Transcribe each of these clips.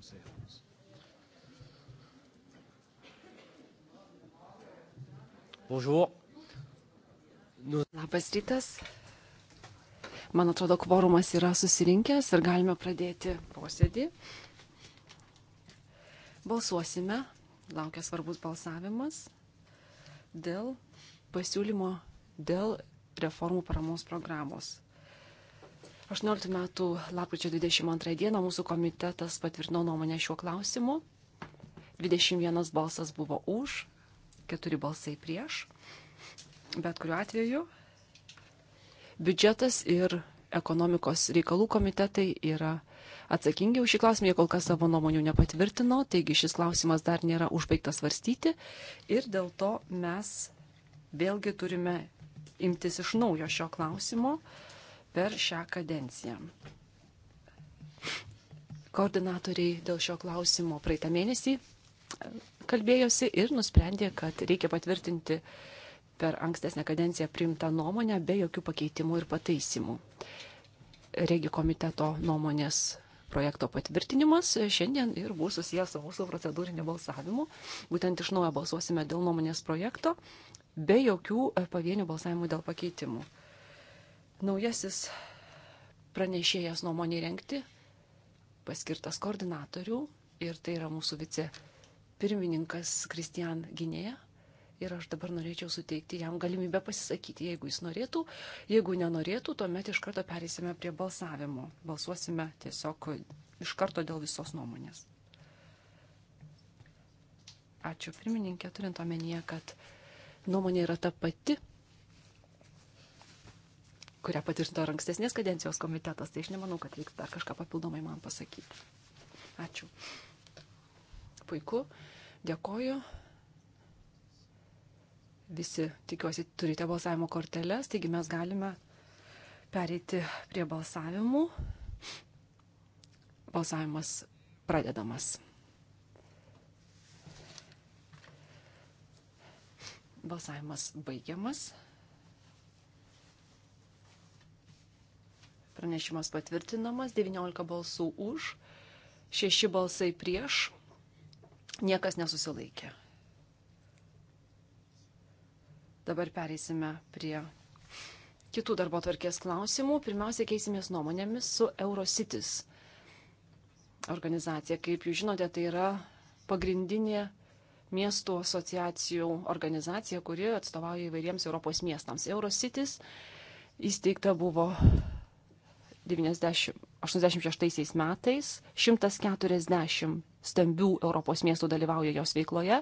seanssi. Bonjour. Nu... Labas rytas. Man atrodo, kvorumas yra susirinkęs ir galime pradėti posėdį. Balsuosime, laukia svarbus balsavimas dėl pasiūlymo dėl reformų paramos programos. 18 metų lapkričio 22 dieną mūsų komitetas patvirtino nuomonę šiuo klausimu. 21 balsas buvo už, 4 balsai prieš. Bet kuriuo atveju biudžetas ir ekonomikos reikalų komitetai yra atsakingi už šį klausimą, jie kol kas savo nuomonių nepatvirtino, taigi šis klausimas dar nėra užbaigtas svarstyti ir dėl to mes vėlgi turime imtis iš naujo šio klausimo per šią kadenciją. Koordinatoriai dėl šio klausimo praeitą mėnesį e, kalbėjosi ir nusprendė, kad reikia patvirtinti per ankstesnę kadenciją priimtą nuomonę be jokių pakeitimų ir pataisimų. Regi komiteto nuomonės projekto patvirtinimas šiandien ir bus susijęs su mūsų procedūriniu balsavimu. Būtent iš naujo balsuosime dėl nuomonės projekto be jokių e, pavienių balsavimų dėl pakeitimų naujasis pranešėjas nuomonį renkti, paskirtas koordinatorių ir tai yra mūsų vice pirmininkas Kristijan Gynėja. Ir aš dabar norėčiau suteikti jam galimybę pasisakyti, jeigu jis norėtų. Jeigu nenorėtų, tuomet iš karto perėsime prie balsavimo. Balsuosime tiesiog iš karto dėl visos nuomonės. Ačiū pirmininkė, turint omenyje, kad nuomonė yra ta pati, kurią patvirtino ir ankstesnės kadencijos komitetas, tai aš nemanau, kad reikia dar kažką papildomai man pasakyti. Ačiū. Puiku, dėkoju. Visi, tikiuosi, turite balsavimo korteles, taigi mes galime pereiti prie balsavimų. Balsavimas pradedamas. Balsavimas baigiamas. Pranešimas patvirtinamas, 19 balsų už, 6 balsai prieš, niekas nesusilaikė. Dabar pereisime prie kitų darbo tvarkės klausimų. Pirmiausia, keisimės nuomonėmis su Eurocitis organizacija. Kaip jūs žinote, tai yra pagrindinė miestų asociacijų organizacija, kuri atstovauja įvairiems Europos miestams. Eurocitis įsteigta buvo 90, 86 metais 140 stambių Europos miestų dalyvauja jos veikloje.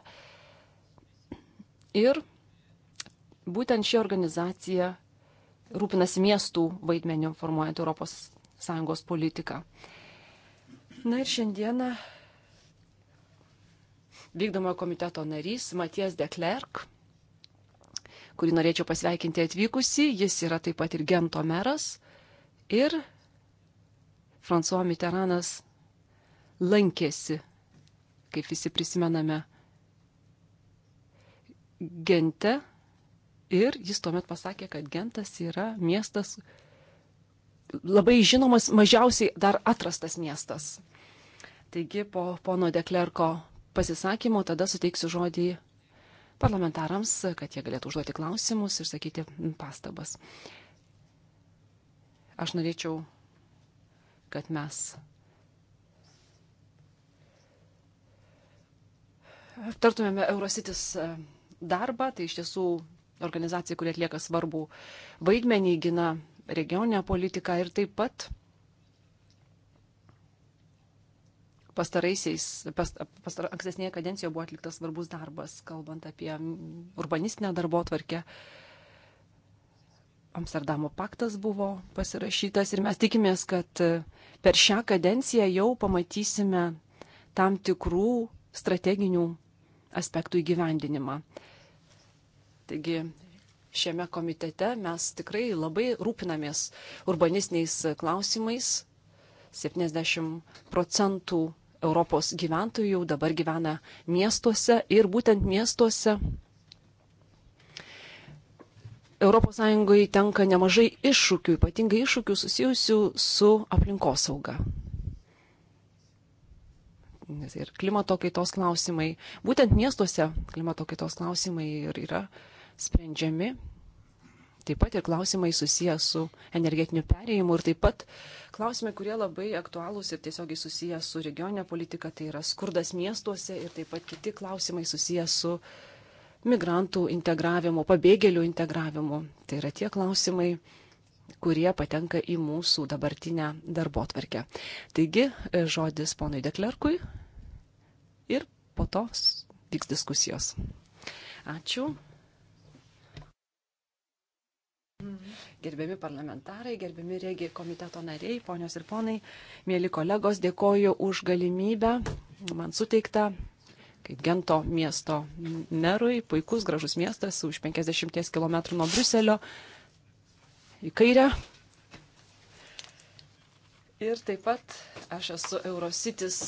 Ir būtent ši organizacija rūpinasi miestų vaidmeniu formuojant ES politiką. Na ir šiandieną vykdomojo komiteto narys Matijas Deklerk, kurį norėčiau pasveikinti atvykusi, jis yra taip pat ir Gento meras ir François Mitteranas lankėsi, kaip visi prisimename, gente ir jis tuomet pasakė, kad gentas yra miestas, labai žinomas, mažiausiai dar atrastas miestas. Taigi po pono Deklerko pasisakymo tada suteiksiu žodį parlamentarams, kad jie galėtų užduoti klausimus ir sakyti pastabas. Aš norėčiau kad mes aptartumėme Eurositis e, darbą, tai iš tiesų organizacija, kurie atlieka svarbų vaidmenį, gina regioninę politiką ir taip pat pastaraisiais, past, pastar, ankstesnėje kadencijoje buvo atliktas svarbus darbas, kalbant apie urbanistinę darbo tvarkę. Uh, Amsterdamo paktas buvo pasirašytas ir mes tikimės, kad e, per šią kadenciją jau pamatysime tam tikrų strateginių aspektų įgyvendinimą. Taigi šiame komitete mes tikrai labai rūpinamės urbanistiniais klausimais. 70 procentų Europos gyventojų dabar gyvena miestuose ir būtent miestuose ES tenka nemažai iššūkių, ypatingai iššūkių susijusių su aplinkosauga. Ir klimato kaitos klausimai, būtent miestuose klimato kaitos klausimai ir yra sprendžiami. Taip pat ir klausimai susiję su energetiniu perėjimu ir taip pat klausimai, kurie labai aktualūs ir tiesiogiai susiję su regioninė politika, tai yra skurdas miestuose ir taip pat kiti klausimai susiję su uh, migrantų integravimu, pabėgėlių integravimu. Tai yra tie klausimai, kurie patenka į mūsų dabartinę darbo atvarkę. Taigi, e, žodis ponui Deklerkui ir po to vyks diskusijos. Ačiū. Gerbiami parlamentarai, gerbiami regiai komiteto nariai, ponios ir ponai, mėly kolegos, dėkoju už galimybę man suteiktą kaip Gento miesto merui, puikus, gražus miestas už 50 km nuo Bruselio į kairę. Ir taip pat aš esu Eurocitis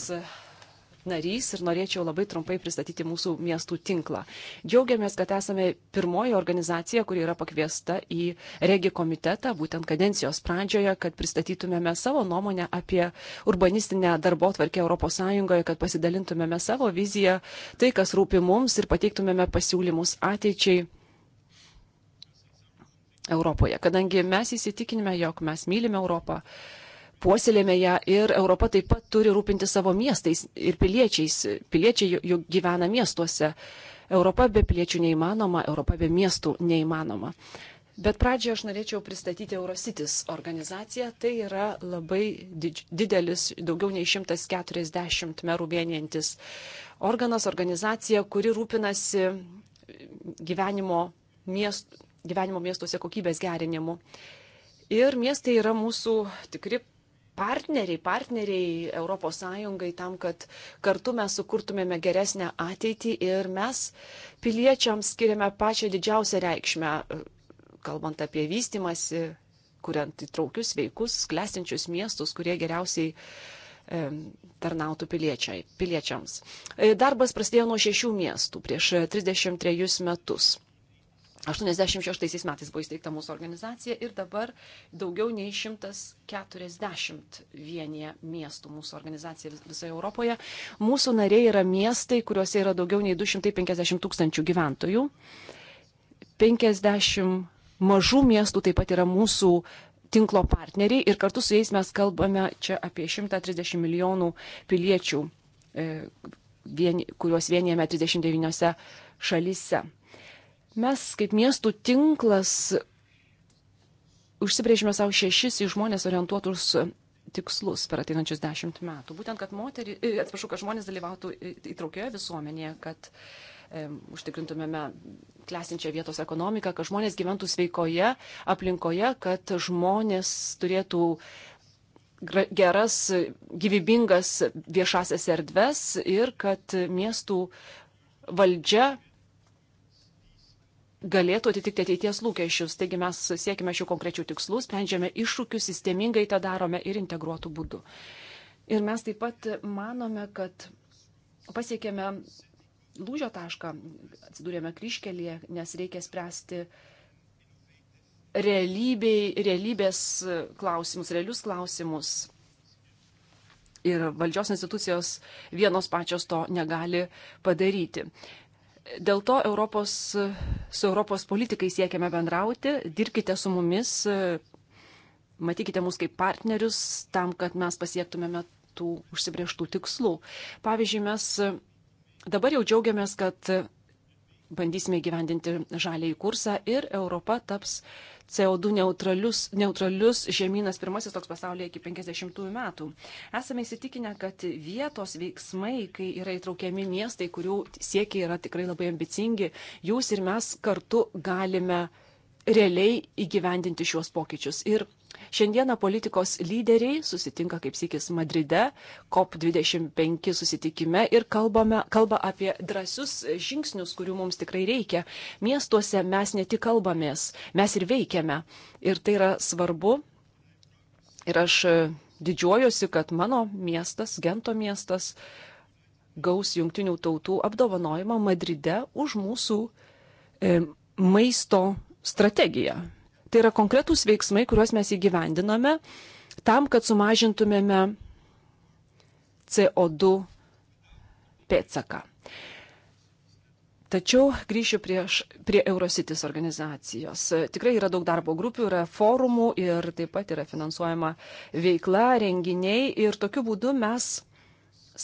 narys ir norėčiau labai trumpai pristatyti mūsų miestų tinklą. Džiaugiamės, kad esame pirmoji organizacija, kuri yra pakviesta į regi komitetą, būtent kadencijos pradžioje, kad pristatytumėme savo nuomonę apie urbanistinę darbo tvarkę ES, kad pasidalintumėme savo viziją, tai, kas rūpi mums ir pateiktumėme pasiūlymus ateičiai. Europoje, kadangi mes įsitikinime, jog mes mylime Europą, puoselėme ją ir Europa taip pat turi rūpinti savo miestais ir piliečiais. Piliečiai juk gyvena miestuose. Europa be piliečių neįmanoma, Europa be miestų neįmanoma. Bet pradžioje aš norėčiau pristatyti Eurocitis organizaciją. Tai yra labai didelis, daugiau nei 140 merų vienijantis organas, organizacija, kuri rūpinasi gyvenimo, miest, gyvenimo miestuose kokybės gerinimu. Ir miestai yra mūsų tikri partneriai, partneriai ES tam, kad kartu mes sukurtumėme geresnę ateitį ir mes piliečiams skiriame pačią didžiausią reikšmę, kalbant apie vystimąsi, kuriant įtraukius veikus, klestinčius miestus, kurie geriausiai tarnautų piliečiai, piliečiams. Darbas prasidėjo nuo šešių miestų prieš 33 metus. 1986 metais buvo įsteigta mūsų organizacija ir dabar daugiau nei 140 vienyje miestų mūsų organizacija visoje Europoje. Mūsų nariai yra miestai, kuriuose yra daugiau nei 250 tūkstančių gyventojų. 50 mažų miestų taip pat yra mūsų tinklo partneriai ir kartu su jais mes kalbame čia apie 130 milijonų piliečių, e, vien, kuriuos vienijame 39 šalyse. Mes kaip miestų tinklas užsibrėžime savo šešis į žmonės orientuotus tikslus per ateinančius dešimt metų. Būtent, kad, moterį, e, atsiprašau, kad žmonės dalyvautų įtraukioje visuomenėje, kad e, užtikrintumėme klesinčią vietos ekonomiką, kad žmonės gyventų sveikoje aplinkoje, kad žmonės turėtų geras, gyvybingas viešasias erdves ir kad miestų valdžia galėtų atitikti ateities lūkesčius. Taigi mes siekime šių konkrečių tikslų, sprendžiame iššūkius, sistemingai tą darome ir integruotų būdų. Ir mes taip pat manome, kad pasiekėme lūžio tašką, atsidūrėme kryškelėje, nes reikia spręsti realybėj, realybės klausimus, realius klausimus. Ir valdžios institucijos vienos pačios to negali padaryti. Dėl to Europos, su Europos politikai siekiame bendrauti, dirbkite su mumis, matykite mus kaip partnerius tam, kad mes pasiektumėme tų užsibrieštų tikslų. Pavyzdžiui, mes dabar jau džiaugiamės, kad bandysime gyvendinti žaliai kursą ir Europa taps CO2 neutralius, neutralius žemynas, pirmasis toks pasaulyje iki 50 metų. Esame įsitikinę, kad vietos veiksmai, kai yra įtraukiami miestai, kurių siekiai yra tikrai labai ambicingi, jūs ir mes kartu galime uh, realiai įgyvendinti šiuos pokyčius. Ir šiandieną politikos lyderiai susitinka kaip sykis Madride, COP25 susitikime ir kalbame, kalba apie drąsius žingsnius, kurių mums tikrai reikia. Miestuose mes ne tik kalbamės, mes ir veikiame. Ir tai yra svarbu. Ir aš e, didžiuojuosi, kad mano miestas, Gento miestas, gaus jungtinių tautų apdovanojimą Madride už mūsų e, maisto strategija. Tai yra konkretūs veiksmai, kuriuos mes įgyvendiname tam, kad sumažintumėme CO2 pėtsaką. Tačiau grįšiu prieš, prie Eurocities organizacijos. Tikrai yra daug darbo grupių, yra forumų ir taip pat yra finansuojama veikla, renginiai ir tokiu būdu mes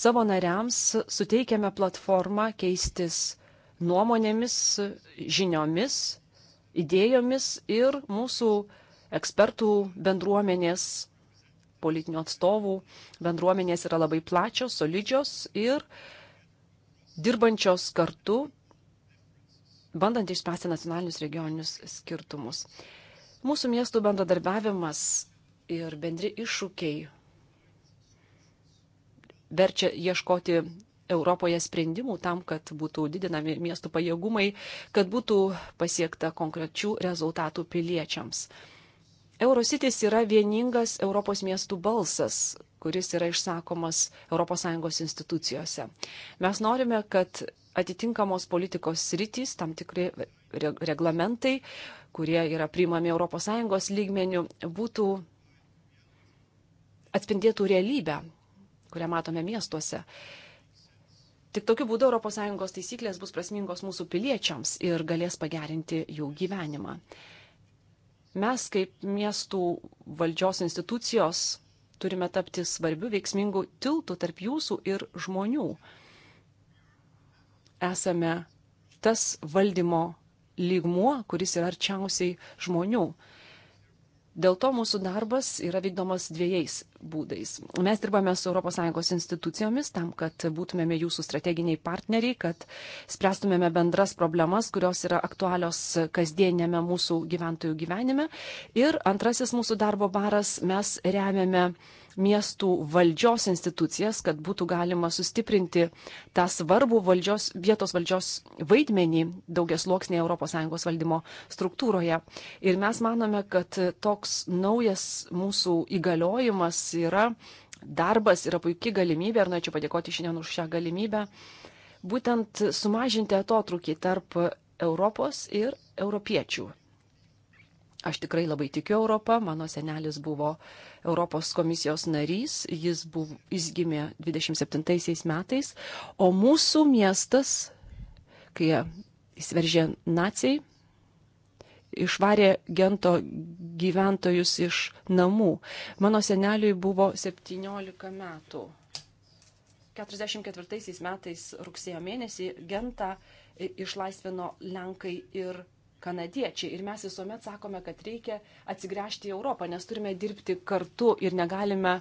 savo nariams suteikiame platformą keistis nuomonėmis, žiniomis idėjomis ir mūsų ekspertų bendruomenės, politinių atstovų bendruomenės yra labai plačios, solidžios ir dirbančios kartu, bandant išspręsti nacionalinius regioninius skirtumus. Mūsų miestų bendradarbiavimas ir bendri iššūkiai verčia ieškoti Europoje sprendimų tam, kad būtų didinami miestų pajėgumai, kad būtų pasiekta konkrečių rezultatų piliečiams. Eurocities yra vieningas Europos miestų balsas, kuris yra išsakomas ES institucijose. Mes norime, kad atitinkamos politikos sritys, tam tikri reglamentai, kurie yra priimami ES lygmenių, būtų atspindėtų realybę, kurią matome miestuose. Tik tokiu būdu ES taisyklės bus prasmingos mūsų piliečiams ir galės pagerinti jų gyvenimą. Mes kaip miestų valdžios institucijos turime tapti svarbių veiksmingų tiltų tarp jūsų ir žmonių. Esame tas valdymo lygmuo, kuris yra arčiausiai žmonių. Dėl to mūsų darbas yra vykdomas dviejais būdais. Mes dirbame su ES institucijomis tam, kad būtumėme jūsų strateginiai partneriai, kad spręstumėme bendras problemas, kurios yra aktualios kasdienėme mūsų gyventojų gyvenime. Ir antrasis mūsų darbo baras, mes remiame uh, miestų valdžios institucijas, kad būtų galima sustiprinti tą svarbų valdžios, vietos valdžios vaidmenį daugias loksnėje ES valdymo struktūroje. Ir mes manome, kad toks naujas mūsų įgaliojimas yra darbas, yra puikia galimybė ir norėčiau padėkoti šiandien už šią galimybę. Būtent sumažinti atotrukį tarp Europos ir europiečių Aš tikrai labai tikiu Europą, mano senelis buvo Europos komisijos narys, jis, buvo, jis gimė 27 metais, o mūsų miestas, kai įsiveržė nacijai, išvarė gento gyventojus iš namų. Mano seneliui buvo 17 metų. 44 metais rugsėjo mėnesį gentą išlaisvino Lenkai ir kanadiečiai. Ir mes visuomet sakome, kad reikia atsigręžti į Europą, nes turime dirbti kartu ir negalime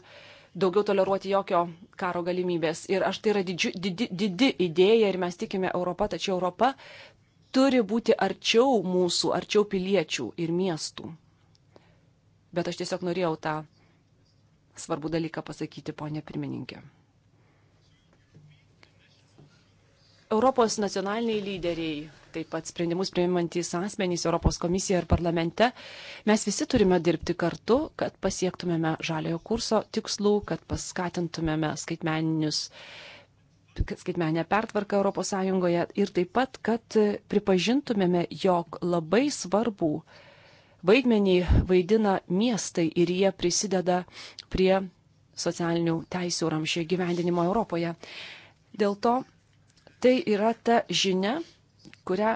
daugiau toleruoti jokio karo galimybės. Ir aš tai yra didži, didi, didi idėja ir mes tikime Europą, tačiau Europa turi būti arčiau mūsų, arčiau piliečių ir miestų. Bet aš tiesiog norėjau tą svarbų dalyką pasakyti, ponė pirmininkė. Europos nacionaliniai lyderiai taip pat sprendimus priimantys asmenys Europos komisijoje ir parlamente, mes visi turime dirbti kartu, kad pasiektumėme žaliojo kurso tikslų, kad paskatintumėme skaitmeninius skaitmenę pertvarką ES ir taip pat, kad pripažintumėme, jog labai svarbu vaidmenį vaidina miestai ir jie prisideda prie socialinių teisų ramšio gyvendinimo Europoje. Dėl to tai yra ta žinia, kurią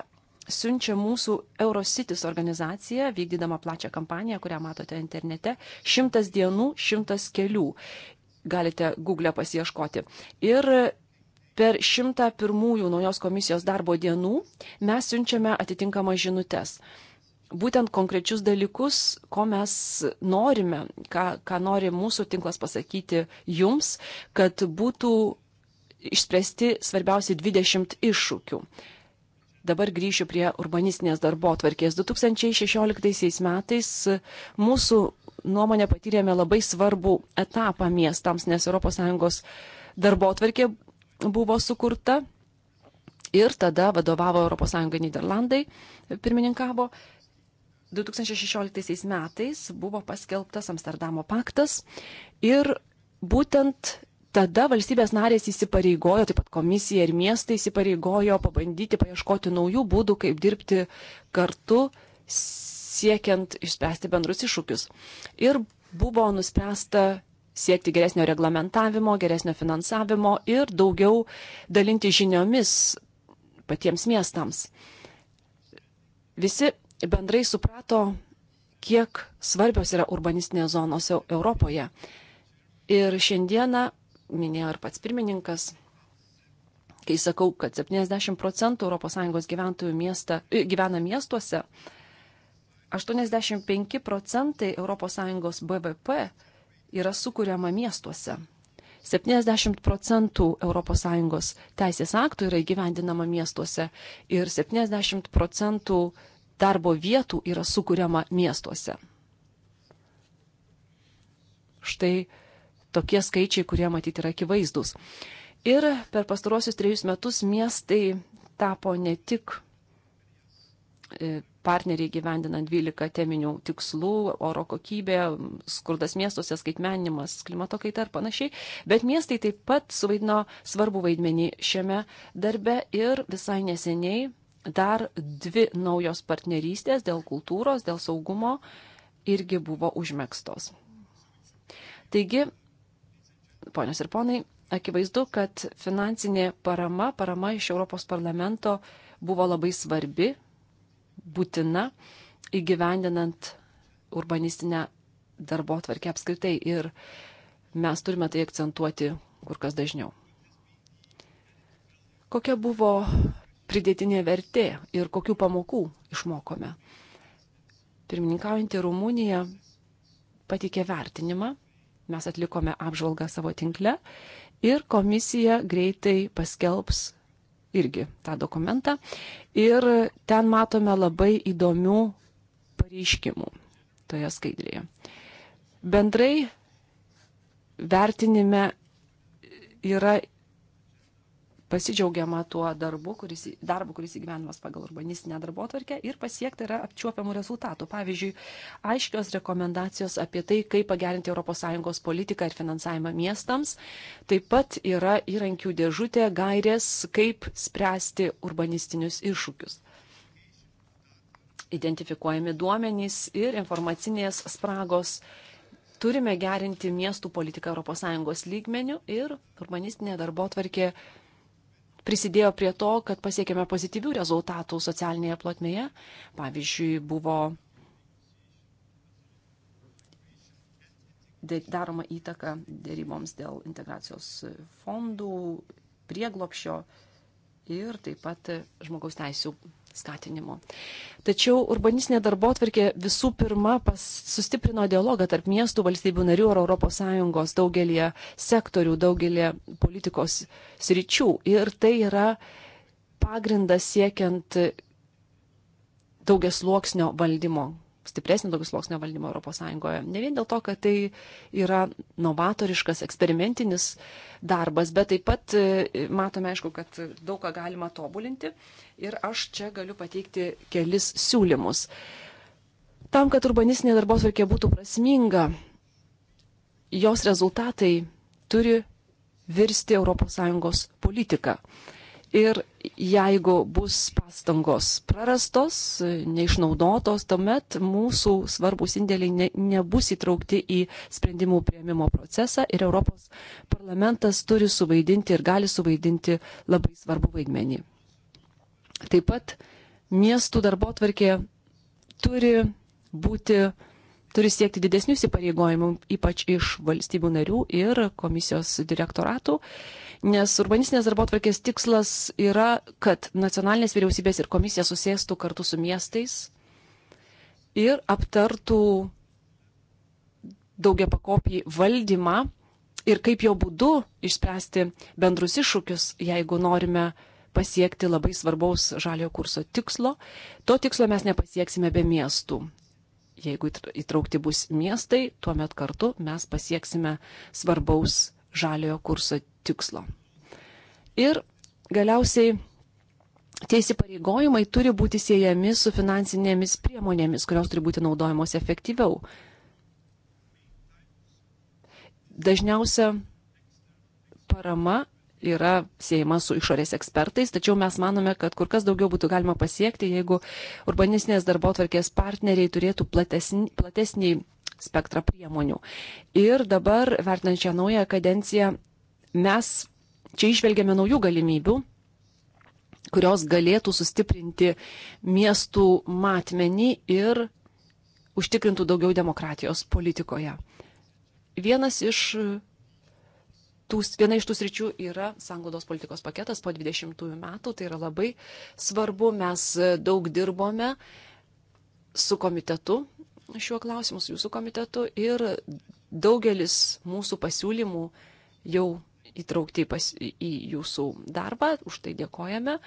siunčia mūsų Eurocitis organizacija, vykdydama plačią kampaniją, kurią matote internete. Šimtas dienų, šimtas kelių. Galite Google e pasieškoti. Ir per šimtą pirmųjų naujos komisijos darbo dienų mes siunčiame atitinkamas žinutes. Būtent konkrečius dalykus, ko mes norime, ką, ką nori mūsų tinklas pasakyti jums, kad būtų išspręsti svarbiausi 20 iššūkių Dabar grįšiu prie urbanistinės darbo tvarkės. 2016 metais mūsų nuomonė patyrėme labai svarbų etapą miestams, nes ES darbo tvarkė buvo sukurta ir tada vadovavo ES Niderlandai, pirmininkavo. 2016 metais buvo paskelbtas Amsterdamo paktas ir būtent tada valstybės narės įsipareigojo, taip pat komisija ir miestai įsipareigojo pabandyti paieškoti naujų būdų, kaip dirbti kartu, siekiant išspręsti bendrus iššūkius. Ir buvo nuspręsta siekti geresnio reglamentavimo, geresnio finansavimo ir daugiau dalinti žiniomis patiems miestams. Visi bendrai suprato, kiek svarbios yra urbanistinės zonos Europoje. Ir šiandieną minėjo ir pats pirmininkas, kai sakau, kad 70 procentų ES gyventojų miestą, e, gyvena miestuose, 85 procentai ES BVP yra sukūriama miestuose. 70 procentų ES teisės aktų yra įgyvendinama miestuose ir 70 procentų darbo vietų yra sukūriama miestuose. Štai tokie skaičiai, kurie matyti yra akivaizdus. Ir per pastarosius trejus metus miestai tapo ne tik e, partneriai gyvendinant 12 teminių tikslų - oro kokybė, skurdas miestuose, skaitmeninimas, klimato kaita ir panašiai. Bet miestai taip pat suvaidino svarbu vaidmenį šiame darbe ir visai neseniai dar dvi naujos partnerystės dėl kultūros, dėl saugumo irgi buvo užmėgstos. Taigi ponios ir ponai, akivaizdu, kad finansinė parama, parama iš Europos parlamento buvo labai svarbi, būtina įgyvendinant urbanistinę darbo tvarkę apskritai ir mes turime tai akcentuoti kur kas dažniau. Kokia buvo pridėtinė vertė ir kokių pamokų išmokome? Pirmininkaujantį Rumuniją pateikė vertinimą Mes atlikome apžvalgą savo tinkle ir komisija greitai paskelbs irgi tą dokumentą. Ir ten matome labai įdomių pareiškimų toje skaidrėje. Bendrai vertinime yra pasidžiaugiama tuo darbu, kuris, darbu, kuris įgyvenimas pagal urbanistinę darbotvarkę ir pasiekti yra apčiuopiamų rezultatų. Pavyzdžiui, aiškios rekomendacijos apie tai, kaip pagerinti ES politiką ir finansavimą miestams. Taip pat yra įrankių dėžutė gairės, kaip spręsti urbanistinius iššūkius. Identifikuojami duomenys ir informacinės spragos turime gerinti miestų politiką ES lygmenių ir urbanistinė darbo tvarkė prisidėjo prie to, kad pasiekėme pozityvių rezultatų socialinėje plotmėje. Pavyzdžiui, buvo daroma įtaka dėryboms dėl integracijos fondų, prieglopšio ir taip pat žmogaus teisų skatinimo. Tačiau urbanistinė darbo atvarkė visų pirma pas, sustiprino dialogą tarp miestų, valstybių narių ar ES daugelį sektorių, daugelį politikos sričių. Ir tai yra pagrindas siekiant daugiasluoksnio valdymo stipresnį daugiau sluoksnio valdymą Europos Sąjungoje. Ne vien dėl to, kad tai yra novatoriškas, eksperimentinis darbas, bet taip pat e, matome, aišku, kad daug ką galima tobulinti. Ir aš čia galiu pateikti kelis siūlymus. Tam, kad urbanistinė darbosvarkė būtų prasminga, jos rezultatai turi virsti ES politiką. Ir jeigu bus pastangos prarastos, neišnaudotos, tuomet mūsų svarbus indėliai ne, nebus įtraukti į sprendimų prieimimo procesą ir Europos parlamentas turi suvaidinti ir gali suvaidinti labai svarbu vaidmenį. Taip pat miestų darbo tvarkė turi būti turi siekti didesnių įsipareigojimų, ypač iš valstybių narių ir komisijos direktoratų. Uh, nes urbanistinės darbotvarkės tikslas yra, kad nacionalinės vyriausybės ir komisija susėstų kartu su miestais ir aptartų daugia pakopį valdymą ir kaip jo būdu išspręsti bendrus iššūkius, jeigu norime pasiekti labai svarbaus žaliojo kurso tikslo. To tikslo mes nepasieksime be miestų. Jeigu įtraukti bus miestai, tuomet kartu mes pasieksime svarbaus žaliojo kurso tikslo. Ir galiausiai tie įsipareigojimai turi būti siejami su finansinėmis priemonėmis, kurios turi būti naudojamos efektyviau. Dažniausia parama yra siejama su išorės ekspertais, tačiau mes manome, kad kur kas daugiau būtų galima pasiekti, jeigu urbanistinės darbo tvarkės partneriai turėtų platesnį, platesnį spektrą priemonių. Ir dabar, vertinant šią naują kadenciją, mes čia išvelgiame naujų galimybių kurios galėtų sustiprinti miestų matmenį ir užtikrintų daugiau demokratijos politikoje. Vienas iš tų, viena iš tų sričių yra sanglaudos politikos paketas po 20 metų, tai yra labai svarbu, mes daug dirbome su komitetu šiuo klausimu su jūsų komitetu ir daugelis mūsų pasiūlymų jau įtraukti pas, į jūsų darbą, už tai dėkojame.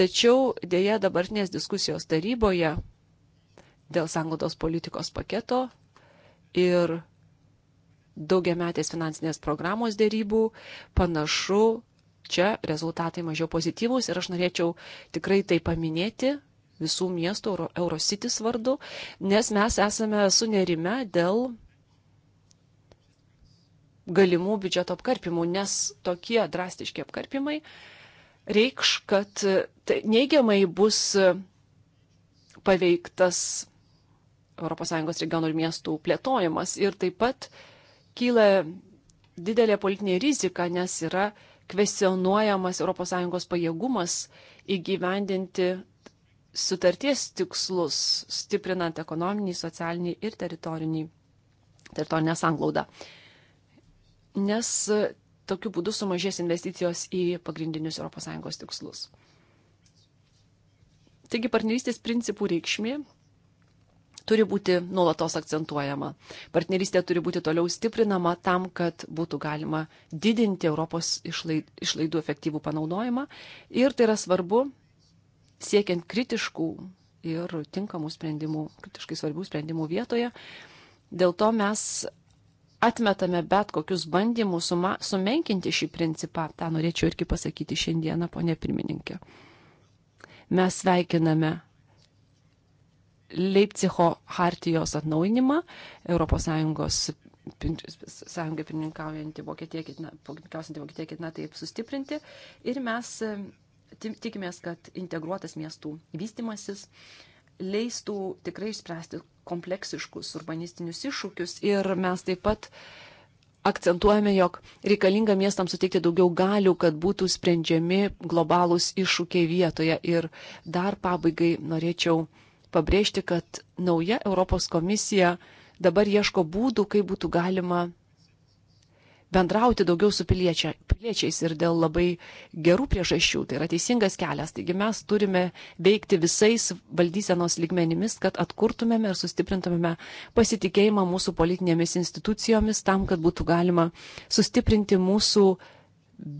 Tačiau dėja dabartinės diskusijos taryboje dėl sanglaudos politikos paketo ir daugiametės finansinės programos dėrybų panašu, čia rezultatai mažiau pozityvūs ir aš norėčiau tikrai tai paminėti, visų miestų Euro, Eurocitis vardu, nes mes esame sunerime dėl galimų biudžeto apkarpimų, nes tokie drastiški apkarpimai reikš, kad tai neigiamai bus paveiktas ES regionų ir miestų plėtojimas ir taip pat kyla didelė politinė rizika, nes yra kvesionuojamas ES pajėgumas įgyvendinti sutarties tikslus, stiprinant ekonominį, socialinį ir teritorinį, teritorinę sanglaudą. Nes e, tokiu būdu sumažės investicijos į pagrindinius ES tikslus. Taigi partnerystės principų reikšmė turi būti nuolatos akcentuojama. Partnerystė turi būti toliau stiprinama tam, kad būtų galima didinti Europos išlaidų efektyvų panaudojimą. Ir tai yra svarbu siekiant kritiškų ir tinkamų sprendimų, kritiškai svarbių sprendimų vietoje. Dėl to mes atmetame bet kokius bandymus suma, sumenkinti šį principą. Ta norėčiau irgi pasakyti šiandieną, ponė pirmininkė. Mes sveikiname Leipcicho hartijos atnauinimą, ES sąjungai pirmininkaujantį Vokietiją ketina taip sustiprinti ir mes tikimės, kad integruotas miestų vystimasis leistų tikrai išspręsti kompleksiškus urbanistinius iššūkius ir mes taip pat akcentuojame, jog reikalinga miestams suteikti daugiau galių, kad būtų sprendžiami globalūs iššūkiai vietoje. Ir dar pabaigai norėčiau pabrėžti, kad nauja Europos komisija dabar ieško būdų, kaip būtų galima bendrauti daugiau su piliečia, piliečiais ir dėl labai gerų priežasčių. Tai yra teisingas kelias. Taigi mes turime veikti visais valdysenos lygmenimis, kad atkurtumėme ir sustiprintumėme pasitikėjimą mūsų politinėmis institucijomis tam, kad būtų galima sustiprinti mūsų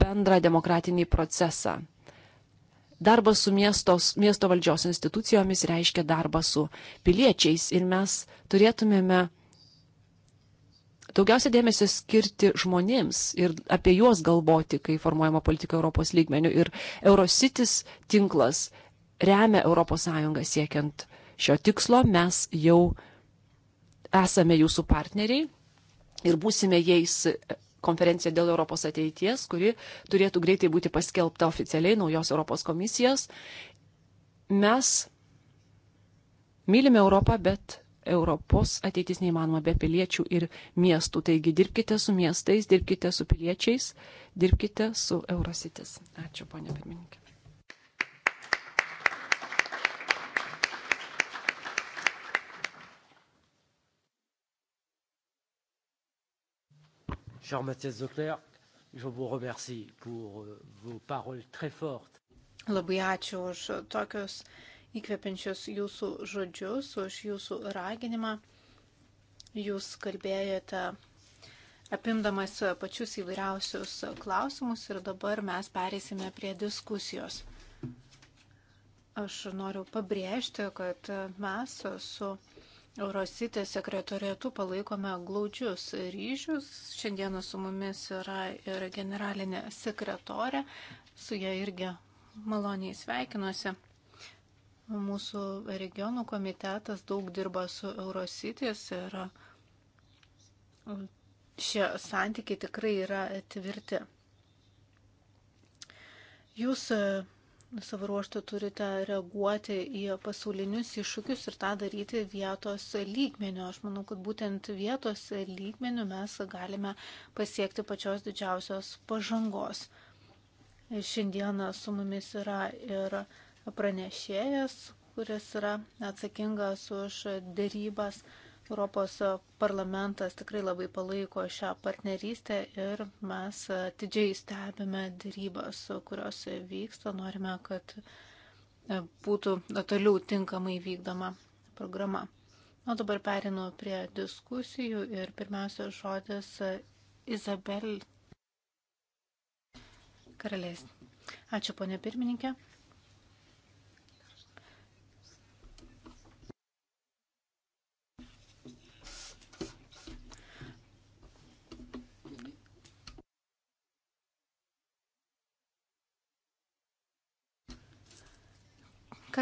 bendrą demokratinį procesą. Darbas su miestos, miesto valdžios institucijomis reiškia darbą su piliečiais ir mes turėtumėme daugiausia dėmesio skirti žmonėms ir apie juos galvoti, kai formuojama politika Europos lygmenių. Ir Eurocitis tinklas remia ES siekiant šio tikslo. Mes jau esame jūsų partneriai ir būsime jais konferencija dėl Europos ateities, kuri turėtų greitai būti paskelbta oficialiai naujos Europos komisijos. Mes mylime Europą, bet Europos ateitis neįmanoma be piliečių ir miestų. Taigi dirbkite su miestais, dirbkite su piliečiais, dirbkite su Eurositis. Ačiū, ponė pirmininkė. Cher Mathias Zoclerc, je vous remercie pour euh, vos paroles très fortes. Labai ačiū už tokius uh, įkvepiančius jūsų žodžius, už jūsų raginimą. Jūs kalbėjote apimdamas pačius įvairiausius klausimus ir dabar mes pereisime prie diskusijos. Aš noriu pabrėžti, kad mes su Eurositės sekretorietu palaikome glaudžius ryšius. Šiandieną su mumis yra ir generalinė sekretorė, su ja irgi maloniai sveikinuosi. Mūsų regionų komitetas daug dirba su Eurocities ir šie santykiai tikrai yra tvirti. Jūs e, savo ruoštų turite reaguoti į pasaulinius iššūkius ir tą daryti vietos lygmeniu. Aš manau, kad būtent vietos lygmeniu mes galime pasiekti pačios didžiausios pažangos. Šiandieną su mumis yra ir pranešėjas, kuris yra atsakingas už dėrybas. Europos parlamentas tikrai labai palaiko šią partnerystę ir mes atidžiai stebime dėrybas, kurios vyksta. Norime, kad būtų toliau tinkamai vykdoma programa. O dabar perinu prie diskusijų ir pirmiausia žodis Izabel Karalės. Ačiū, ponė pirmininkė.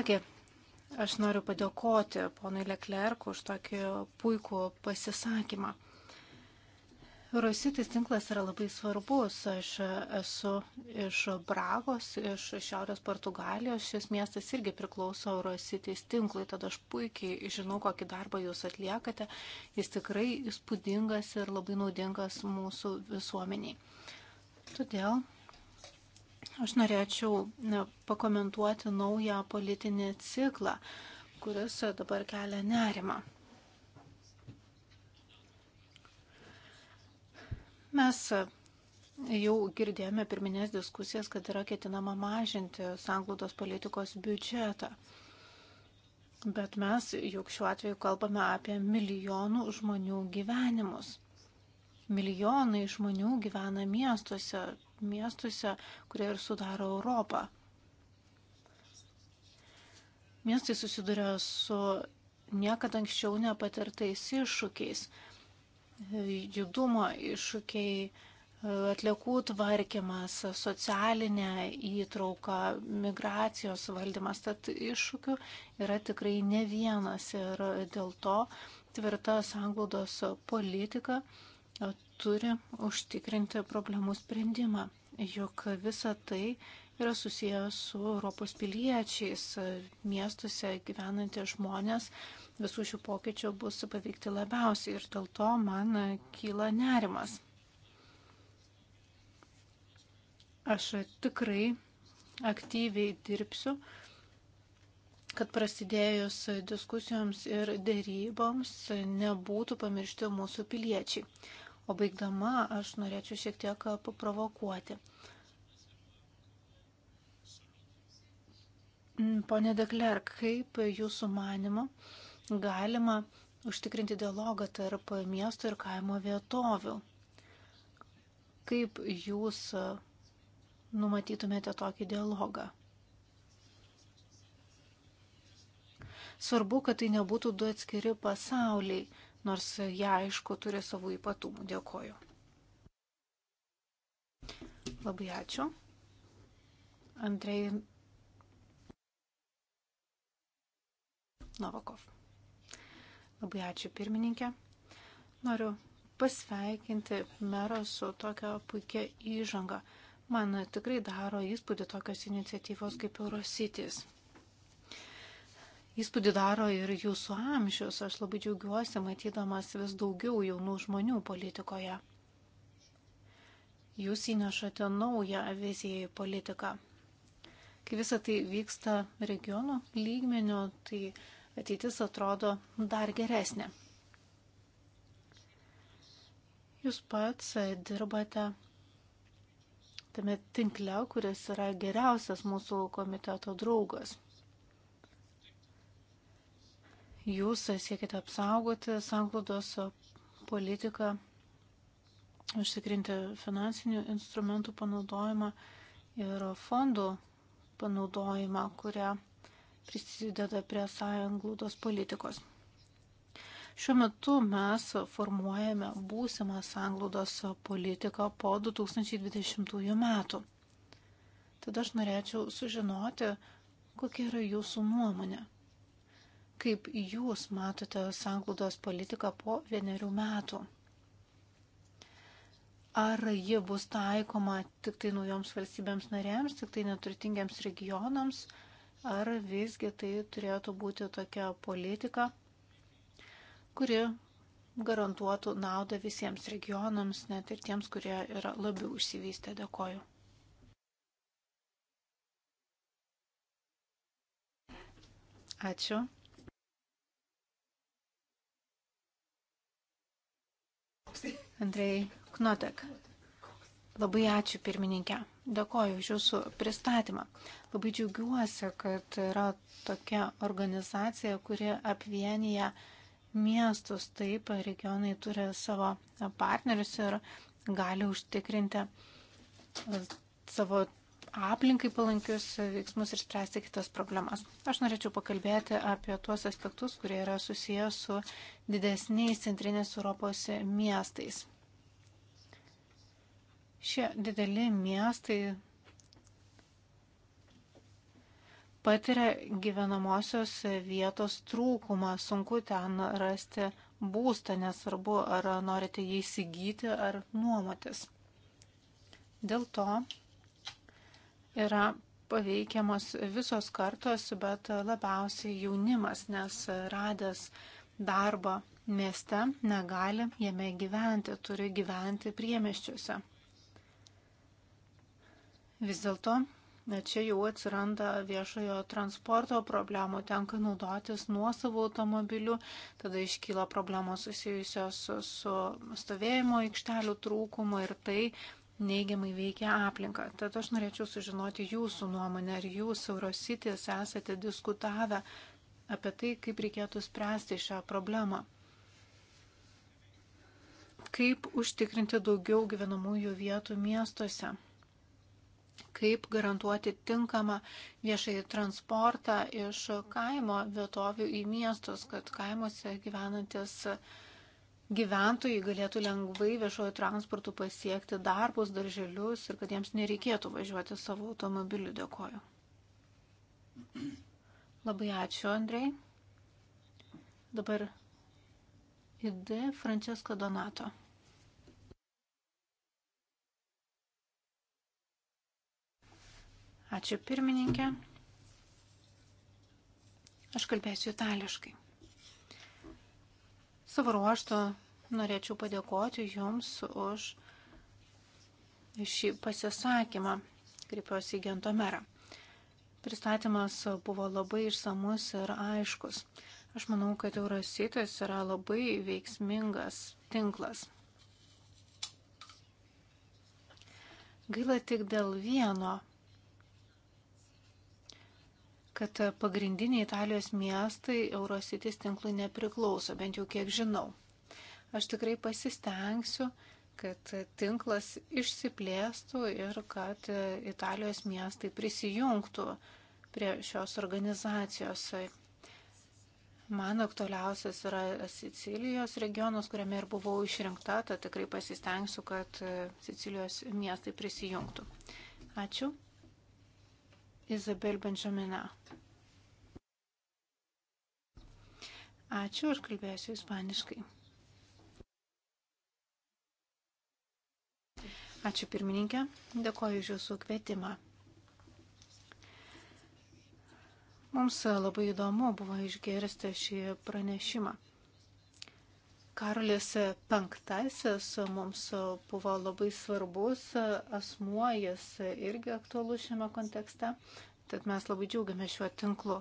Kągi, aš noriu padėkoti ponui Leklerku už tokį puikų pasisakymą. Rositis tinklas yra labai svarbus. Aš esu iš Bragos, iš Šiaurės Portugalijos. Šis miestas irgi priklauso Rositis tinklui, tada aš puikiai žinau, kokį darbą jūs atliekate. Jis tikrai įspūdingas ir labai naudingas mūsų visuomeniai. Todėl Aš norėčiau pakomentuoti naują politinį ciklą, kuris dabar kelia nerimą. Mes jau girdėjome pirminės diskusijas, kad yra ketinama mažinti sanglaudos politikos biudžetą. Bet mes juk šiuo atveju kalbame apie milijonų žmonių gyvenimus. Milijonai žmonių gyvena miestuose, miestuose, kurie ir sudaro Europą. Miestai susiduria su niekada anksčiau nepatirtais iššūkiais. Judumo iššūkiai, atliekų tvarkymas, socialinė įtrauka, migracijos valdymas. Tad iššūkių yra tikrai ne vienas ir dėl to tvirta sanglaudos politika turi užtikrinti problemų sprendimą, juk visa tai yra susiję su Europos piliečiais. Miestuose gyvenantys žmonės visų šių pokyčių bus paveikti labiausiai ir dėl to man kyla nerimas. Aš tikrai aktyviai dirbsiu, kad prasidėjus diskusijoms ir dėryboms nebūtų pamiršti mūsų piliečiai. O baigdama aš norėčiau šiek tiek paprovokuoti. Mm, pone Dekler, kaip jūsų manimo galima užtikrinti dialogą tarp miesto ir kaimo vietovių? Kaip jūs numatytumėte tokį dialogą? Svarbu, kad tai nebūtų du atskiri pasauliai nors jie aišku turi savų ypatumų. Dėkoju. Labai ačiū. Andrei Novakov. Labai ačiū pirmininkė. Noriu pasveikinti merą su tokia puikia įžanga. Man tikrai daro įspūdį tokios iniciatyvos kaip Eurocities. Įspūdį daro ir jūsų amžius. Aš labai džiaugiuosi matydamas vis daugiau jaunų žmonių politikoje. Jūs įnešate naują viziją į politiką. Kai visa tai vyksta regionų lygmenių, tai ateitis atrodo dar geresnė. Jūs pats dirbate tame tinkle, kuris yra geriausias mūsų komiteto draugas jūs siekite apsaugoti sanglaudos politiką, užtikrinti finansinių instrumentų panaudojimą ir fondų panaudojimą, kurią prisideda prie sąjunglaudos politikos. Šiuo metu mes formuojame būsimą sąjunglaudos politiką po 2020 metų. Tada aš norėčiau sužinoti, kokia yra jūsų nuomonė Kaip jūs matote sanglaudos politiką po vienerių metų? Ar ji bus taikoma tik tai naujoms valstybėms narėms, tik tai neturtingiams regionams, ar visgi tai turėtų būti tokia politika, kuri garantuotų naudą visiems regionams, net ir tiems, kurie yra labiau išsivystę. Dėkoju. Ačiū. Andrei Knotek. Labai ačiū pirmininkė. Dėkoju už jūsų pristatymą. Labai džiaugiuosi, kad yra tokia organizacija, kuri apvienyje miestus. Taip, regionai turi savo partnerius ir gali užtikrinti savo aplinkai palankius veiksmus ir spręsti kitas problemas. Aš norėčiau pakalbėti apie tuos aspektus, kurie yra susijęs su didesniais centrinės Europos miestais. Šie dideli miestai patiria gyvenamosios vietos trūkumą, sunku ten rasti būstą, nesvarbu, ar norite jį įsigyti ar nuomotis. Dėl to yra paveikiamos visos kartos, bet labiausiai jaunimas, nes radęs darbą mieste negali jame gyventi, turi gyventi priemeščiuose. Vis dėlto čia jau atsiranda viešojo transporto problemų, tenka naudotis nuosavų automobilių, tada iškyla problemos susijusios su stovėjimo aikštelių trūkumu ir tai neigiamai veikia aplinką. Tad aš norėčiau sužinoti jūsų nuomonę, ar jūs Eurositis esate diskutavę apie tai, kaip reikėtų spręsti šią problemą. Kaip užtikrinti daugiau gyvenamųjų vietų miestuose? Kaip garantuoti tinkamą viešai transportą iš kaimo vietovių į miestus, kad kaimuose gyvenantis uh, gyventojai galėtų lengvai viešojo transportu pasiekti darbus, darželius ir kad jiems nereikėtų važiuoti savo automobiliu. Dėkoju. Labai ačiū, Andrei. Dabar ID Francesco Donato. Ačiū pirmininkė. Aš kalbėsiu itališkai. Savo ruoštų norėčiau padėkoti Jums už šį pasisakymą. Kreipiuosi į Gento merą. Pristatymas buvo labai išsamus ir aiškus. Aš manau, kad Eurasitas yra labai veiksmingas tinklas. Gaila tik dėl vieno kad pagrindiniai Italijos miestai Eurocities tinklui nepriklauso, bent jau kiek žinau. Aš tikrai pasistengsiu, kad tinklas išsiplėstų ir kad Italijos miestai prisijungtų prie šios organizacijos. Man aktualiausias yra Sicilijos regionas, kuriame ir buvau išrinkta, tad tikrai pasistengsiu, kad Sicilijos miestai prisijungtų. Ačiū. Izabel Benžamina. Ačiū ir kalbėsiu ispaniškai. Ačiū pirmininkė, dėkoju už jūsų kvietimą. Mums labai įdomu buvo išgirsti šį pranešimą. Karolis penktasis mums buvo labai svarbus asmuo, jis irgi aktualus šiame kontekste, tad mes labai džiaugiame šiuo tinklu.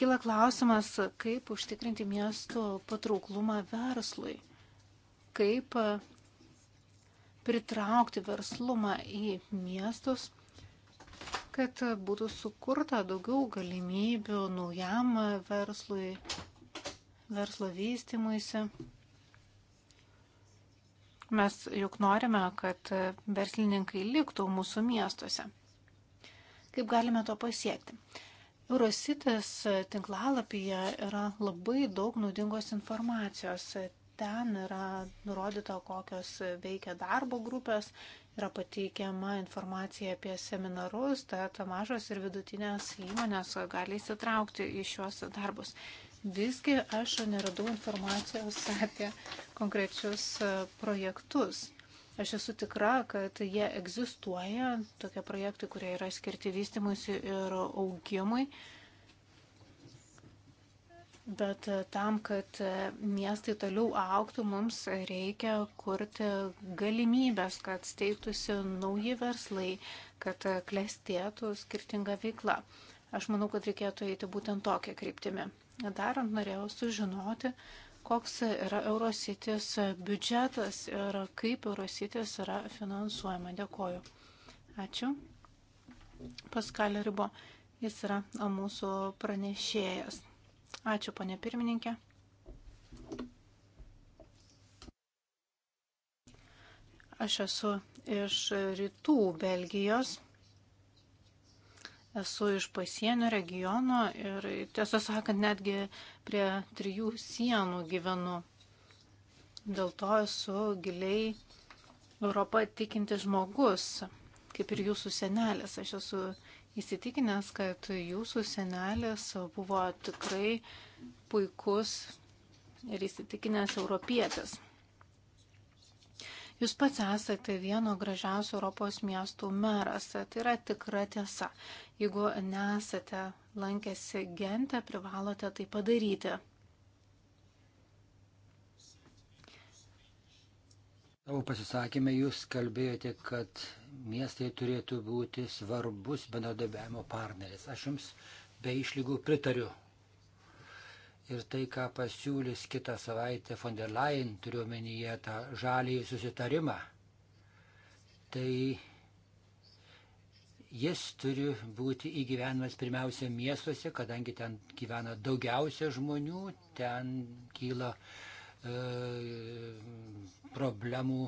Kila klausimas, kaip užtikrinti miestų patrauklumą verslui, kaip pritraukti verslumą į miestus kad būtų sukurta daugiau galimybių naujam verslui, verslo vystimuisi. Mes juk norime, kad verslininkai liktų mūsų miestuose. Kaip galime to pasiekti? Eurositas tinklalapyje yra labai daug naudingos informacijos ten yra nurodyta, kokios veikia darbo grupės yra pateikiama informacija apie seminarus, tad mažos ir vidutinės įmonės gali įsitraukti į šios darbus. Visgi aš neradau informacijos apie konkrečius projektus. Aš esu tikra, kad jie egzistuoja, tokie projektai, kurie yra skirti vystimuisi ir augimui, Bet e, tam, kad e, miestai toliau auktų, mums reikia kurti galimybės, kad steigtųsi nauji verslai, kad e, klestėtų skirtinga veikla. Aš manau, kad reikėtų eiti būtent tokią kryptimį. Darant norėjau sužinoti, koks yra Eurositis biudžetas ir kaip Eurositis yra finansuojama. Dėkoju. Ačiū. Paskalė Ribo, jis yra mūsų pranešėjas. Ačiū, ponė pirmininkė. Aš esu iš rytų Belgijos. Esu iš pasienio regiono ir tiesą sakant, netgi prie trijų sienų gyvenu. Dėl to esu giliai Europą tikinti žmogus, kaip ir jūsų senelis. Aš esu įsitikinęs, kad jūsų senelis buvo tikrai puikus ir įsitikinęs europietis. Jūs pats esate vieno gražiausių Europos miestų meras. Tai yra tikra tiesa. Jeigu nesate lankęsi Gente, privalote tai padaryti. Savo pasisakymę jūs kalbėjote, kad miestai turėtų būti svarbus bendradarbiavimo partneris. Aš jums be išlygų pritariu. Ir tai, ką pasiūlys kitą savaitę von der Leyen, turiuomenyje tą žalį susitarimą, tai jis turi būti įgyvenimas pirmiausia miestuose, kadangi ten gyvena daugiausia žmonių, ten kyla e, problemų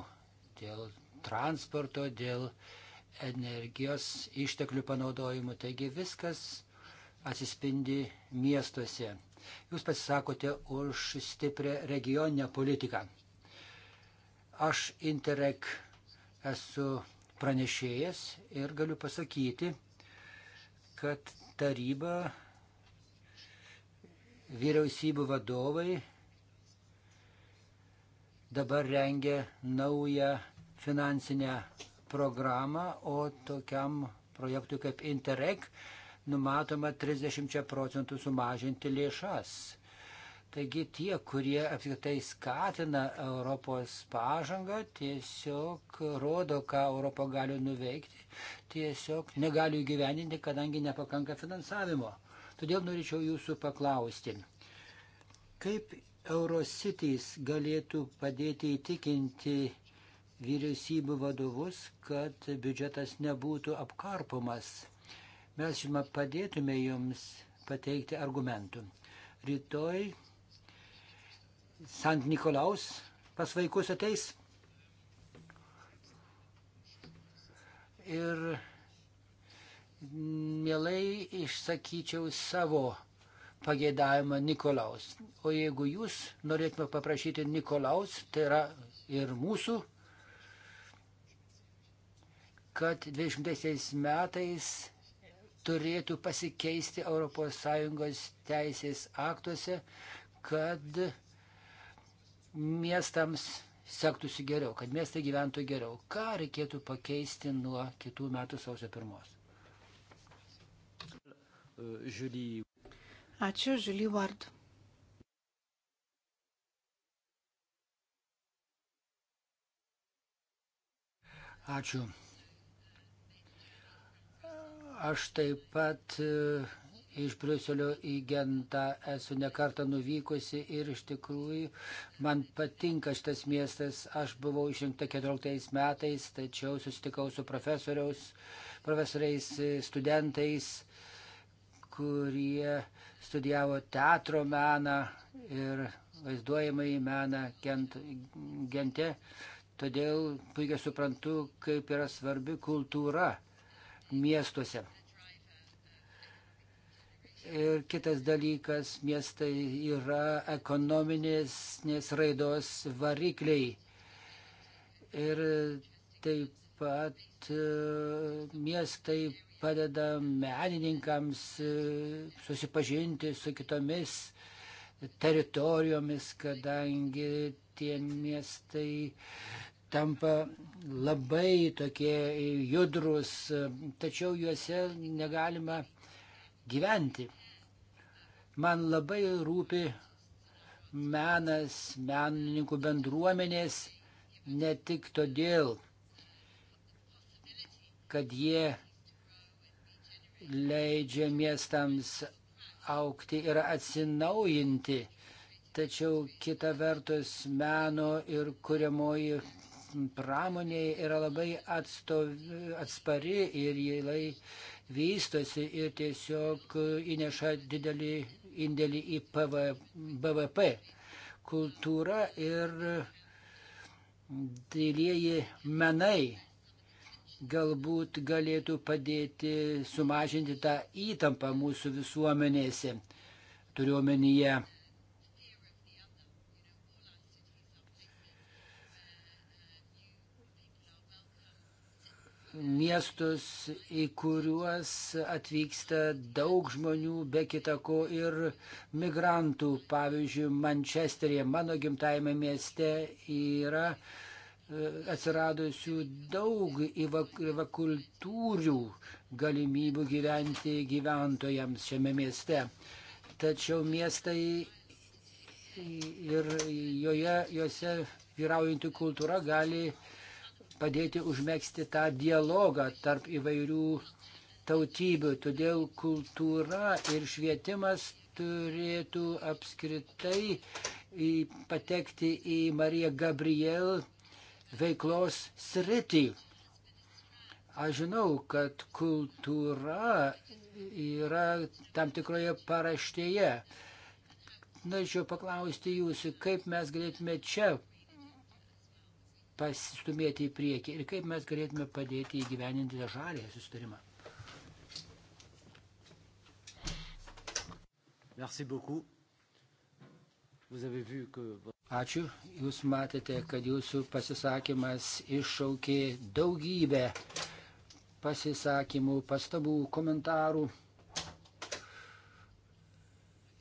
dėl transporto, dėl energijos išteklių panaudojimų. Taigi viskas atsispindi miestuose. Jūs pasisakote už stiprią regioninę politiką. Aš Interreg esu pranešėjas ir galiu pasakyti, kad taryba, vyriausybių vadovai dabar rengia naują finansinę programą, o tokiam projektui kaip Interreg numatoma 30 procentų sumažinti lėšas. Taigi tie, kurie apskritai skatina Europos pažangą, tiesiog rodo, ką Europa gali nuveikti, tiesiog negali įgyveninti, kadangi nepakanka finansavimo. Todėl norėčiau jūsų paklausti, kaip Eurocities galėtų padėti įtikinti vyriausybių vadovus, kad biudžetas nebūtų apkarpomas. Mes, žinoma, padėtume jums pateikti argumentų. Rytoj Sant Nikolaus pas vaikus ateis. Ir mielai išsakyčiau savo pageidavimą Nikolaus. O jeigu jūs norėtume paprašyti Nikolaus, tai yra ir mūsų kad 20 metais turėtų pasikeisti ES teisės aktuose, kad miestams sektųsi geriau, kad miestai gyventų geriau. Ką reikėtų pakeisti nuo kitų metų sausio pirmos? Ačiū, Žiulį Vard. Ačiū. Aš taip pat e, iš Briuselio į Gentą esu nekartą nuvykusi ir iš tikrųjų man patinka šitas miestas. Aš buvau išrinkta 14 metais, tačiau susitikau su profesoriais, e, studentais, kurie studijavo teatro meną ir vaizduojamąjį meną gent, Gente. Todėl puikiai suprantu, kaip yra svarbi kultūra miestuose. Ir kitas dalykas, miestai yra ekonominės raidos varikliai. Ir taip pat e, miestai padeda menininkams e, susipažinti su kitomis teritorijomis, kadangi tie miestai tampa labai tokie judrus, tačiau juose negalima gyventi. Man labai rūpi menas, menininkų bendruomenės, ne tik todėl, kad jie leidžia miestams aukti ir atsinaujinti, tačiau kita vertus meno ir kuriamoji pramonė yra labai atstov, atspari ir jai vystosi ir tiesiog įneša didelį indėlį į PV, BVP. Kultūra ir dėlieji menai galbūt galėtų padėti sumažinti tą įtampą mūsų visuomenėse. Turiuomenyje miestus, į kuriuos atvyksta daug žmonių, be kitako ir migrantų. Pavyzdžiui, Mančesterėje, mano gimtajame mieste, yra e, atsiradusių daug įvakultūrių galimybių gyventi gyventojams šiame mieste. Tačiau miestai ir joje, jose vyraujanti kultūra gali uh, padėti užmėgsti tą dialogą tarp įvairių tautybių. Todėl kultūra ir švietimas turėtų apskritai patekti į Mariją Gabriel veiklos sritį. Aš žinau, kad kultūra yra tam tikroje paraštėje. Norėčiau paklausti jūsų, kaip mes galėtume čia pasistumėti į priekį ir kaip mes galėtume padėti įgyveninti tą žalėją sustarimą. Merci beaucoup. Vous avez vu que... Ačiū. Jūs matėte, kad jūsų pasisakymas iššaukė daugybę pasisakymų, pastabų, komentarų.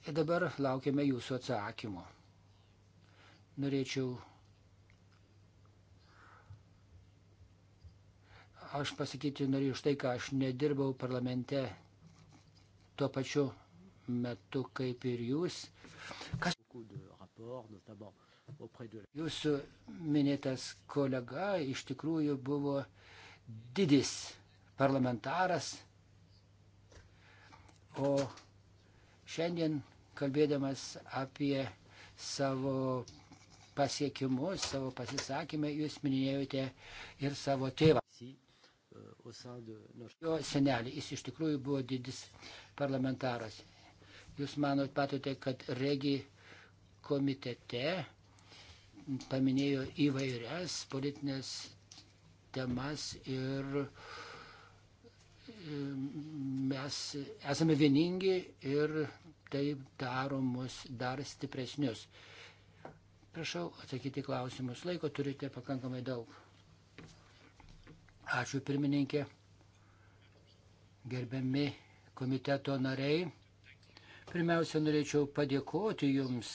Ir dabar laukiame jūsų atsakymų. Norėčiau Aš pasakyti noriu iš tai, ką aš nedirbau parlamente tuo pačiu metu kaip ir jūs. Kas... Jūsų minėtas kolega iš tikrųjų buvo didis parlamentaras, o šiandien kalbėdamas apie savo pasiekimus, savo pasisakymą, jūs minėjote ir savo tėvą. Jo senelį, jis iš tikrųjų buvo didis parlamentaras. Jūs manot, patote, kad regi komitete paminėjo įvairias politinės temas ir mes esame vieningi ir tai daro mus dar stipresnius. Prašau atsakyti klausimus. Laiko turite pakankamai daug. Ačiū pirmininkė. Gerbiami komiteto nariai, pirmiausia, norėčiau padėkoti Jums,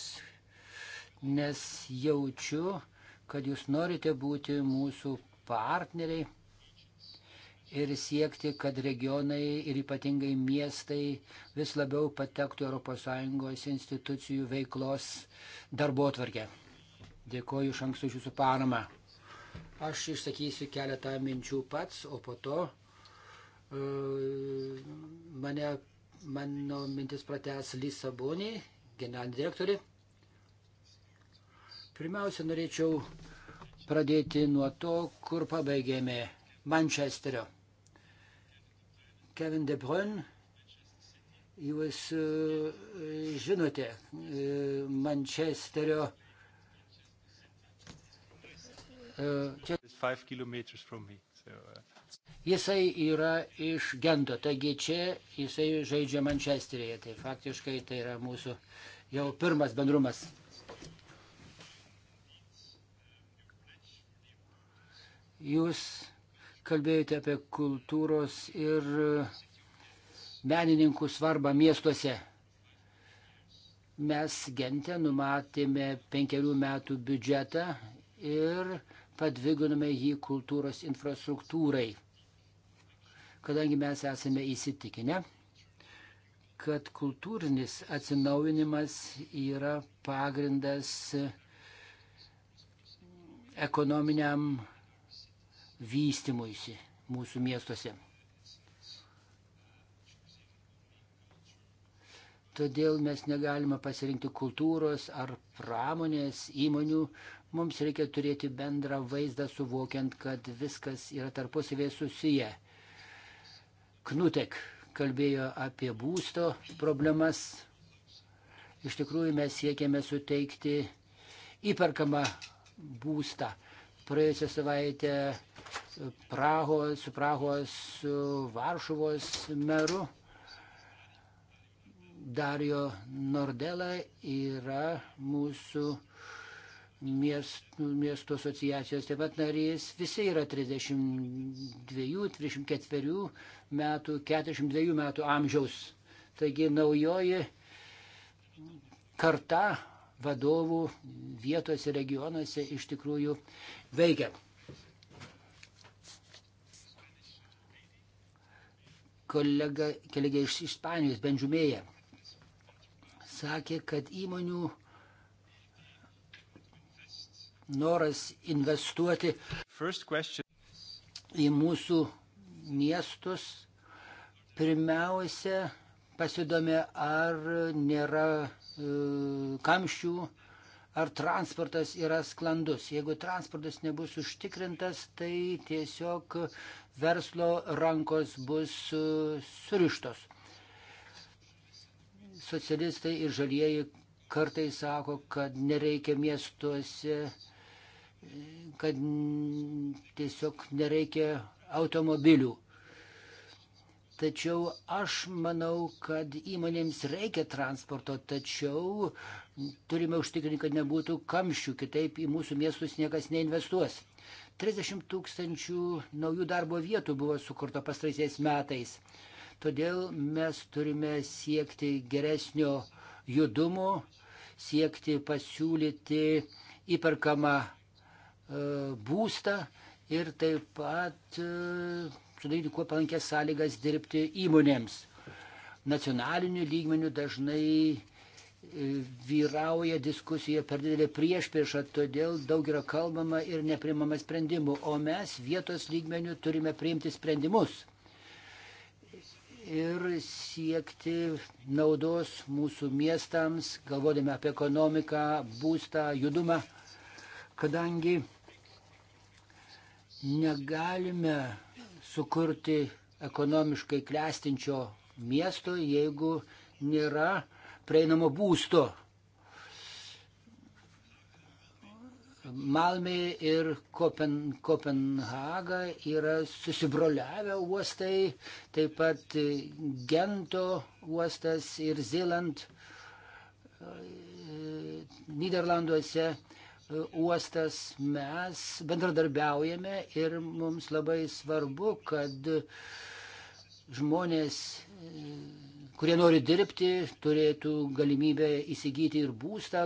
nes jaučiu, kad Jūs norite būti mūsų partneriai ir siekti, kad regionai ir ypatingai miestai vis labiau patektų ES institucijų veiklos darbo tvarkę. Dėkoju iš anksto už Jūsų paramą. Aš išsakysiu keletą minčių pats, o po to e, mane, mano mintis pratęs Lisabonį, generalinį direktorį. Pirmiausia, norėčiau pradėti nuo to, kur pabaigėme Mančesterio. Kevin De Bruyne, jūs e, žinote, e, Mančesterio E, čia... Uh, jisai yra iš Gento, taigi čia jisai žaidžia Mančesterėje, tai faktiškai tai yra mūsų jau pirmas bendrumas. Jūs kalbėjote apie kultūros ir menininkų svarbą miestuose. Mes Gente numatėme penkerių metų biudžetą ir padviguname jį kultūros infrastruktūrai. Kadangi mes esame įsitikinę, kad kultūrinis atsinaujinimas yra pagrindas ekonominiam vystimuisi mūsų miestuose. Todėl mes negalime pasirinkti kultūros ar pramonės įmonių, Mums reikia turėti bendrą vaizdą, suvokiant, kad viskas yra tarpusavėje susiję. Knutek kalbėjo apie būsto problemas. Iš tikrųjų mes siekiame suteikti įperkamą būstą. Praėjusią savaitę Praho, su Prahos, su Varšuvos meru. Dario Nordela yra mūsų miestų, miestų asociacijos taip pat narys, visi yra 32, 34 metų, 42 metų amžiaus. Taigi naujoji karta vadovų vietose, regionuose iš tikrųjų veikia. Kolega, kolega iš Ispanijos, Benžumėje, sakė, kad įmonių noras investuoti į mūsų miestus, pirmiausia pasidomė, ar nėra e, kamščių, ar transportas yra sklandus. Jeigu transportas nebus užtikrintas, tai tiesiog verslo rankos bus e, surištos. Socialistai ir žalieji kartai sako, kad nereikia miestuose kad tiesiog nereikia automobilių. Tačiau aš manau, kad įmonėms reikia transporto, tačiau turime užtikrinti, kad nebūtų kamščių, kitaip į mūsų miestus niekas neinvestuos. 30 tūkstančių naujų darbo vietų buvo sukurta pastraisiais metais. Todėl mes turime siekti geresnio judumo, siekti pasiūlyti įperkamą E, būstą ir taip pat e, sudaryti kuo palankės sąlygas dirbti įmonėms. Nacionaliniu lygmeniu dažnai e, vyrauja diskusija per didelė priešpriešą, todėl daug yra kalbama ir neprimama sprendimų, o mes vietos lygmenių turime priimti sprendimus ir siekti naudos mūsų miestams, galvodami apie ekonomiką, būstą, judumą kadangi negalime sukurti ekonomiškai klestinčio miesto, jeigu nėra prieinamo būsto. Malmė ir Kopen, Kopenhaga yra susibroliavę uostai, taip pat Gento uostas ir Zeeland e, Niderlanduose uostas, mes bendradarbiaujame ir mums labai svarbu, kad žmonės, kurie nori dirbti, turėtų galimybę įsigyti ir būstą,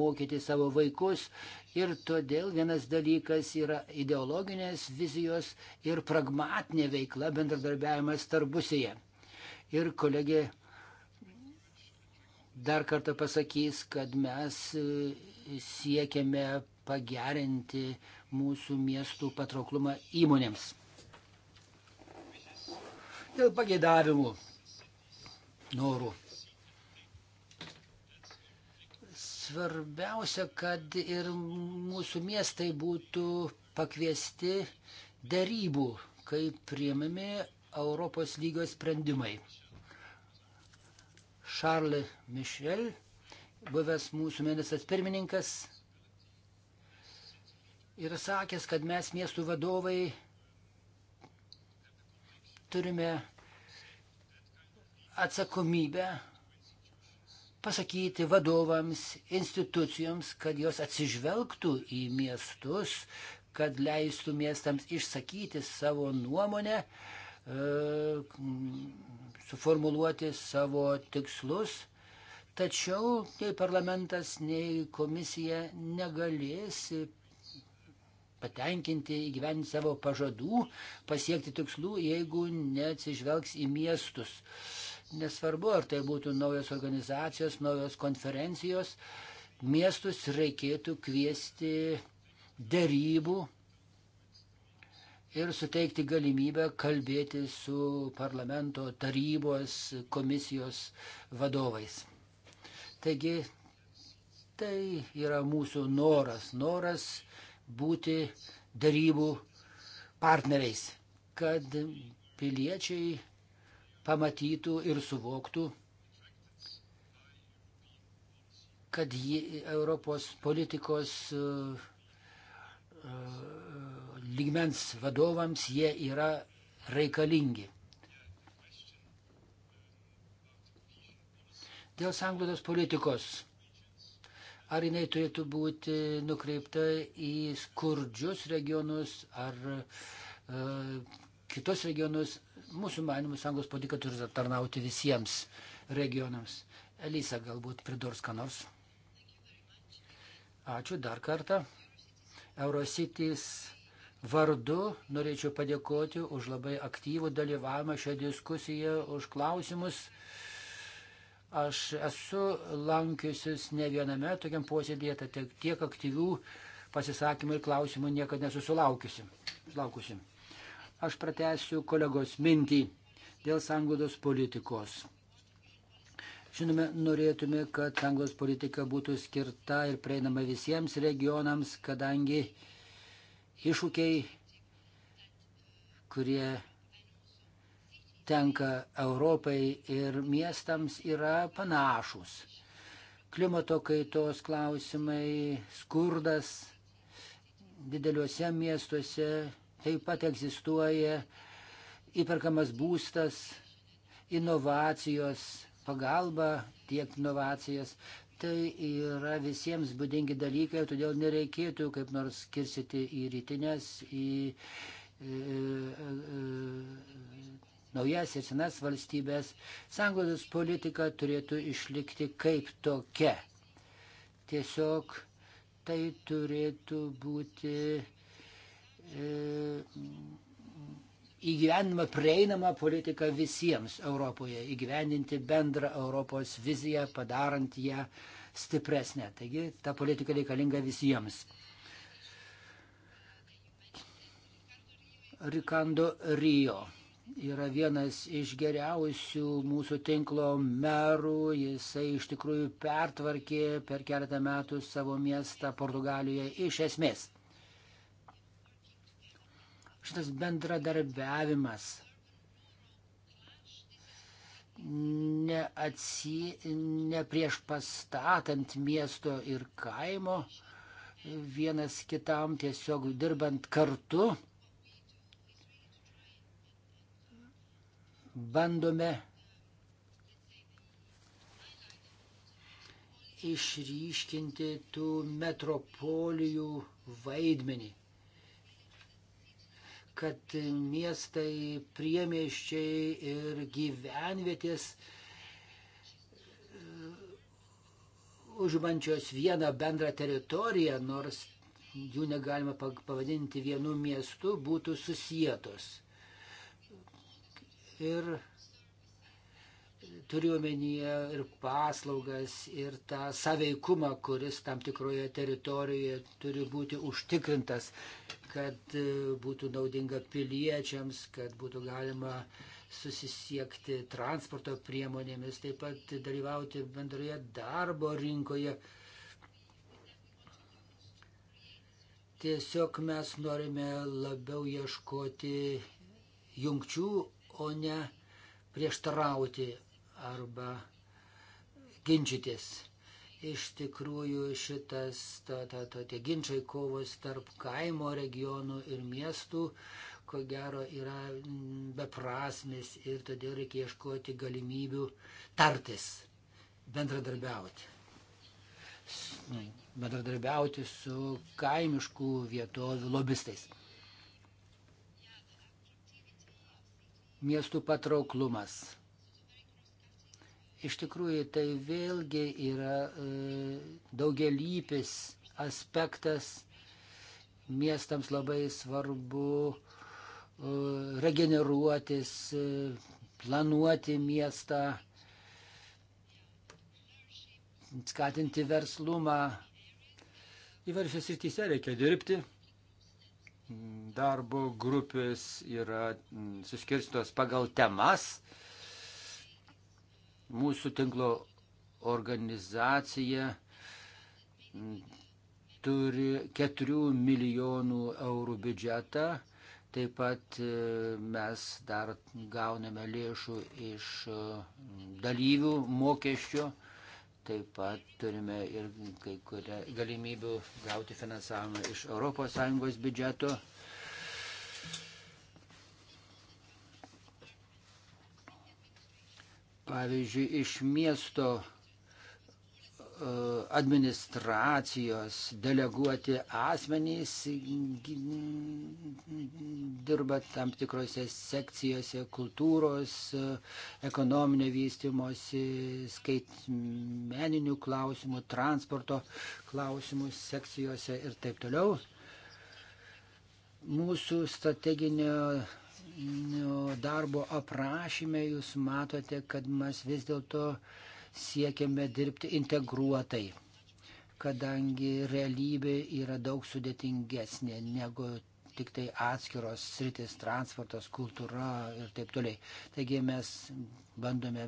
mokyti savo vaikus. Ir todėl vienas dalykas yra ideologinės vizijos ir pragmatinė veikla bendradarbiavimas tarpusėje. Ir kolegė dar kartą pasakys, kad mes siekiame pagerinti mūsų miestų patrauklumą įmonėms. Dėl pagėdavimų, norų. Svarbiausia, kad ir mūsų miestai būtų pakviesti darybų, kai priemami Europos lygio sprendimai. Šarlis Mišel buvęs mūsų ministras pirmininkas, yra sakęs, kad mes miestų vadovai turime atsakomybę pasakyti vadovams, institucijoms, kad jos atsižvelgtų į miestus, kad leistų miestams išsakyti savo nuomonę, e, suformuluoti savo tikslus Tačiau nei parlamentas, nei komisija negalės patenkinti įgyventi savo pažadų, pasiekti tikslų, jeigu neatsižvelgs į miestus. Nesvarbu, ar tai būtų naujos organizacijos, naujos konferencijos, miestus reikėtų kviesti dėrybų ir suteikti galimybę kalbėti su parlamento tarybos komisijos vadovais. Taigi tai yra mūsų noras, noras būti darybų partneriais, kad piliečiai pamatytų ir suvoktų, kad jie, Europos politikos uh, uh, lygmens vadovams jie yra reikalingi. Dėl sanglaudos politikos. Ar jinai turėtų būti nukreipta į skurdžius regionus ar e, kitus regionus? Mūsų manimų sanglaudos politika turi tarnauti visiems regionams. Elisa galbūt pridurs ką nors. Ačiū dar kartą. Eurocities vardu norėčiau padėkoti už labai aktyvų dalyvavimą šią diskusiją, už klausimus. E, Aš esu lankiusis ne viename tokiam posėdėje, tai tiek aktyvių pasisakymų ir klausimų niekada nesusilaukusi. Aš pratęsiu kolegos mintį dėl sanglaudos politikos. Žinome, norėtume, kad sanglaudos politika būtų skirta ir prieinama visiems regionams, kadangi iššūkiai, kurie tenka Europai ir miestams yra panašus. Klimato kaitos klausimai, skurdas dideliuose miestuose taip pat egzistuoja, įperkamas būstas, inovacijos, pagalba tiek inovacijas. Tai yra visiems būdingi dalykai, todėl nereikėtų kaip nors skirsyti į rytinės, į e, naujas ir senas valstybės, sanglaudos politika turėtų išlikti kaip tokia. Tiesiog tai turėtų būti e, įgyvendama prieinama politika visiems Europoje, įgyvendinti bendrą Europos viziją, padarant ją stipresnę. Taigi ta politika reikalinga visiems. Rikando Rio yra vienas iš geriausių mūsų tinklo merų. Jisai iš tikrųjų pertvarkė per keletą metų savo miestą Portugalijoje iš esmės. Šitas bendradarbiavimas neatsi, ne prieš pastatant miesto ir kaimo, vienas kitam tiesiog dirbant kartu bandome išryškinti tų metropolijų vaidmenį, kad miestai, priemieščiai ir gyvenvietės e, užimančios vieną bendrą teritoriją, nors jų negalima pavadinti vienu miestu, būtų susijėtos ir turiuomenyje ir paslaugas, ir tą saveikumą, kuris tam tikroje teritorijoje turi būti užtikrintas, kad e, būtų naudinga piliečiams, kad būtų galima susisiekti transporto priemonėmis, taip pat dalyvauti bendroje darbo rinkoje. Tiesiog mes norime labiau ieškoti jungčių, o ne prieštarauti arba ginčytis. Iš tikrųjų šitas, ta, ta, ta, tie ginčiai kovos tarp kaimo regionų ir miestų, ko gero, yra beprasmis ir todėl reikia ieškoti galimybių tartis, bendradarbiauti. Nu, bendradarbiauti su kaimiškų vietovių lobistais. miestų patrauklumas. Iš tikrųjų, tai vėlgi yra e, daugelypis aspektas. Miestams labai svarbu e, regeneruotis, e, planuoti miestą, skatinti verslumą. Įvaršios rytise reikia dirbti. Darbo grupės yra mm, suskirstos pagal temas. Mūsų tinklo organizacija mm, turi 4 milijonų eurų biudžetą. Taip pat e, mes dar gauname lėšų iš e, dalyvių mokesčio. Taip pat turime ir kai kuria galimybių gauti finansavimą iš ES biudžeto. Pavyzdžiui, iš miesto administracijos deleguoti asmenys dirba tam tikrose sekcijose kultūros, ekonominio vystimosi, skaitmeninių klausimų, transporto klausimų sekcijose ir taip toliau. Mūsų strateginio darbo aprašyme jūs matote, kad mes vis dėlto uh, siekiame dirbti integruotai, kadangi realybė yra daug sudėtingesnė negu tik tai atskiros sritis, transportas, kultūra ir taip toliai. Taigi mes bandome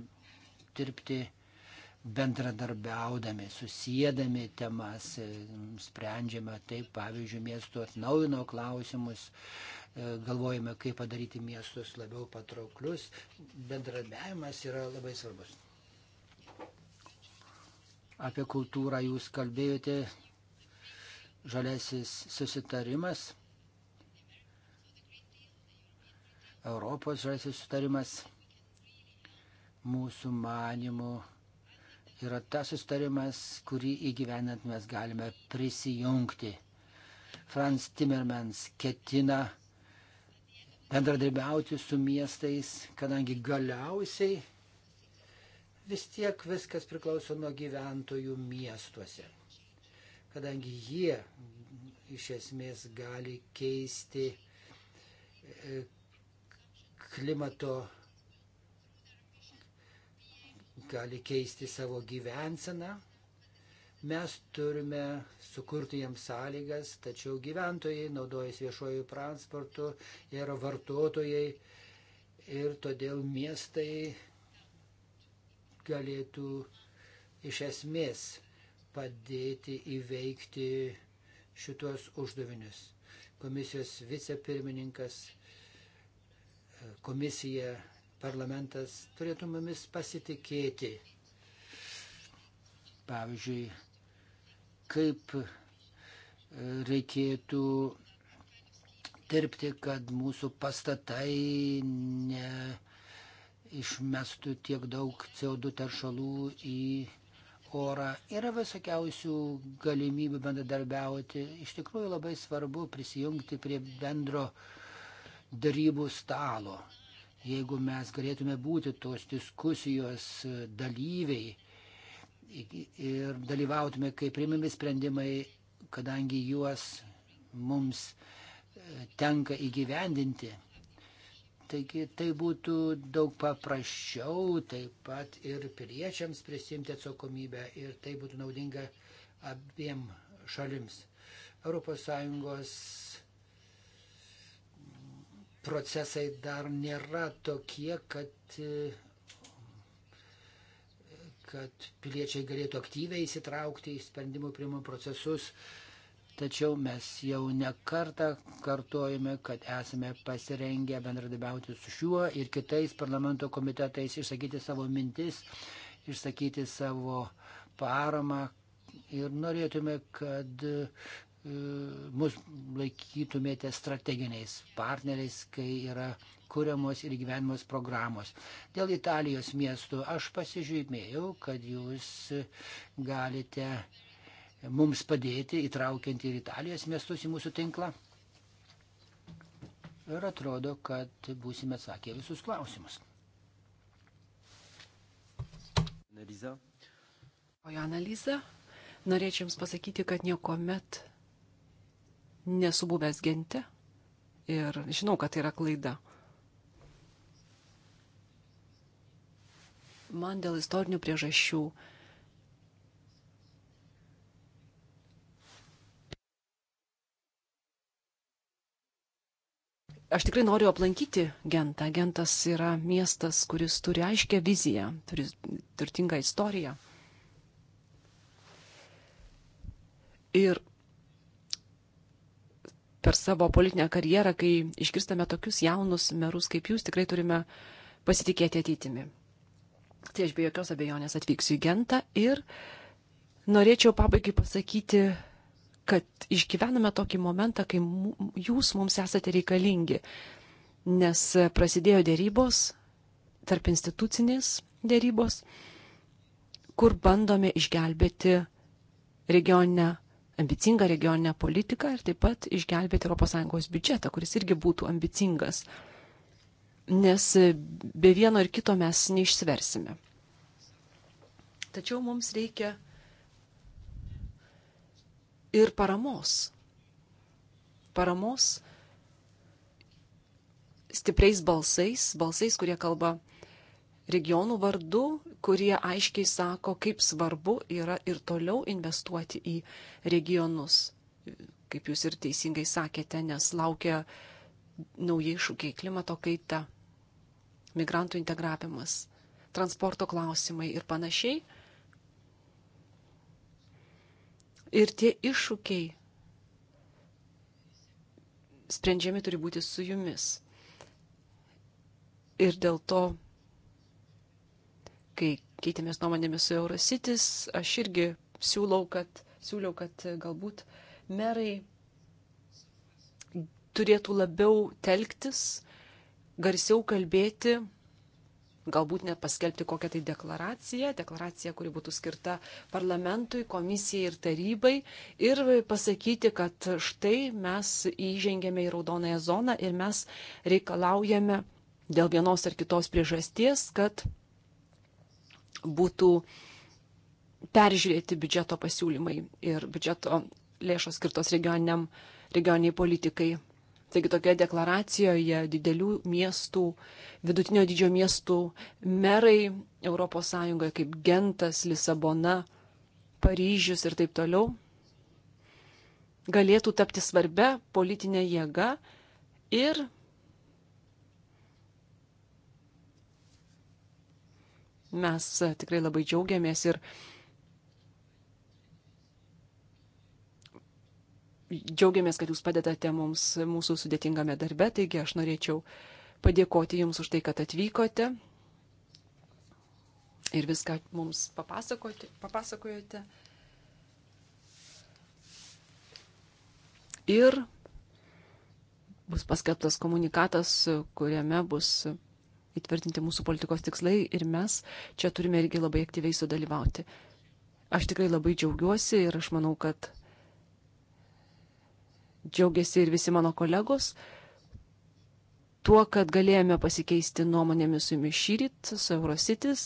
dirbti bendradarbiaudami, susėdami temas, sprendžiame taip, pavyzdžiui, miestų atnaujino klausimus, galvojame, kaip padaryti miestus labiau patrauklius. Bendradarbiavimas yra labai svarbus. Apie kultūrą jūs kalbėjote, žalesis susitarimas, Europos žalesis susitarimas, mūsų manimų yra tas susitarimas, kurį įgyvenant mes galime prisijungti. Franz Timmermans ketina bendradarbiauti su miestais, kadangi galiausiai vis tiek viskas priklauso nuo gyventojų miestuose, kadangi jie iš esmės gali keisti e, klimato, gali keisti savo gyvenseną. Mes turime sukurti jiems sąlygas, tačiau gyventojai naudojasi viešojų transportų, jie yra vartotojai ir todėl miestai galėtų iš esmės padėti įveikti šitos uždavinius. Komisijos vicepirmininkas, komisija, parlamentas turėtų mumis pasitikėti. Pavyzdžiui, kaip e, reikėtų dirbti, kad mūsų pastatai ne išmestų tiek daug CO2 teršalų į orą. Yra visokiausių galimybių bendradarbiauti. Iš tikrųjų labai svarbu prisijungti prie bendro darybų stalo. Jeigu mes galėtume būti tos diskusijos dalyviai ir dalyvautume, kai priimami sprendimai, kadangi juos mums tenka įgyvendinti, Taigi tai būtų daug paprasčiau taip pat ir piliečiams prisimti atsakomybę ir tai būtų naudinga abiem šalims. ES procesai dar nėra tokie, kad, kad piliečiai galėtų aktyviai įsitraukti į sprendimų priimimo procesus. Uh, Tačiau mes jau ne kartą kartojame, kad esame pasirengę bendradabiauti su šiuo ir kitais parlamento komitetais, išsakyti savo mintis, išsakyti savo paramą ir norėtume, kad e, mus laikytumėte strateginiais partneriais, kai yra kuriamos ir gyvenimos programos. Dėl Italijos miestų aš pasižymėjau, kad jūs galite mums padėti, įtraukiant ir Italijos miestus į mūsų tinklą. Ir atrodo, kad būsime atsakę visus klausimus. Analiza. O analiza, norėčiau Jums pasakyti, kad niekuomet nesu buvęs gente ir žinau, kad tai yra klaida. Man dėl istorinių priežasčių Aš tikrai noriu aplankyti Gentą. Gentas yra miestas, kuris turi aiškę viziją, turi turtingą istoriją. Ir per savo politinę karjerą, kai išgirstame tokius jaunus merus kaip jūs, tikrai turime pasitikėti ateitimi. Tai aš be jokios abejonės atvyksiu į Gentą ir norėčiau pabaigai pasakyti kad išgyvename tokį momentą, kai jūs mums esate reikalingi, nes prasidėjo dėrybos, tarp institucinės dėrybos, kur bandome išgelbėti regioninę, ambicingą regioninę politiką ir taip pat išgelbėti ES biudžetą, kuris irgi būtų ambicingas, nes be vieno ir kito mes neišsiversime. Tačiau mums reikia ir paramos. Paramos stipriais balsais, balsais, kurie kalba regionų vardu, kurie aiškiai sako, kaip svarbu yra ir toliau investuoti į regionus, kaip jūs ir teisingai sakėte, nes laukia nauji iššūkiai - klimato kaita, migrantų integravimas, transporto klausimai ir panašiai. Ir tie iššūkiai sprendžiami turi būti su jumis. Ir dėl to, kai keitėmės nuomonėmis su Eurocitis, aš irgi siūlau, kad, siūliau, kad galbūt merai turėtų labiau telktis, garsiau kalbėti galbūt net paskelbti kokią tai deklaraciją, deklaraciją, kuri būtų skirta parlamentui, komisijai ir tarybai ir pasakyti, kad štai mes įžengėme į raudonąją zoną ir mes reikalaujame dėl vienos ar kitos priežasties, kad būtų peržiūrėti biudžeto pasiūlymai ir biudžeto lėšos skirtos regioniniam, regioniniai politikai Taigi tokioje deklaracijoje didelių miestų, vidutinio dydžio miestų merai ES kaip Gentas, Lisabona, Paryžius ir taip toliau galėtų tapti svarbia politinė jėga ir mes tikrai labai džiaugiamės ir džiaugiamės, kad jūs padedate mums mūsų sudėtingame darbe, taigi aš norėčiau padėkoti jums už tai, kad atvykote ir viską mums papasakojote. Ir bus paskelbtas komunikatas, kuriame bus įtvirtinti mūsų politikos tikslai ir mes čia turime irgi labai aktyviai sudalyvauti. Aš tikrai labai džiaugiuosi ir aš manau, kad džiaugiasi ir visi mano kolegos tuo, kad galėjome pasikeisti nuomonėmis su jumis šyryt, su Eurocitis.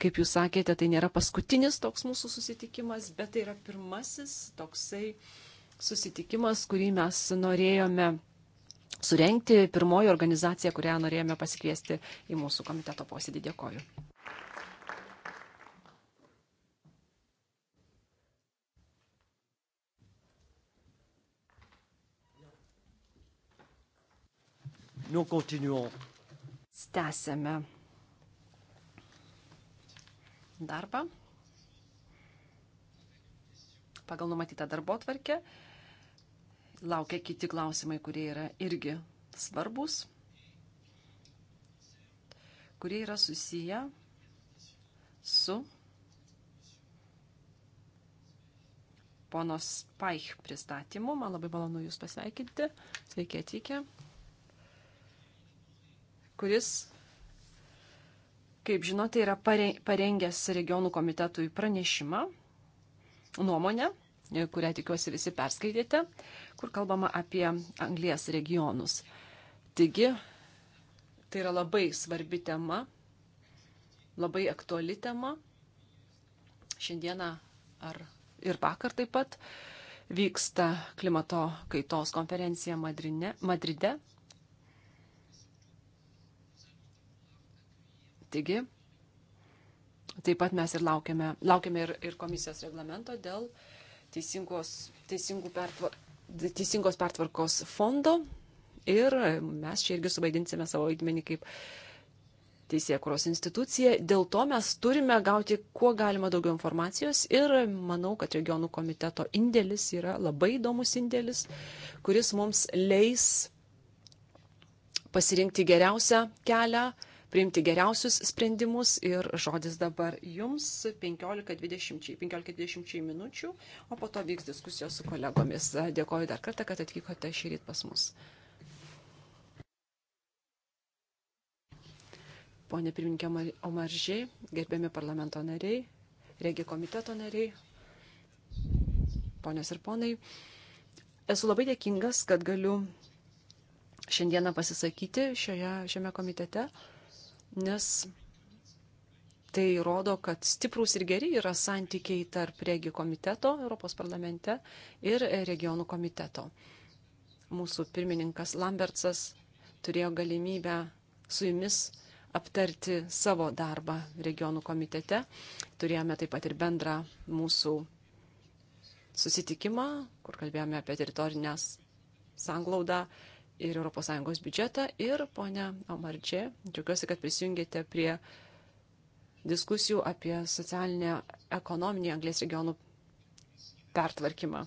Kaip jūs sakėte, tai nėra paskutinis toks mūsų susitikimas, bet tai yra pirmasis toksai susitikimas, kurį mes norėjome surenkti, pirmoji organizacija, kurią norėjome pasikviesti į mūsų komiteto posėdį. Dėkoju. Nous continuons. Stęsėme darbą pagal numatytą darbo tvarkę. Laukia kiti klausimai, kurie yra irgi svarbus, kurie yra susiję su ponos Paich pristatymu. Man labai malonu Jūs pasveikinti. Sveiki atvykę kuris, kaip žinote, yra parengęs regionų komitetui pranešimą, nuomonę, kurią tikiuosi visi perskaitėte, kur kalbama apie Anglijos regionus. Taigi, tai yra labai svarbi tema, labai aktuali tema. Šiandieną ar ir vakar taip pat vyksta klimato kaitos konferencija Madrine, Madride. Taigi, taip pat mes ir laukiame, laukiame ir, ir komisijos reglamento dėl teisingos, teisingų pertvar, teisingos pertvarkos fondo ir mes čia irgi subaidinsime savo vaidmenį kaip teisėkuros institucija. Dėl to mes turime gauti kuo galima daugiau informacijos ir manau, kad regionų komiteto indėlis yra labai įdomus indėlis, kuris mums leis pasirinkti geriausią kelią priimti geriausius sprendimus ir žodis dabar jums 15-20 minučių, o po to vyks diskusijos su kolegomis. Dėkoju dar kartą, kad atvykote šį rytą pas mus. Pone pirmininkė Omaržiai, gerbiami parlamento nariai, regi komiteto nariai, ponios ir ponai, esu labai dėkingas, kad galiu šiandieną pasisakyti šioje, šiame komitete nes tai rodo, kad stiprus ir geri yra santykiai tarp regijų komiteto Europos parlamente ir regionų komiteto. Mūsų pirmininkas Lambertsas turėjo galimybę su jumis aptarti savo darbą regionų komitete. Turėjome taip pat ir bendrą mūsų susitikimą, kur kalbėjome apie teritorinę sanglaudą ir ES biudžetą. Ir, ponia Omardžė, džiaugiuosi, kad prisijungėte prie diskusijų apie socialinę ekonominį anglės regionų pertvarkymą.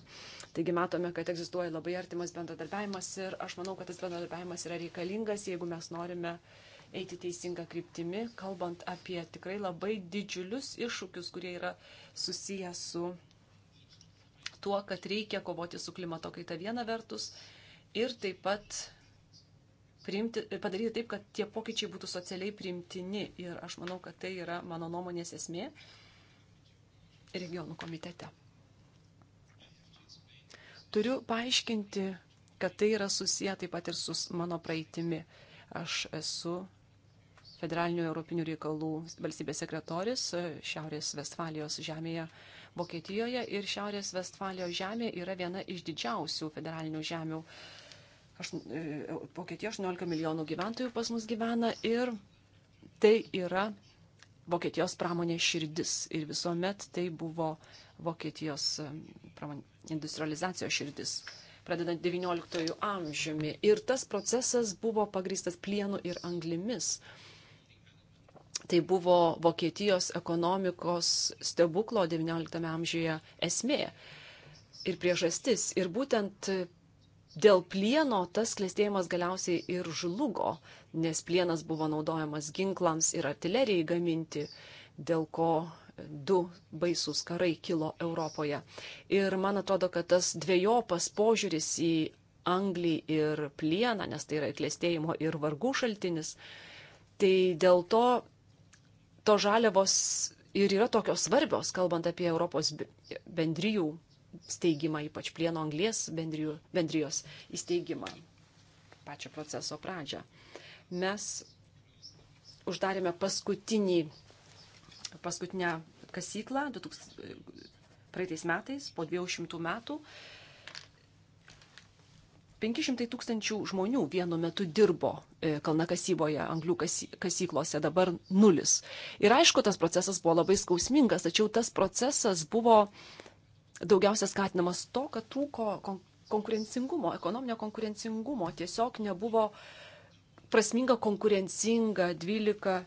Taigi matome, kad egzistuoja labai artimas bendradarbiavimas ir aš manau, kad tas bendradarbiavimas yra reikalingas, jeigu mes norime eiti teisinga kryptimi, kalbant apie tikrai labai didžiulius iššūkius, kurie yra susiję su tuo, kad reikia kovoti su klimato kaita viena vertus ir taip pat priimti, padaryti taip, kad tie pokyčiai būtų socialiai priimtini. Ir aš manau, kad tai yra mano nuomonės esmė regionų komitete. Turiu paaiškinti, kad tai yra susiję taip pat ir su mano praeitimi. Aš esu federalinių europinių reikalų valstybės sekretorius e, Šiaurės Vestfalijos žemėje Vokietijoje ir Šiaurės Vestfalijos žemė yra viena iš didžiausių federalinių žemių uh, E, Vokietija 18 milijonų gyventojų pas mus gyvena ir tai yra Vokietijos pramonė širdis. Ir visuomet tai buvo Vokietijos e, industrializacijos širdis, pradedant 19 amžiumi. Ir tas procesas buvo pagristas plienu ir anglimis. Tai buvo Vokietijos ekonomikos stebuklo XIX amžiuje esmė ir priežastis. Ir būtent dėl plieno tas klėstėjimas galiausiai ir žlugo, nes plienas buvo naudojamas ginklams ir artilerijai gaminti, dėl ko du baisūs karai kilo Europoje. Ir man atrodo, kad tas dviejopas požiūris į anglį ir plieną, nes tai yra klėstėjimo ir vargų šaltinis, tai dėl to to žaliavos ir yra tokios svarbios, kalbant apie Europos bendrijų steigimą, ypač plieno anglės bendrijų, bendrijos įsteigimą, pačią proceso pradžią. Mes uždarėme paskutinį, paskutinę kasyklą 2000, praeitais metais, po 200 metų. 500 tūkstančių žmonių vienu metu dirbo e, kalnakasyboje, anglių kasyklose, dabar nulis. Ir aišku, tas procesas buvo labai skausmingas, tačiau tas procesas buvo daugiausia skatinamas to, kad trūko konkurencingumo, ekonominio konkurencingumo. Tiesiog nebuvo prasminga konkurencinga 12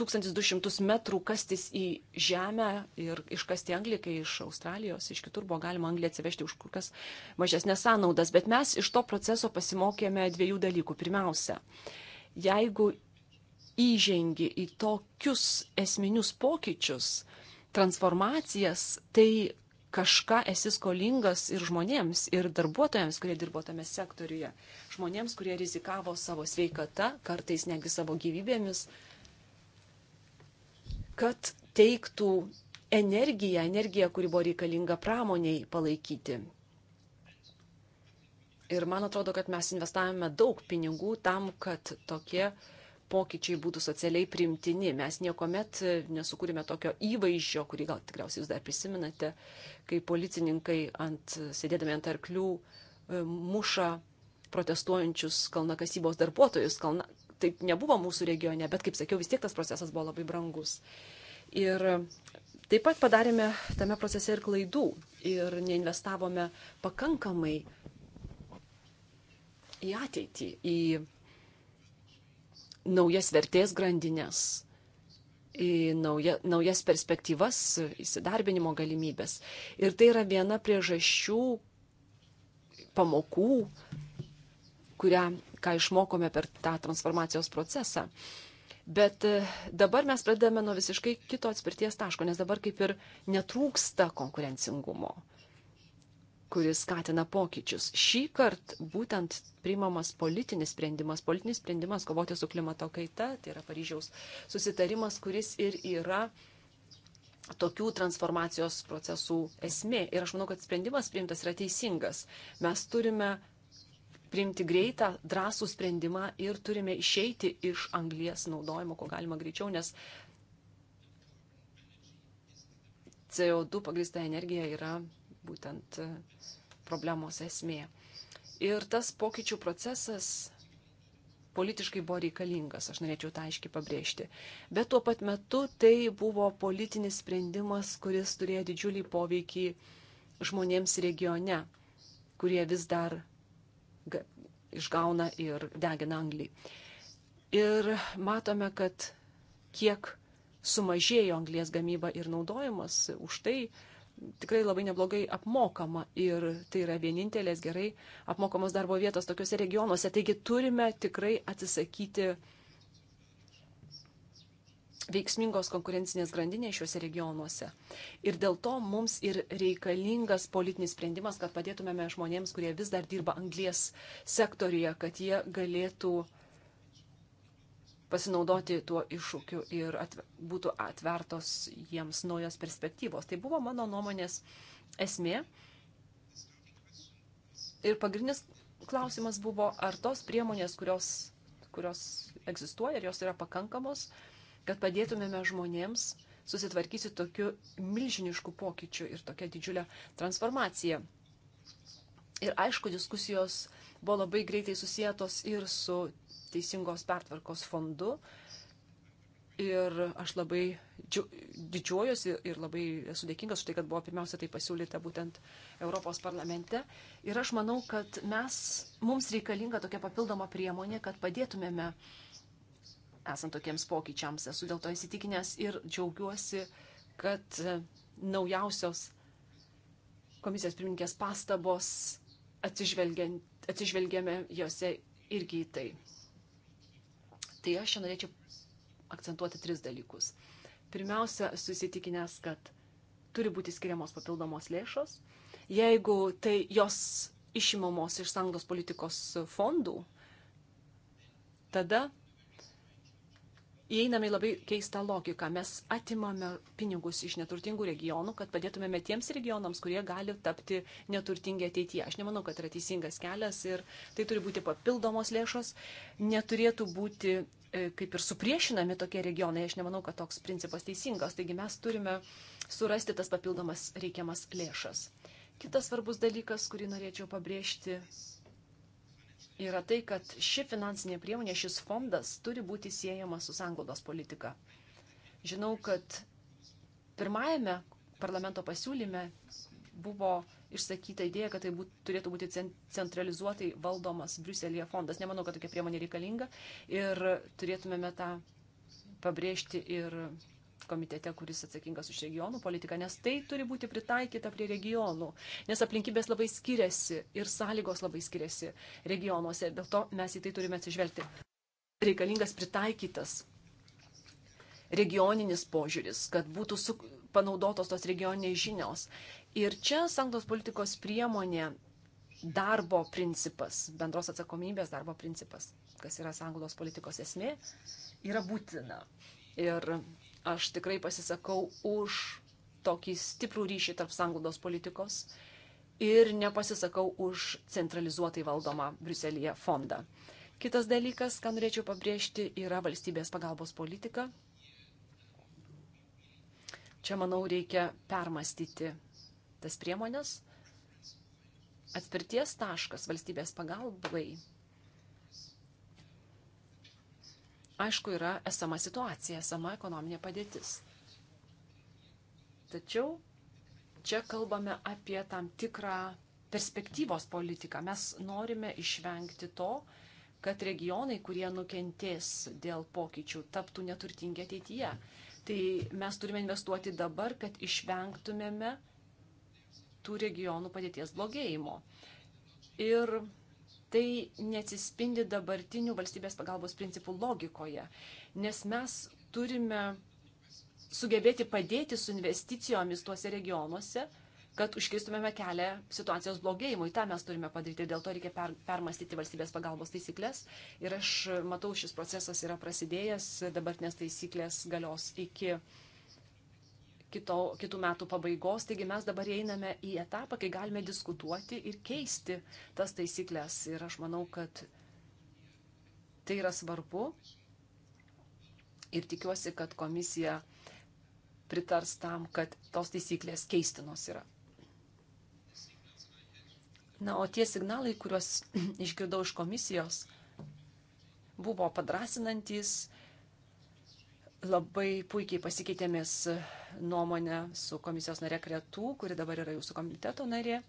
1200 metrų kastis į žemę ir iškasti anglį, kai iš Australijos, iš kitur buvo galima anglį atsivežti už kur kas mažesnės sąnaudas. Bet mes iš to proceso pasimokėme dviejų dalykų. Pirmiausia, jeigu įžengi į tokius esminius pokyčius, transformacijas, tai kažką esi skolingas ir žmonėms, ir darbuotojams, kurie dirbo tame sektoriuje, žmonėms, kurie rizikavo savo sveikata, kartais netgi savo gyvybėmis, kad teiktų energiją, energiją, kuri buvo reikalinga pramoniai palaikyti. Ir man atrodo, kad mes investavome daug pinigų tam, kad tokie uh, pokyčiai būtų socialiai primtini. Mes niekuomet e, nesukūrėme tokio įvaizdžio, kurį gal tikriausiai jūs dar prisiminate, kai policininkai ant, sėdėdami ant arklių e, muša protestuojančius kalnakasybos darbuotojus. Kalna... Taip nebuvo mūsų regione, bet kaip sakiau, vis tiek tas procesas buvo labai brangus. Ir e, taip pat padarėme tame procese ir klaidų ir neinvestavome pakankamai į ateitį, į naujas vertės grandinės, į nauja, naujas perspektyvas, įsidarbinimo galimybės. Ir tai yra viena priežasčių pamokų, kurią, ką išmokome per tą transformacijos procesą. Bet e, dabar mes pradedame nuo visiškai kito atspirties taško, nes dabar kaip ir netrūksta konkurencingumo kuris skatina pokyčius. Šį kartą būtent priimamas politinis sprendimas, politinis sprendimas kovoti su klimato kaita, tai yra Paryžiaus susitarimas, kuris ir yra tokių transformacijos procesų esmė. Ir aš manau, kad sprendimas priimtas yra teisingas. Mes turime priimti greitą, drąsų sprendimą ir turime išeiti iš anglies naudojimo, ko galima greičiau, nes CO2 pagrįsta energija yra būtent e, problemos esmė. Ir tas pokyčių procesas politiškai buvo reikalingas, aš norėčiau tą aiškiai pabrėžti. Bet tuo pat metu tai buvo politinis sprendimas, kuris turėjo didžiulį poveikį žmonėms regione, kurie vis dar išgauna ir degina anglį. Ir matome, kad kiek sumažėjo anglės gamyba ir naudojimas, už tai uh, tikrai labai neblogai apmokama ir tai yra vienintelės gerai apmokamos darbo vietos tokiuose regionuose. Taigi turime tikrai atsisakyti veiksmingos konkurencinės grandinės šiuose regionuose. Ir dėl to mums ir reikalingas politinis sprendimas, kad padėtumėme žmonėms, kurie vis dar dirba anglies sektoriuje, kad jie galėtų uh, pasinaudoti tuo iššūkiu ir atver, būtų atvertos jiems naujos perspektyvos. Tai buvo mano nuomonės esmė. Ir pagrindinis klausimas buvo, ar tos priemonės, kurios, kurios egzistuoja ir jos yra pakankamos, kad padėtumėme žmonėms susitvarkyti su tokiu milžinišku pokyčiu ir tokia didžiulė transformacija. Ir aišku, diskusijos buvo labai greitai susijėtos ir su teisingos pertvarkos fondu. Ir aš labai didžiuojuosi ir labai esu dėkingas už tai, kad buvo pirmiausia tai pasiūlyta būtent Europos parlamente. Ir aš manau, kad mes, mums reikalinga tokia papildoma priemonė, kad padėtumėme esant tokiems pokyčiams. Esu dėl to įsitikinęs ir džiaugiuosi, kad naujausios komisijos pirmininkės pastabos atsižvelgiame jose irgi į tai. Tai aš čia norėčiau akcentuoti tris dalykus. Pirmiausia, susitikinęs, kad turi būti skiriamos papildomos lėšos. Jeigu tai jos išimamos iš sanglos politikos fondų, tada įeiname į labai keistą logiką. Mes atimame pinigus iš neturtingų regionų, kad padėtumėme tiems regionams, kurie gali tapti neturtingi ateityje. Aš nemanau, kad yra teisingas kelias ir tai turi būti papildomos lėšos. Neturėtų būti e, kaip ir supriešinami tokie regionai. Aš nemanau, kad toks principas teisingas. Taigi mes turime surasti tas papildomas reikiamas lėšas. Kitas svarbus dalykas, kurį norėčiau pabrėžti, yra tai, kad ši finansinė priemonė, šis fondas turi būti siejama su sanglaudos politika. Žinau, kad pirmajame parlamento pasiūlyme buvo išsakyta idėja, kad tai būt, turėtų būti centralizuotai valdomas Briuselėje fondas. Nemanau, kad tokia priemonė reikalinga ir turėtumėme tą pabrėžti ir komitete, kuris atsakingas už regionų politiką, nes tai turi būti pritaikyta prie regionų, nes aplinkybės labai skiriasi ir sąlygos labai skiriasi regionuose, dėl to mes į tai turime atsižvelgti. Reikalingas pritaikytas regioninis požiūris, kad būtų su, panaudotos tos regioniniai žinios. Ir čia sanktos politikos priemonė darbo principas, bendros atsakomybės darbo principas, kas yra sanktos politikos esmė, yra būtina. Ir Aš tikrai pasisakau už tokį stiprų ryšį tarp sanglaudos politikos ir nepasisakau už centralizuotai valdomą Briuselėje fondą. Kitas dalykas, ką norėčiau pabrėžti, yra valstybės pagalbos politika. Čia, manau, reikia permastyti tas priemonės. Atspirties taškas valstybės pagalbai aišku, yra esama situacija, esama ekonominė padėtis. Tačiau čia kalbame apie tam tikrą perspektyvos politiką. Mes norime išvengti to, kad regionai, kurie nukentės dėl pokyčių, taptų neturtingi ateityje. Tai mes turime investuoti dabar, kad išvengtumėme tų regionų padėties blogėjimo. Ir tai neatsispindi dabartinių valstybės pagalbos principų logikoje, nes mes turime sugebėti padėti su investicijomis tuose regionuose, kad užkirstumėme kelią situacijos blogėjimui. Ta mes turime padaryti ir dėl to reikia per, permastyti valstybės pagalbos taisyklės. Ir aš matau, šis procesas yra prasidėjęs, dabartinės taisyklės galios iki kito, kitų metų pabaigos. Taigi mes dabar einame į etapą, kai galime diskutuoti ir keisti tas taisyklės. Ir aš manau, kad tai yra svarbu. Ir tikiuosi, kad komisija pritars tam, kad tos taisyklės keistinos yra. Na, o tie signalai, kuriuos išgirdau iš komisijos, buvo padrasinantis Labai puikiai pasikeitėmės nuomonę su komisijos narė Kretų, kuri dabar yra jūsų komiteto narė.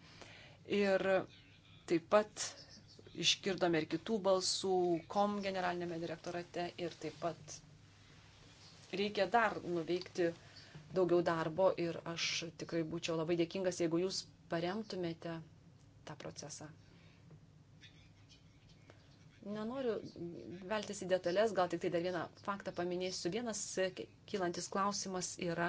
Ir taip pat išgirdome ir kitų balsų kom generalinėme direktorate ir taip pat reikia dar nuveikti daugiau darbo ir aš tikrai būčiau labai dėkingas, jeigu jūs paremtumėte tą procesą. Nenoriu veltis į detalės, gal tik tai dar vieną faktą paminėsiu. Vienas e, kylantis klausimas yra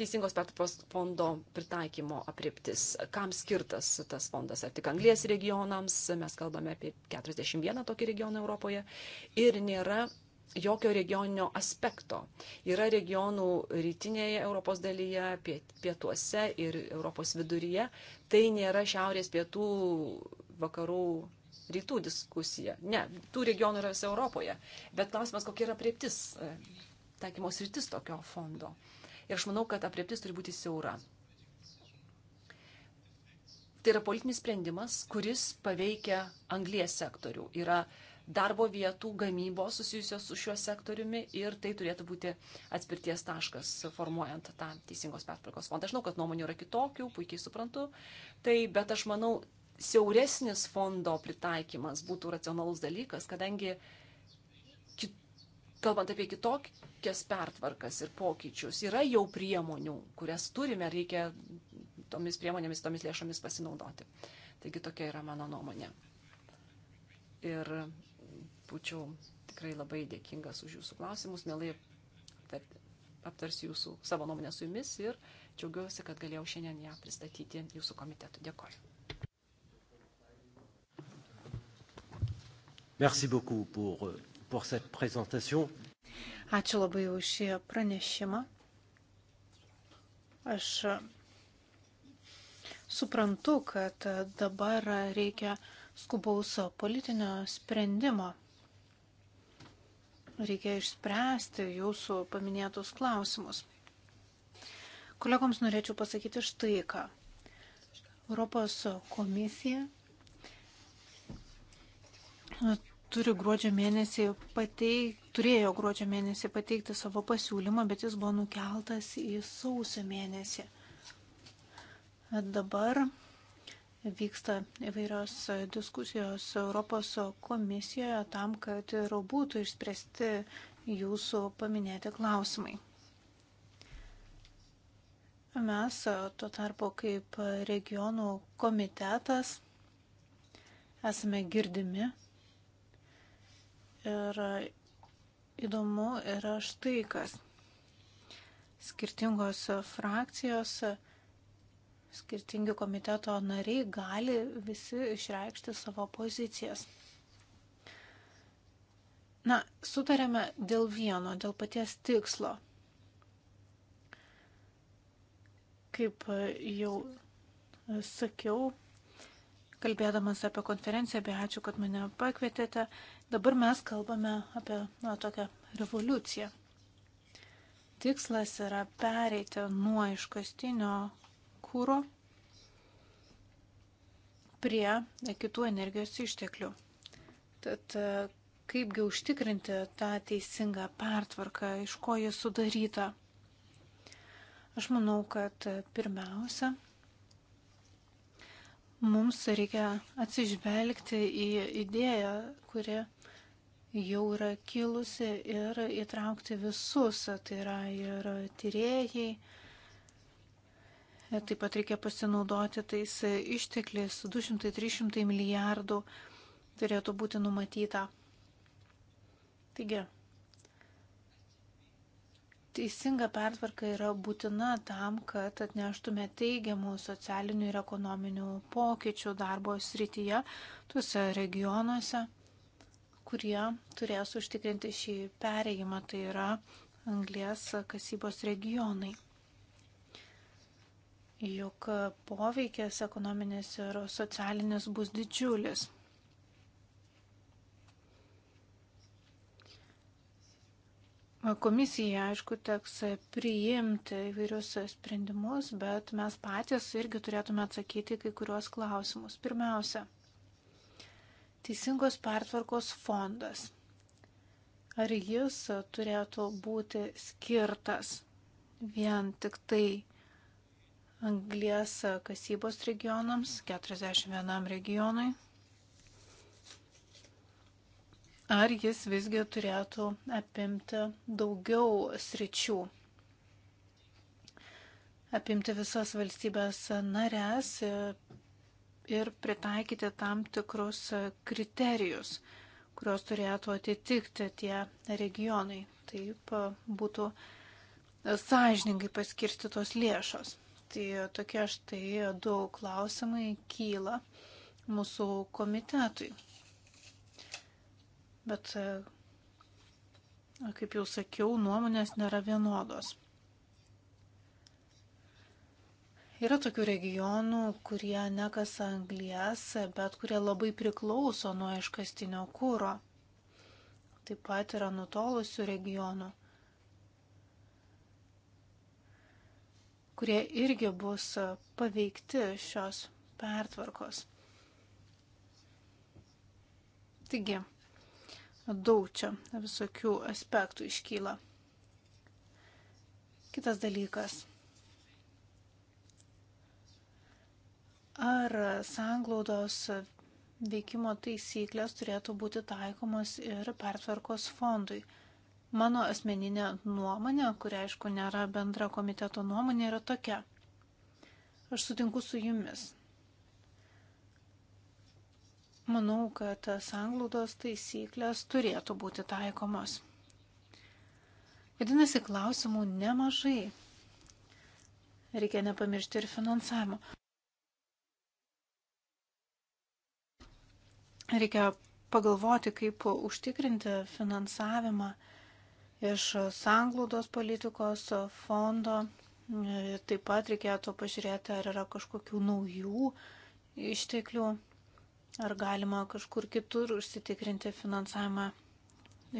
teisingos pertvarkos fondo pritaikymo apriptis. Kam skirtas tas fondas? Ar tik anglės regionams? Mes kalbame apie 41 tokį regioną Europoje. Ir nėra jokio regioninio aspekto. Yra regionų rytinėje Europos dalyje, pietuose ir Europos viduryje. Tai nėra šiaurės pietų vakarų rytų diskusija. Ne, tų regionų yra visoje Europoje. Bet klausimas, kokia yra prieptis, e, taikymos rytis tokio fondo. Ir aš manau, kad aprieptis turi būti siaura. Tai yra politinis sprendimas, kuris paveikia anglies sektorių. Yra darbo vietų gamybos susijusios su šiuo sektoriumi ir tai turėtų būti atspirties taškas formuojant tą teisingos pertvarkos fondą. Aš žinau, kad nuomonių yra kitokių, puikiai suprantu, tai, bet aš manau, siauresnis fondo pritaikymas būtų racionalus dalykas, kadangi kit, kalbant apie kitokias pertvarkas ir pokyčius, yra jau priemonių, kurias turime, reikia tomis priemonėmis, tomis lėšomis pasinaudoti. Taigi tokia yra mano nuomonė. Ir būčiau tikrai labai dėkingas už jūsų klausimus, mielai aptarsiu jūsų savo nuomonę su jumis ir džiaugiuosi, kad galėjau šiandien ją pristatyti jūsų komitetui. Dėkoju. Merci beaucoup pour, euh, pour cette présentation. Ačiū labai už šį pranešimą. Aš uh, suprantu, kad uh, dabar reikia skubaus politinio sprendimo. Reikia išspręsti jūsų paminėtus klausimus. Kolegoms norėčiau pasakyti štai ką. Europos komisija turi gruodžio mėnesį pateik, turėjo gruodžio mėnesį pateikti savo pasiūlymą, bet jis buvo nukeltas į sausio mėnesį. Dabar vyksta įvairios diskusijos Europos komisijoje tam, kad ir būtų išspręsti jūsų paminėti klausimai. Mes tuo tarpu kaip regionų komitetas esame girdimi Ir įdomu yra štai kas. Skirtingos frakcijos, skirtingi komiteto nariai gali visi išreikšti savo pozicijas. Na, sutarėme dėl vieno, dėl paties tikslo. Kaip jau sakiau, kalbėdamas apie konferenciją, be ačiū, kad mane pakvietėte, Dabar mes kalbame apie na, tokią revoliuciją. Tikslas yra pereiti nuo iškastinio kūro prie kitų energijos išteklių. Tad e, kaipgi užtikrinti tą teisingą pertvarką, iš ko ji sudaryta. Aš manau, kad e, pirmiausia, mums reikia atsižvelgti į idėją, kuri jau yra kilusi ir įtraukti visus, tai yra ir tyrėjai. Taip pat reikia pasinaudoti tais ištekliais 200-300 milijardų turėtų būti numatyta. Taigi, teisinga pertvarka yra būtina tam, kad atneštume teigiamų socialinių ir ekonominių pokyčių darbo srityje tuose regionuose kurie turės užtikrinti šį perėjimą, tai yra anglės kasybos regionai. Juk poveikis ekonominis ir socialinis bus didžiulis. Komisija, aišku, teks priimti įvairius sprendimus, bet mes patys irgi turėtume atsakyti kai kuriuos klausimus. Pirmiausia, Teisingos pertvarkos fondas. Ar jis turėtų būti skirtas vien tik tai anglies kasybos regionams, 41 regionui? Ar jis visgi turėtų apimti daugiau sričių? Apimti visas valstybės narės, ir pritaikyti tam tikrus kriterijus, kurios turėtų atitikti tie regionai. Taip e, būtų sąžiningai paskirstytos lėšos. Tai tokie štai du klausimai kyla mūsų komitetui. Bet, e, kaip jau sakiau, nuomonės nėra vienodos. Yra tokių regionų, kurie nekasa anglijas, bet kurie labai priklauso nuo iškastinio kūro. Taip pat yra nutolusių regionų, kurie irgi bus paveikti šios pertvarkos. Taigi, daug čia visokių aspektų iškyla. Kitas dalykas Ar sanglaudos veikimo taisyklės turėtų būti taikomos ir pertvarkos fondui? Mano asmeninė nuomonė, kuri aišku nėra bendra komiteto nuomonė, yra tokia. Aš sutinku su jumis. Manau, kad sanglaudos taisyklės turėtų būti taikomos. Vadinasi, klausimų nemažai. Reikia nepamiršti ir finansavimo. Reikia pagalvoti, kaip užtikrinti finansavimą iš sanglaudos politikos fondo. Taip pat reikėtų pažiūrėti, ar yra kažkokių naujų išteklių, ar galima kažkur kitur užsitikrinti finansavimą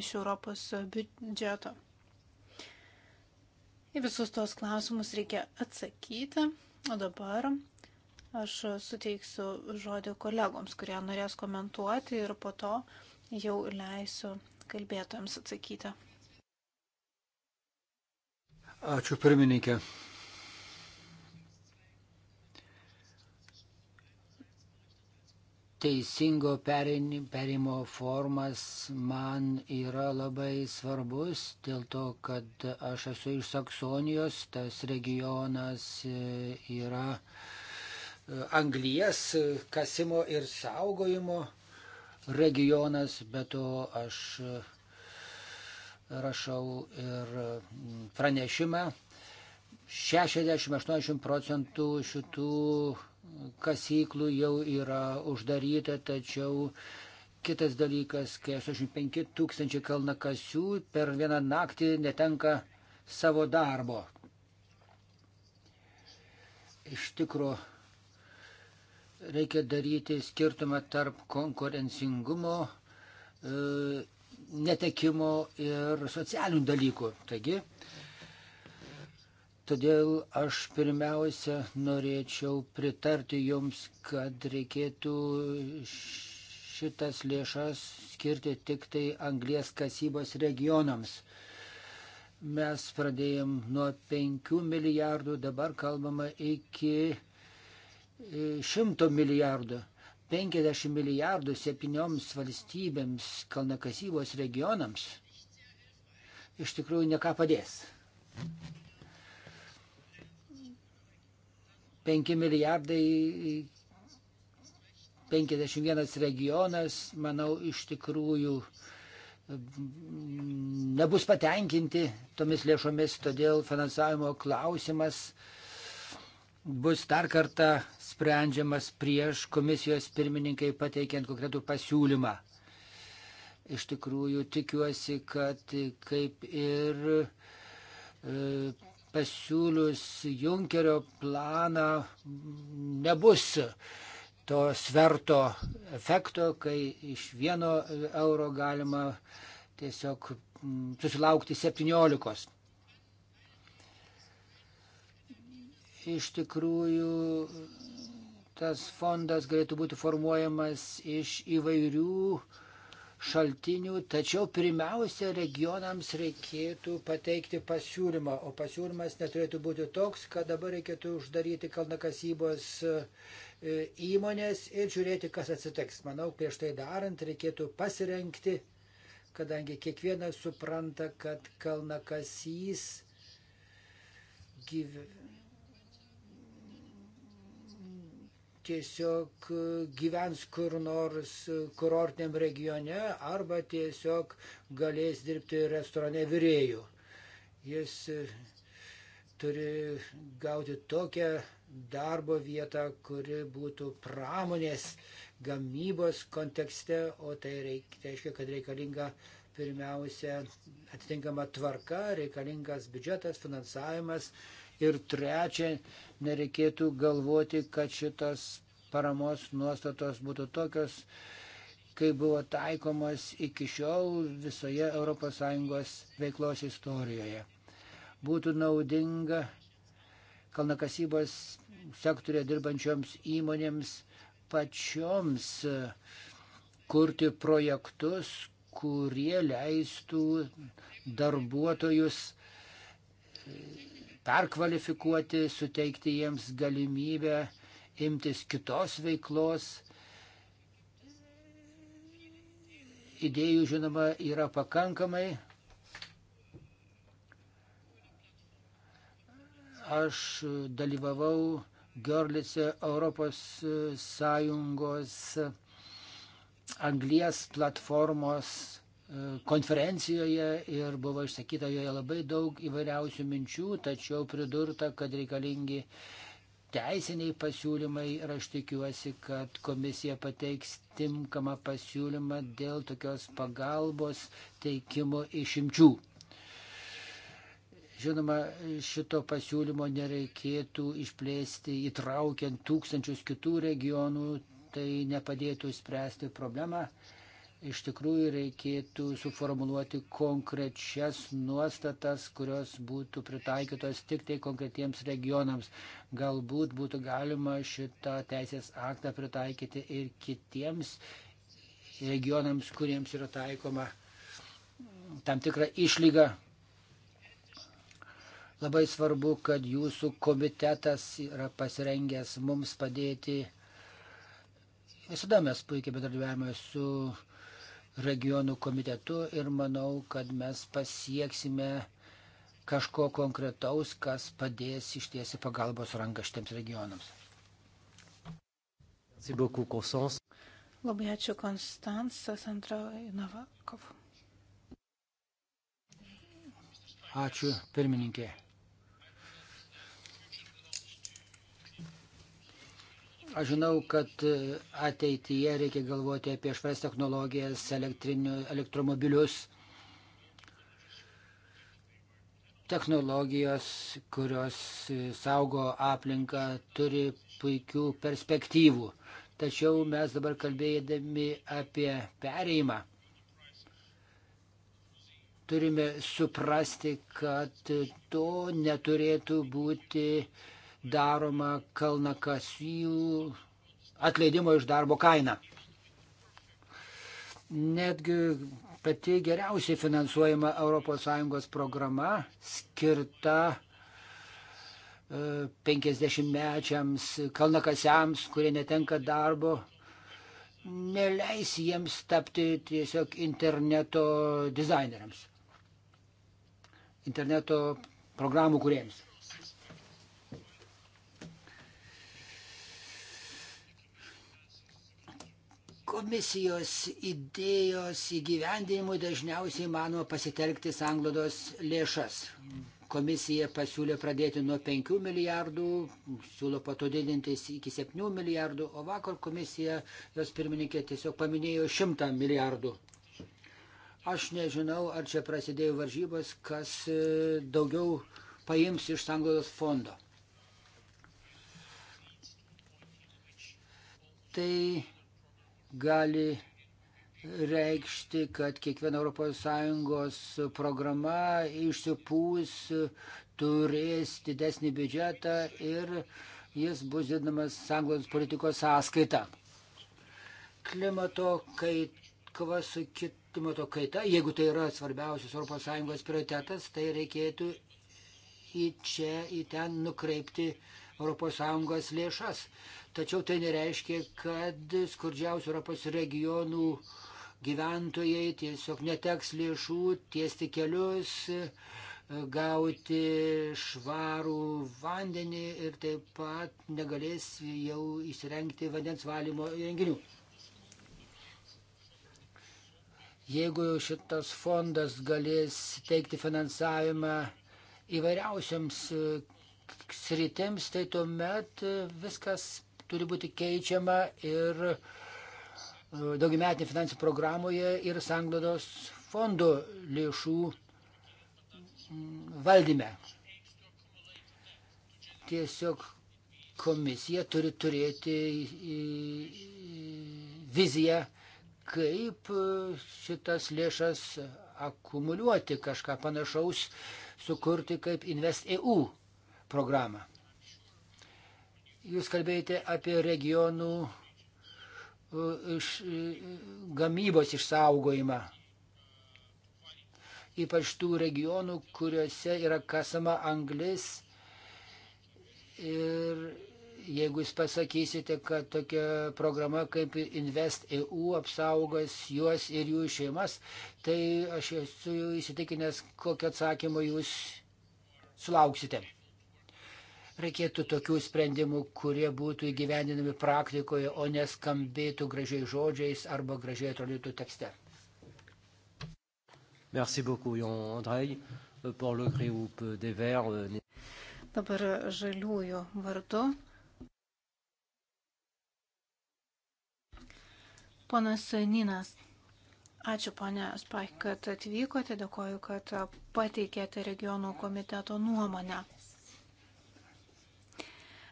iš Europos biudžeto. Į visus tos klausimus reikia atsakyti, o dabar Aš suteiksiu žodį kolegoms, kurie norės komentuoti ir po to jau leisiu kalbėtojams atsakyti. Ačiū pirmininkė. teisingo perimo formas man yra labai svarbus dėl to, kad aš esu iš Saksonijos, tas regionas e, yra anglijas kasimo ir saugojimo regionas, bet to aš rašau ir mm, pranešimą. 60-80 procentų šitų kasyklų jau yra uždaryta, tačiau kitas dalykas, kai 85 tūkstančiai kalnakasių per vieną naktį netenka savo darbo. Iš tikrųjų, reikia daryti skirtumą tarp konkurencingumo e, netekimo ir socialinių dalykų. Taigi, todėl aš pirmiausia norėčiau pritarti jums, kad reikėtų šitas lėšas skirti tik tai anglės kasybos regionams. Mes pradėjom nuo 5 milijardų, dabar kalbama iki 100 milijardų, 50 milijardų septynioms valstybėms kalnakasybos regionams iš tikrųjų neką padės. 5 milijardai 51 regionas, manau, iš tikrųjų mm, nebus patenkinti tomis lėšomis, todėl finansavimo klausimas uh, bus dar kartą sprendžiamas prieš komisijos pirmininkai pateikiant konkretų pasiūlymą. Iš tikrųjų tikiuosi, kad kaip ir e, pasiūlius Junkerio planą nebus to sverto efekto, kai iš vieno euro galima tiesiog susilaukti 17. iš tikrųjų tas fondas galėtų būti formuojamas iš įvairių šaltinių, tačiau pirmiausia regionams reikėtų pateikti pasiūlymą, o pasiūlymas neturėtų būti toks, kad dabar reikėtų uždaryti kalnakasybos e, įmonės ir žiūrėti, kas atsitiks. Manau, prieš tai darant reikėtų pasirenkti, kadangi kiekvienas supranta, kad kalnakasys gyvena tiesiog e, gyvens kur nors e, kurortiniam regione arba tiesiog galės dirbti restorane virėjų. Jis e, turi gauti tokią darbo vietą, kuri būtų pramonės gamybos kontekste, o tai, tai reiškia, kad reikalinga pirmiausia atitinkama tvarka, reikalingas biudžetas, finansavimas, Ir trečia, nereikėtų galvoti, kad šitos paramos nuostatos būtų tokios, kaip buvo taikomas iki šiol visoje ES veiklos istorijoje. Būtų naudinga kalnakasybos sektorė dirbančioms įmonėms pačioms e, kurti projektus, kurie leistų darbuotojus perkvalifikuoti, suteikti jiems galimybę imtis kitos veiklos. Idėjų, žinoma, yra pakankamai. Aš dalyvavau Görlice Europos Sąjungos anglies platformos konferencijoje ir buvo išsakyta joje labai daug įvairiausių minčių, tačiau pridurta, kad reikalingi teisiniai pasiūlymai ir aš tikiuosi, kad komisija pateiks tinkamą pasiūlymą dėl tokios pagalbos teikimo išimčių. Žinoma, šito pasiūlymo nereikėtų išplėsti įtraukiant tūkstančius kitų regionų, tai nepadėtų spręsti problemą iš tikrųjų reikėtų suformuluoti konkrečias nuostatas, kurios būtų pritaikytos tik tai konkretiems regionams. Galbūt būtų galima šitą teisės aktą pritaikyti ir kitiems regionams, kuriems yra taikoma tam tikra išlyga. Labai svarbu, kad jūsų komitetas yra pasirengęs mums padėti. Visada mes puikiai bedarbiavame su uh, regionų komitetu ir manau, kad mes pasieksime kažko konkretaus, kas padės ištiesi pagalbos ranką šitiems regionams. Labai ačiū Konstantas Andrainavakov. Ačiū pirmininkė. Aš žinau, kad e, ateityje reikia galvoti apie švarias technologijas, elektromobilius, technologijos, kurios e, saugo aplinką, turi puikių perspektyvų. Tačiau mes dabar kalbėdami apie pereimą turime suprasti, kad to neturėtų būti uh, daroma kalnakasijų atleidimo iš darbo kaina. Netgi pati geriausiai finansuojama ES programa skirta 50-mečiams e, kalnakasiams, kurie netenka darbo, neleis jiems tapti tiesiog interneto dizaineriams, interneto programų kuriems. Komisijos idėjos įgyvendinimui dažniausiai manoma pasitelkti sanglodos lėšas. Komisija pasiūlė pradėti nuo 5 milijardų, siūlo patodidinti iki 7 milijardų, o vakar komisija, jos pirmininkė, tiesiog paminėjo 100 milijardų. Aš nežinau, ar čia prasidėjo varžybos, kas e, daugiau paims iš sanglodos fondo. Tai gali reikšti, kad kiekviena ES programa išsipūs, turės didesnį biudžetą ir jis bus didinamas sąjungos politikos sąskaita. Klimato kova su klimato kaita, jeigu tai yra svarbiausias ES prioritetas, tai reikėtų į čia, į ten nukreipti uh, ES lėšas. Tačiau tai nereiškia, kad skurdžiausių Europos regionų gyventojai tiesiog neteks lėšų tiesti kelius, gauti švarų vandenį ir taip pat negalės jau įsirengti vandens valymo įrenginių. Jeigu šitas fondas galės teikti finansavimą įvairiausiams sritims, tai tuomet viskas turi būti keičiama ir e, daugiametinė finansų programoje ir sanglodos fondo lėšų mm, valdyme. Tiesiog komisija turi turėti viziją, kaip šitas lėšas akumuliuoti, kažką panašaus sukurti kaip InvestEU programą. Jūs kalbėjote apie regionų iš, gamybos išsaugojimą. Ypač tų regionų, kuriuose yra kasama anglis. Ir jeigu jūs pasakysite, kad tokia programa kaip Invest EU apsaugos juos ir jų šeimas, tai aš esu įsitikinęs, kokio atsakymo jūs sulauksite. Reikėtų tokių sprendimų, kurie būtų įgyvendinami praktikoje, o neskambėtų gražiai žodžiais arba gražiai atrodytų tekste. Merci beaucoup, Jon Andrei, euh, pour le groupe des Verts. Euh, Dabar žaliųjų vardu. Ponas Ninas. Ačiū, ponė Spai, kad atvykote. Dėkoju, kad pateikėte regionų komiteto nuomonę.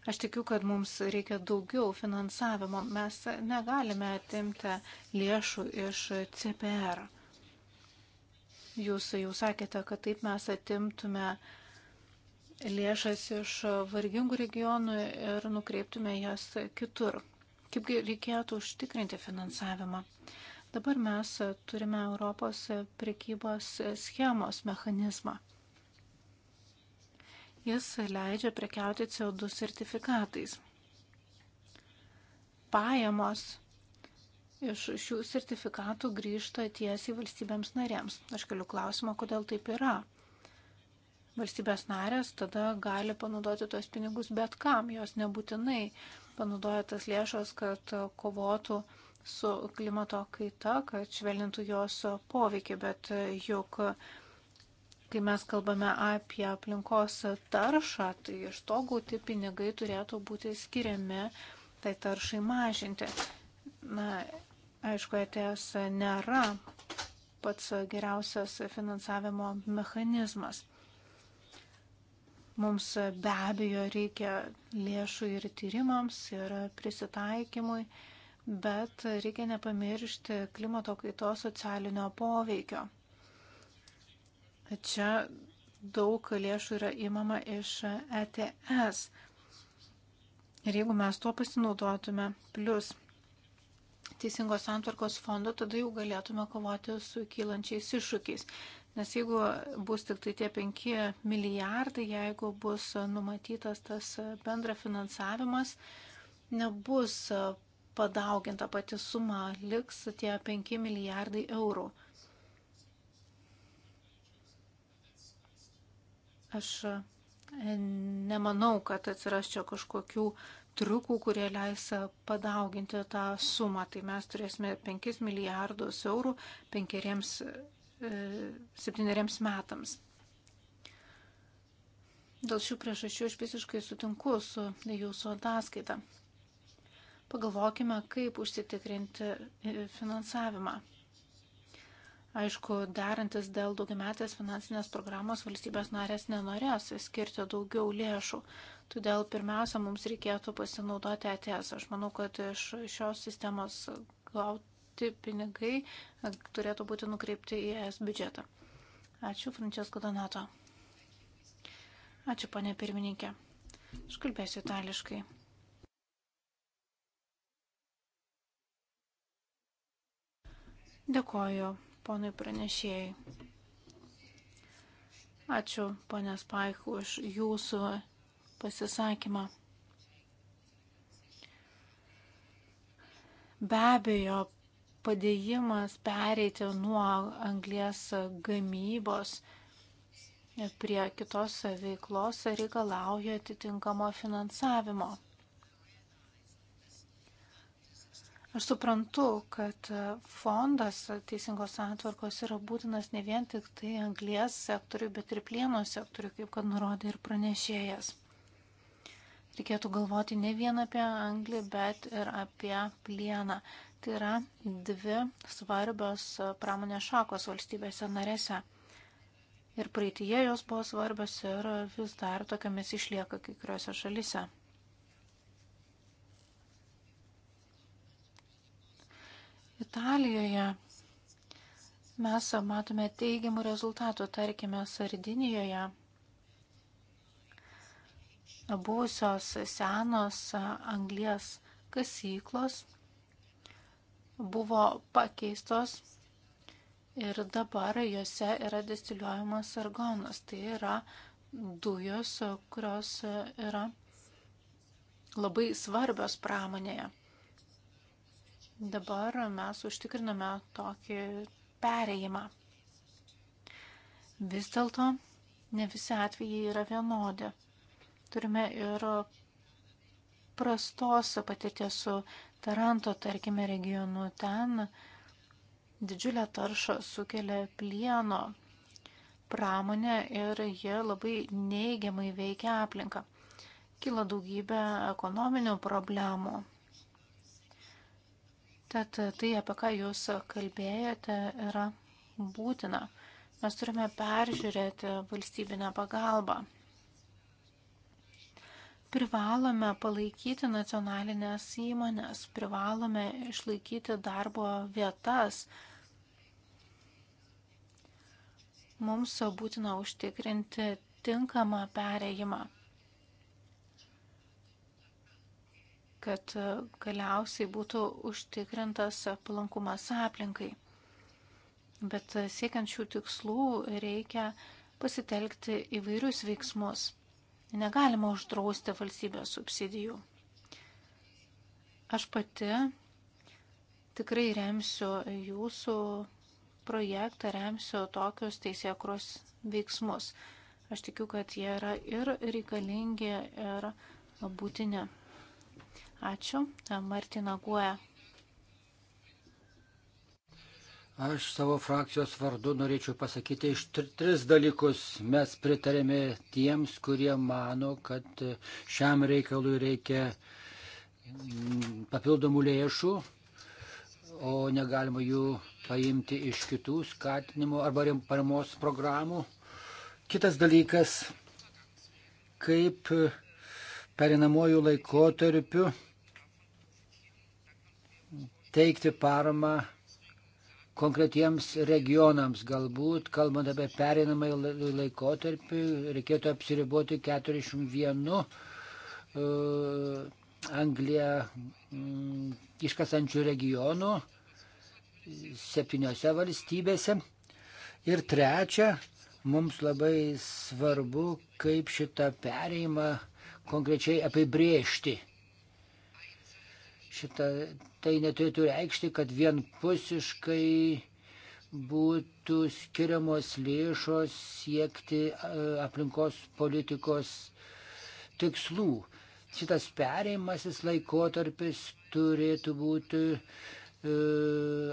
Aš tikiu, kad mums reikia daugiau finansavimo. Mes negalime atimti lėšų iš CPR. Jūs jau sakėte, kad taip mes atimtume lėšas iš vargingų regionų ir nukreiptume jas kitur. Kaipgi reikėtų užtikrinti finansavimą? Dabar mes turime Europos prekybos schemos mechanizmą. Jis leidžia prekiauti CO2 sertifikatais. Pajamos iš šių sertifikatų grįžta tiesiai valstybėms narėms. Aš keliu klausimą, kodėl taip yra. Valstybės narės tada gali panaudoti tuos pinigus bet kam, jos nebūtinai panaudoja tas lėšas, kad kovotų su klimato kaita, kad švelnintų jos poveikį, bet juk Kai mes kalbame apie aplinkos taršą, tai iš to gauti pinigai turėtų būti skiriami tai taršai mažinti. Na, aišku, ETS nėra pats geriausias finansavimo mechanizmas. Mums be abejo reikia lėšų ir tyrimams, ir prisitaikymui, bet reikia nepamiršti klimato kaitos socialinio poveikio. Čia daug lėšų yra įmama iš ETS. Ir jeigu mes tuo pasinaudotume, plus teisingos santvarkos fondo, tada jau galėtume kovoti su kylančiais iššūkiais. Nes jeigu bus tik tai tie 5 milijardai, jeigu bus numatytas tas bendra finansavimas, nebus padauginta pati suma, liks tie 5 milijardai eurų. Aš e, nemanau, kad atsiras čia kažkokių triukų, kurie leis e, padauginti tą sumą. Tai mes turėsime 5 milijardus eurų penkeriems, e, septyneriems metams. Dėl šių priežasčių aš visiškai sutinku su jūsų ataskaita. Pagalvokime, kaip užsitikrinti finansavimą. Aišku, derantis dėl daugiametės finansinės programos valstybės narės nenorės skirti daugiau lėšų. Todėl pirmiausia, mums reikėtų pasinaudoti ATS. E Aš manau, kad iš šios sistemos gauti pinigai e, turėtų būti nukreipti į ES biudžetą. Ačiū, Francesco Donato. Ačiū, ponė pirmininkė. Aš kalbėsiu itališkai. Dėkoju ponui pranešėjai. Ačiū, ponė Spaik, už jūsų pasisakymą. Be abejo, padėjimas pereiti nuo anglės gamybos prie kitos veiklos reikalauja atitinkamo finansavimo. Aš suprantu, kad fondas teisingos santvarkos yra būtinas ne vien tik tai anglės sektoriui, bet ir plieno sektoriui, kaip kad nurodė ir pranešėjas. Reikėtų galvoti ne vien apie anglį, bet ir apie plieną. Tai yra dvi svarbios pramonės šakos valstybėse narėse. Ir praeitie jos buvo svarbios ir vis dar tokiamis išlieka kai kuriuose šalise. Italijoje mes matome teigiamų rezultatų, tarkime, Sardinijoje buvusios senos anglies kasyklos buvo pakeistos ir dabar juose yra distiliuojamas argonas. Tai yra dujos, kurios yra labai svarbios pramonėje. Dabar mes užtikriname tokį perėjimą. Vis dėlto ne visi atvejai yra vienodi. Turime ir prastos patirties su Taranto, tarkime, regionu. Ten didžiulę taršą sukelia plieno pramonė ir jie labai neigiamai veikia aplinką. Kila daugybė ekonominių problemų. Tad tai, apie ką jūs kalbėjote, yra būtina. Mes turime peržiūrėti valstybinę pagalbą. Privalome palaikyti nacionalinės įmonės, privalome išlaikyti darbo vietas. Mums būtina užtikrinti tinkamą perėjimą. kad e, galiausiai būtų užtikrintas palankumas aplinkai. Bet e, siekiant šių tikslų reikia pasitelkti įvairius veiksmus. Negalima uždrausti valstybės subsidijų. Aš pati tikrai remsiu jūsų projektą, remsiu tokius teisėkros veiksmus. Aš tikiu, kad jie yra ir reikalingi, ir būtini. Ačiū. E, Martina Guoja. Aš savo frakcijos vardu norėčiau pasakyti iš tris dalykus. Mes pritarėme tiems, kurie mano, kad šiam reikalui reikia mm, papildomų lėšų, o negalima jų paimti iš kitų skatinimo arba paramos programų. Kitas dalykas, kaip e, perinamojų laikotarpiu teikti paramą konkretiems regionams. Galbūt, kalbant apie perinamąjį laikotarpį, reikėtų apsiriboti 401 uh, Anglija mm, iškasančių regionų septyniose valstybėse. Ir trečia, mums labai svarbu, kaip šitą perėjimą konkrečiai apibriežti. Šitą tai neturėtų reikšti, kad vienpusiškai būtų skiriamos lėšos siekti e, aplinkos politikos tikslų. Šitas perėjimasis laikotarpis turėtų būti e,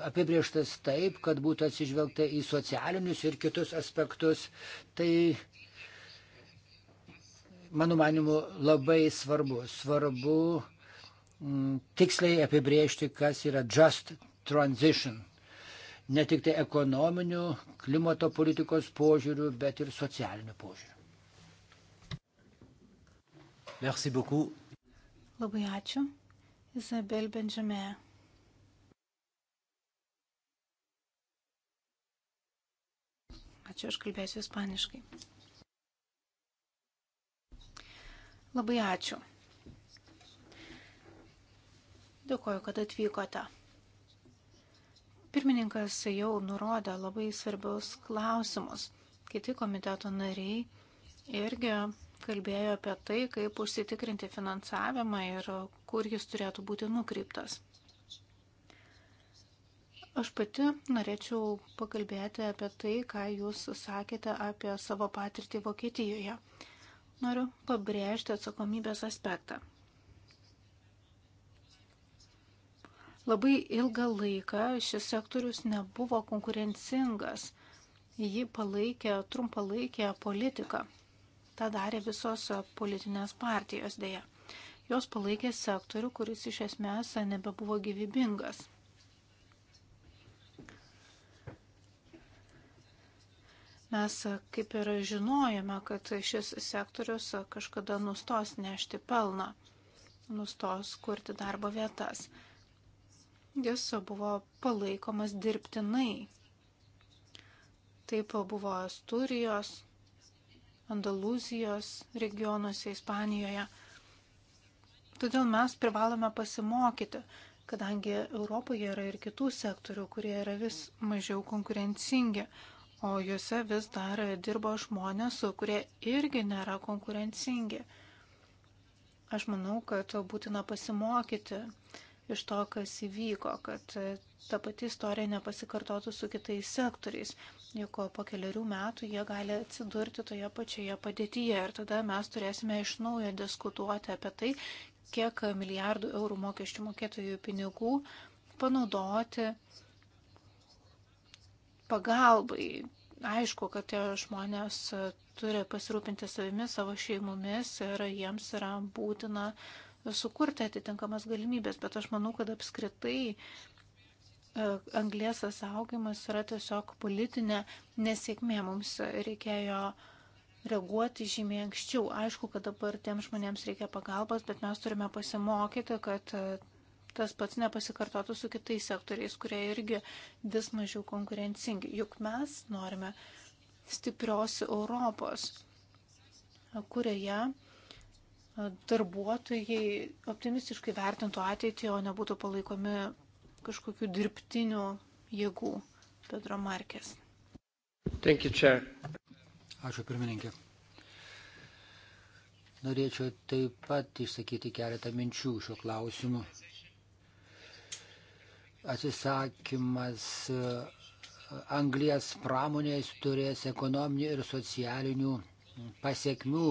apibrieštas taip, kad būtų atsižvelgta į socialinius ir kitus aspektus. Tai, mano manimu, labai svarbu. Svarbu Mm, tiksliai apibriežti, kas yra just transition. Ne tik tai ekonominių, klimato politikos požiūrių, bet ir socialinių požiūrių. Merci beaucoup. Labai ačiū. Izabel Benžamė. Ačiū, aš kalbėsiu ispaniškai. Labai ačiū. Dėkuoju, kad atvykote. Pirmininkas jau nurodė labai svarbiaus klausimus. Kiti komiteto nariai irgi kalbėjo apie tai, kaip užsitikrinti finansavimą ir kur jis turėtų būti nukreiptas. Aš pati norėčiau pakalbėti apie tai, ką jūs sakėte apie savo patirtį Vokietijoje. Noriu pabrėžti atsakomybės aspektą. Labai ilgą laiką šis sektorius nebuvo konkurencingas. Ji palaikė trumpalaikę politiką. Ta darė visos politinės partijos dėja. Jos palaikė sektorių, kuris iš esmės nebebuvo gyvybingas. Mes kaip ir žinojame, kad šis sektorius kažkada nustos nešti pelną, nustos kurti darbo vietas jis buvo palaikomas dirbtinai. Taip buvo Asturijos, Andalūzijos regionuose, Ispanijoje. Todėl mes privalome pasimokyti, kadangi Europoje yra ir kitų sektorių, kurie yra vis mažiau konkurencingi, o juose vis dar dirbo žmonės, kurie irgi nėra konkurencingi. Aš manau, kad būtina pasimokyti iš to, kas įvyko, kad e, ta pati istorija nepasikartotų su kitais sektoriais, juk po keliarių metų jie gali atsidurti toje pačioje padėtyje ir tada mes turėsime iš naujo diskutuoti apie tai, kiek milijardų eurų mokesčių mokėtojų pinigų panaudoti pagalbai. Aišku, kad tie žmonės e, turi pasirūpinti savimi, savo šeimomis ir jiems yra būtina uh, sukurti atitinkamas galimybės, bet aš manau, kad apskritai e, anglės saugimas yra tiesiog politinė nesėkmė. Mums reikėjo reaguoti žymiai anksčiau. Aišku, kad dabar tiems žmonėms reikia pagalbos, bet mes turime pasimokyti, kad e, tas pats nepasikartotų su kitais sektoriais, kurie irgi vis mažiau konkurencingi. Juk mes norime stiprios Europos, kurioje darbuotojai optimistiškai vertintų ateitį, o nebūtų palaikomi kažkokių dirbtinių jėgų. Pedro Markės. Ačiū pirmininkė. Norėčiau taip pat išsakyti keletą minčių šiuo klausimu. Atsisakymas e, anglijas pramonės turės ekonominių ir socialinių pasiekmių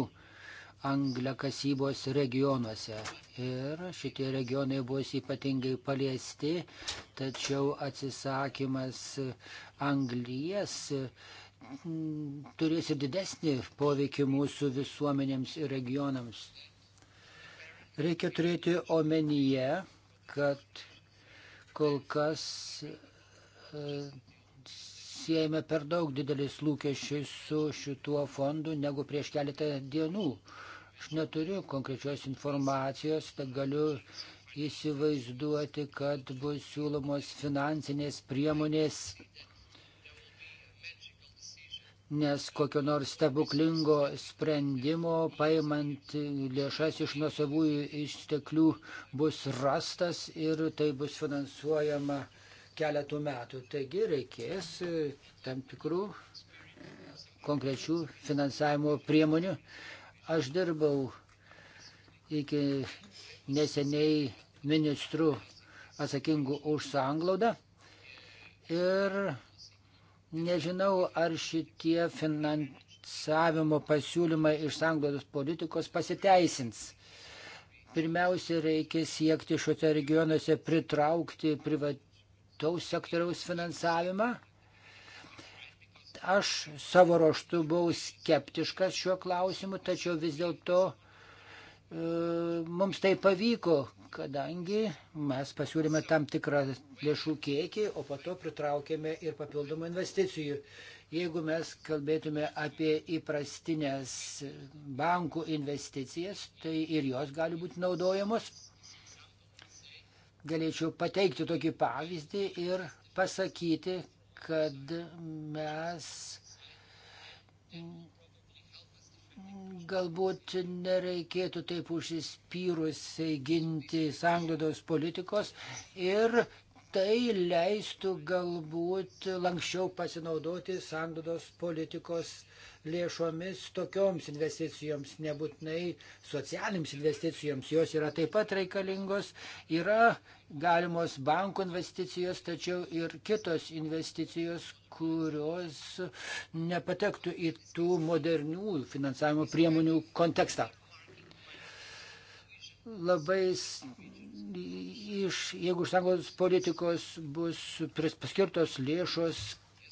angliakasybos regionuose. Ir šitie regionai bus ypatingai paliesti, tačiau atsisakymas anglijas mm, turės ir didesnį poveikį mūsų visuomenėms ir regionams. Reikia turėti omenyje, kad kol kas e, siejame per daug didelis lūkesčiai su šituo fondu negu prieš keletą dienų. Aš neturiu konkrečios informacijos, bet galiu įsivaizduoti, kad bus siūlomos finansinės priemonės, nes kokio nors stebuklingo sprendimo, paimant lėšas iš nuosavųjų išteklių, bus rastas ir tai bus finansuojama keletų metų. Taigi reikės e, tam tikrų e, konkrečių finansavimo priemonių. Aš dirbau iki neseniai ministrų atsakingų už sanglaudą ir nežinau, ar šitie finansavimo pasiūlymai iš sanglaudos politikos pasiteisins. Pirmiausia, reikia siekti šiuose regionuose pritraukti privat, privataus sektoriaus finansavimą. Aš savo ruoštų buvau skeptiškas šiuo klausimu, tačiau vis dėlto e, mums tai pavyko, kadangi mes pasiūlėme tam tikrą lėšų kiekį, o po to pritraukėme ir papildomų investicijų. Jeigu mes kalbėtume apie įprastinės bankų investicijas, tai ir jos gali būti naudojamos galėčiau pateikti tokį pavyzdį ir pasakyti, kad mes galbūt nereikėtų taip užsispyrusiai ginti sanglados politikos ir tai leistų galbūt lankščiau pasinaudoti sanglaudos politikos lėšomis tokioms investicijoms, nebūtinai socialiniams investicijoms, jos yra taip pat reikalingos, yra galimos bankų investicijos, tačiau ir kitos investicijos, kurios nepatektų į tų modernių finansavimo priemonių kontekstą. Labai iš, jeigu iš sąjungos politikos bus paskirtos lėšos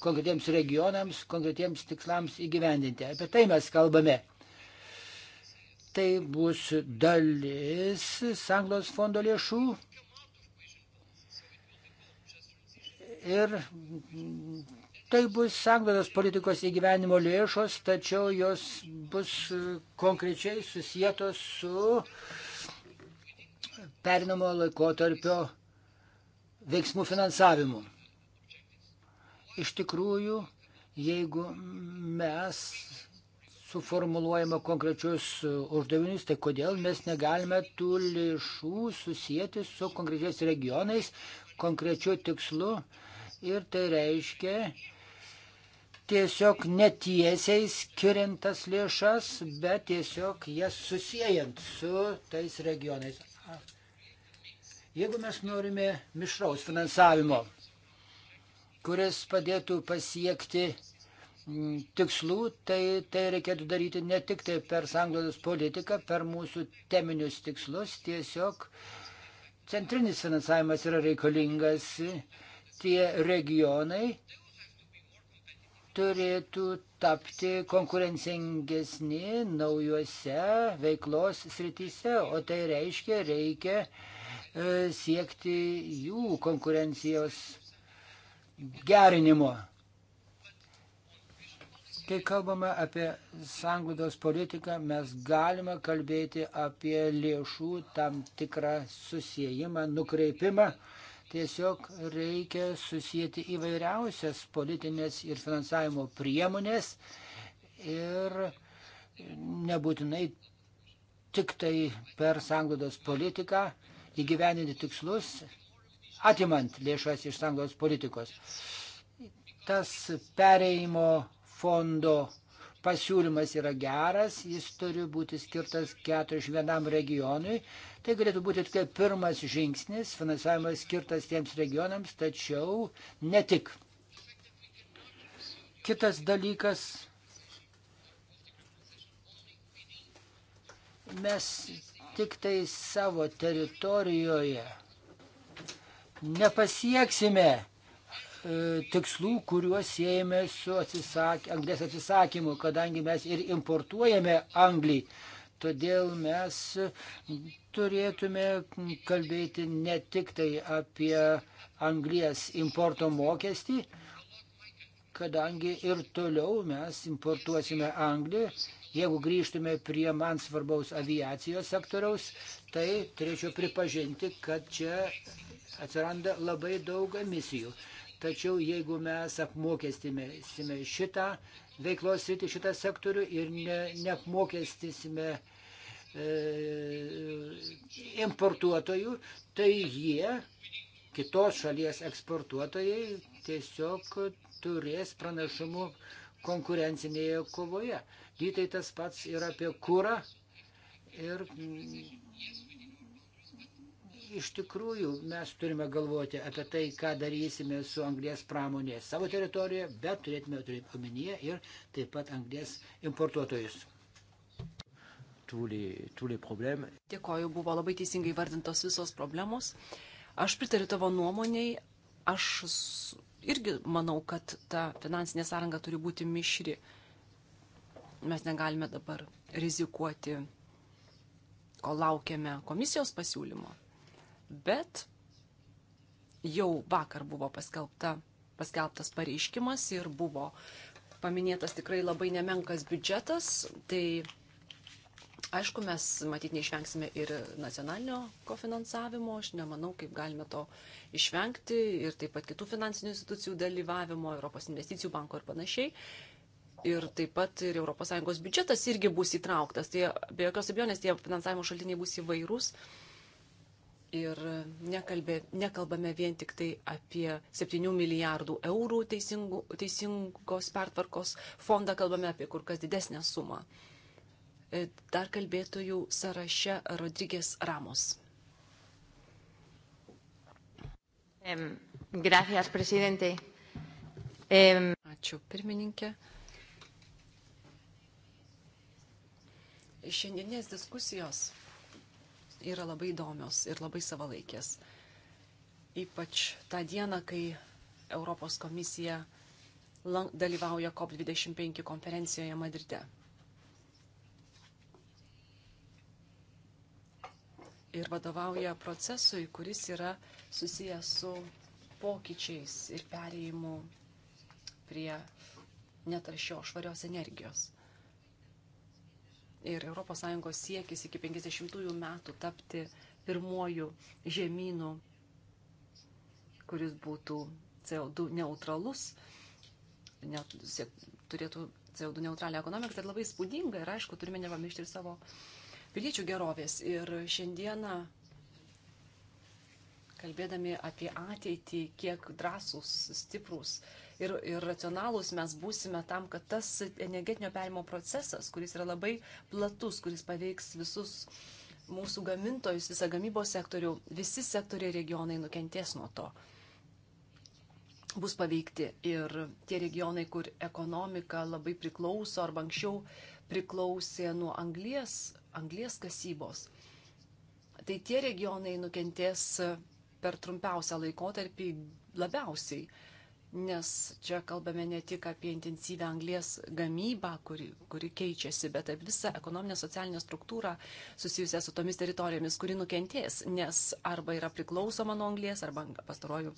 konkretiems regionams, konkretiems tikslams įgyvendinti. Apie tai mes kalbame. Tai bus dalis sąjungos fondo lėšų. Ir tai bus sąjungos politikos įgyvenimo lėšos, tačiau jos bus konkrečiai susijėtos su uh, perinamo laikotarpio veiksmų finansavimu. Iš tikrųjų, jeigu mes suformuluojame konkrečius uždavinius, tai kodėl mes negalime tų lėšų susijęti su konkrečiais regionais, konkrečiu tikslu. Ir tai reiškia tiesiog netiesiai skiriantas lėšas, bet tiesiog jas susijęjant su tais regionais. Jeigu mes norime mišraus finansavimo, kuris padėtų pasiekti mm, tikslų, tai, tai reikėtų daryti ne tik tai per sanglaudos politiką, per mūsų teminius tikslus, tiesiog centrinis finansavimas yra reikalingas, tie regionai turėtų tapti konkurencingesni naujuose veiklos srityse, o tai reiškia, reikia E, siekti jų konkurencijos gerinimo. Kai kalbame apie sanglaudos politiką, mes galime kalbėti apie lėšų tam tikrą susijimą, nukreipimą. Tiesiog reikia susijęti įvairiausias politinės ir finansavimo priemonės ir nebūtinai tik tai per sanglaudos politiką įgyveninti tikslus, atimant lėšas iš sanglos politikos. Tas pereimo fondo pasiūlymas yra geras, jis turi būti skirtas 41 regionui. Tai galėtų būti tik pirmas žingsnis, finansavimas skirtas tiems regionams, tačiau ne tik. Kitas dalykas, mes tik tai savo teritorijoje nepasieksime e, tikslų, kuriuos siejame su atsisak, anglės atsisakymu, kadangi mes ir importuojame anglį. Todėl mes turėtume kalbėti ne tik tai apie anglės importo mokestį, kadangi ir toliau mes importuosime anglį. Jeigu grįžtume prie man svarbaus aviacijos sektoriaus, tai turėčiau pripažinti, kad čia atsiranda labai daug emisijų. Tačiau jeigu mes apmokestime šitą veiklos sritį, šitą sektorių ir ne, neapmokestisime e, importuotojų, tai jie kitos šalies eksportuotojai tiesiog turės pranašumų konkurencinėje kovoje. Lygiai tai tas pats yra apie kūrą ir mm, iš tikrųjų mes turime galvoti apie tai, ką darysime su anglės pramonė savo teritorijoje, bet turėtume turėti omenyje ir taip pat anglės importuotojus. Dėkoju, buvo labai teisingai vardintos visos problemos. Aš pritariu tavo nuomoniai, aš irgi manau, kad ta finansinė sąranga turi būti mišri. Mes negalime dabar rizikuoti, kol laukiame komisijos pasiūlymo. Bet jau vakar buvo paskelbta, paskelbtas pareiškimas ir buvo paminėtas tikrai labai nemenkas biudžetas. Tai Aišku, mes matyt neišvengsime ir nacionalinio kofinansavimo, aš nemanau, kaip galime to išvengti, ir taip pat kitų finansinių institucijų dalyvavimo, Europos investicijų banko ir panašiai. Ir taip pat ir ES biudžetas irgi bus įtrauktas. Tai be jokios abejonės tie finansavimo šaltiniai bus įvairūs. Ir nekalbė, nekalbame vien tik tai apie 7 milijardų eurų teisingų, teisingos pertvarkos fondą, kalbame apie kur kas didesnę sumą. Uh, dar kalbėtojų sąraše Rodrygės Ramos. Gracias, presidente. Ačiū, pirmininkė. Šiandienės diskusijos yra labai įdomios ir labai savalaikės. Ypač tą dieną, kai Europos komisija dalyvauja COP25 konferencijoje Madride. ir vadovauja procesui, kuris yra susijęs su pokyčiais ir perėjimu prie netaršio švarios energijos. Ir ES siekis iki 50 metų tapti pirmuoju žemynu, kuris būtų CO2 neutralus, net, turėtų CO2 neutralią ekonomiką, tai labai spūdinga ir aišku, turime nepamiršti ir savo piliečių gerovės. Ir šiandieną, kalbėdami apie ateitį, kiek drąsūs, stiprūs ir, ir racionalūs mes būsime tam, kad tas energetinio perimo procesas, kuris yra labai platus, kuris paveiks visus mūsų gamintojus, visą gamybos sektorių, visi sektoriai regionai nukentės nuo to bus paveikti ir tie regionai, kur ekonomika labai priklauso arba anksčiau priklausė nuo anglies anglės kasybos, tai tie regionai nukentės e, per trumpiausią laikotarpį labiausiai, nes čia kalbame ne tik apie intensyvę anglės gamybą, kuri, kuri keičiasi, bet apie visą ekonominę socialinę struktūrą susijusią su tomis teritorijomis, kuri nukentės, nes arba yra priklausoma nuo anglės, arba pastaruoju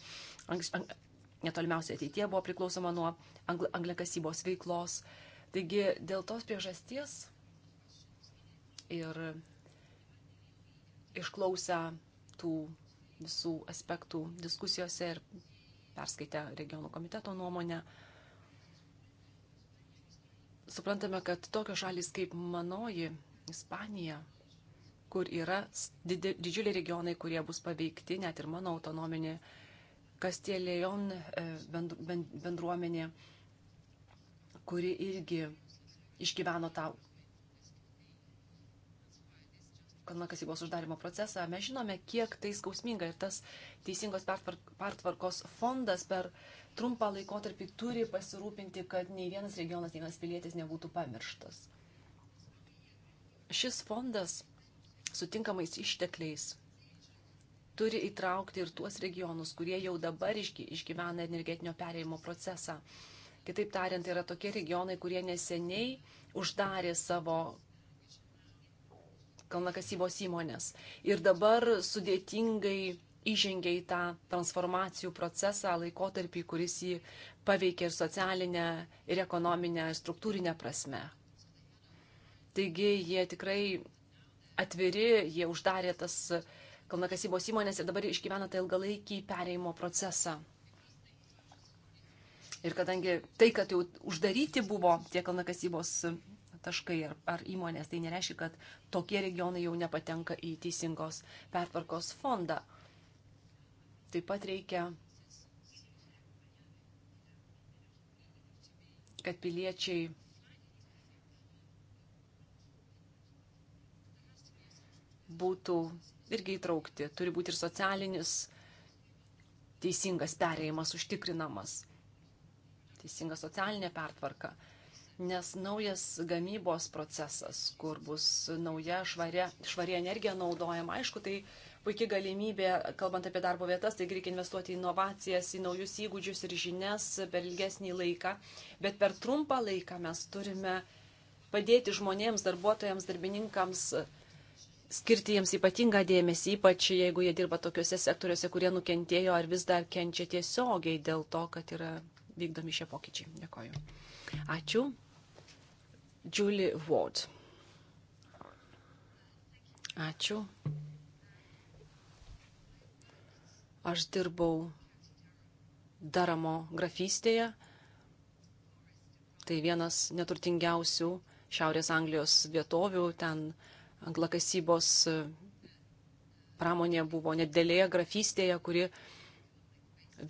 anks, ang, netolimiausia ateitie buvo priklausoma nuo angl, anglėkasybos veiklos. Taigi dėl tos priežasties ir išklausę tų visų aspektų diskusijose ir perskaitę regionų komiteto nuomonę, suprantame, kad tokios šalis kaip manoji Ispanija, kur yra didžiuliai regionai, kurie bus paveikti, net ir mano autonominė Kastėlėjon e, bendruomenė, kuri irgi išgyveno tą kalnakasybos uždarimo procesą, mes žinome, kiek tai skausminga ir tas teisingos pertvarkos fondas per trumpą laikotarpį turi pasirūpinti, kad nei vienas regionas, nei vienas pilietis nebūtų pamirštas. Šis fondas sutinkamais ištekliais turi įtraukti ir tuos regionus, kurie jau dabar išgyvena energetinio perėjimo procesą. Kitaip tariant, yra tokie regionai, kurie neseniai uždarė savo kalnakasybos įmonės. Ir dabar sudėtingai įžengė į tą transformacijų procesą, laikotarpį, kuris jį paveikė ir socialinę, ir ekonominę, ir struktūrinę prasme. Taigi jie tikrai atviri, jie uždarė tas kalnakasybos įmonės ir dabar išgyvena tą ilgalaikį pereimo procesą. Ir kadangi tai, kad jau uždaryti buvo tie kalnakasybos taškai ar, ar įmonės. Tai nereiškia, kad tokie regionai jau nepatenka į teisingos pertvarkos fondą. Taip pat reikia, kad piliečiai būtų irgi įtraukti. Turi būti ir socialinis teisingas perėjimas užtikrinamas, teisinga socialinė pertvarka nes naujas gamybos procesas, kur bus nauja švaria, švari energija naudojama, aišku, tai puikia galimybė, kalbant apie darbo vietas, taigi reikia investuoti į inovacijas, į naujus įgūdžius ir žinias per ilgesnį laiką, bet per trumpą laiką mes turime padėti žmonėms, darbuotojams, darbininkams, skirti jiems ypatingą dėmesį, ypač jeigu jie dirba tokiuose sektoriuose, kurie nukentėjo ar vis dar kenčia tiesiogiai dėl to, kad yra vykdomi šie pokyčiai. Dėkoju. Ačiū. Julie Ward. Ačiū. Aš dirbau Daramo grafystėje. Tai vienas neturtingiausių Šiaurės Anglijos vietovių. Ten anglakasybos e, pramonė buvo nedėlėje grafystėje, kuri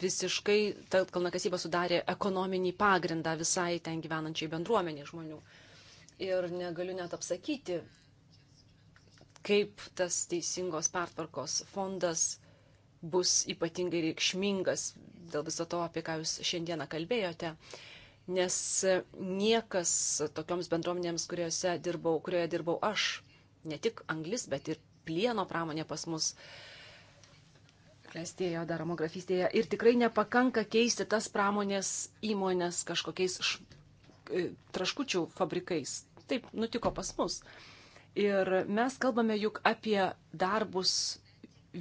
visiškai, ta kalnakasybė sudarė ekonominį pagrindą visai ten gyvenančiai bendruomeniai žmonių ir negaliu net apsakyti, kaip tas teisingos pertvarkos fondas bus ypatingai reikšmingas dėl viso to, apie ką jūs šiandieną kalbėjote. Nes niekas tokioms bendruomenėms, dirbau, kurioje dirbau aš, ne tik anglis, bet ir plieno pramonė pas mus klestėjo daromografystėje ir tikrai nepakanka keisti tas pramonės įmonės kažkokiais E, traškučių fabrikais. Taip nutiko pas mus. Ir mes kalbame juk apie darbus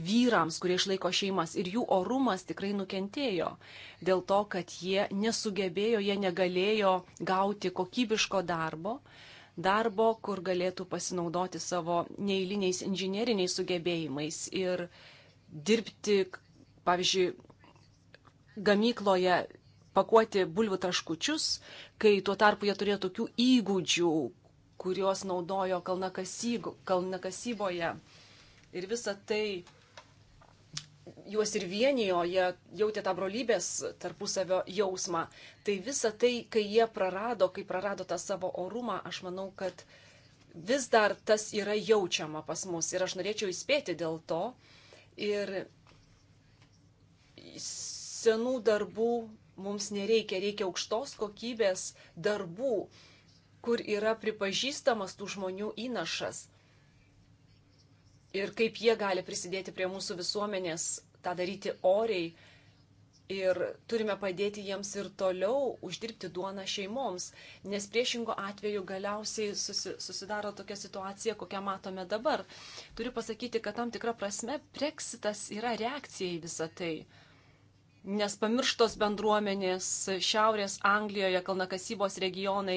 vyrams, kurie išlaiko šeimas ir jų orumas tikrai nukentėjo dėl to, kad jie nesugebėjo, jie negalėjo gauti kokybiško darbo, darbo, kur galėtų pasinaudoti savo neįliniais inžinieriniais sugebėjimais ir dirbti, pavyzdžiui, gamykloje pakuoti bulvių taškučius, kai tuo tarpu jie turėjo tokių įgūdžių, kuriuos naudojo kalnakasygo, kalnakasyboje. Ir visa tai juos ir vienijo, jie jautė tą brolybės tarpusavio jausmą. Tai visa tai, kai jie prarado, kai prarado tą savo orumą, aš manau, kad vis dar tas yra jaučiama pas mus. Ir aš norėčiau įspėti dėl to. Ir senų darbų mums nereikia, reikia aukštos kokybės darbų, kur yra pripažįstamas tų žmonių įnašas ir kaip jie gali prisidėti prie mūsų visuomenės, tą daryti oriai. Ir turime padėti jiems ir toliau uždirbti duoną šeimoms, nes priešingo atveju galiausiai susi, susidaro tokia situacija, kokią matome dabar. Turiu pasakyti, kad tam tikra prasme Brexitas yra reakcija į visą tai. Uh, nes pamirštos bendruomenės Šiaurės Anglijoje, kalnakasybos regionai,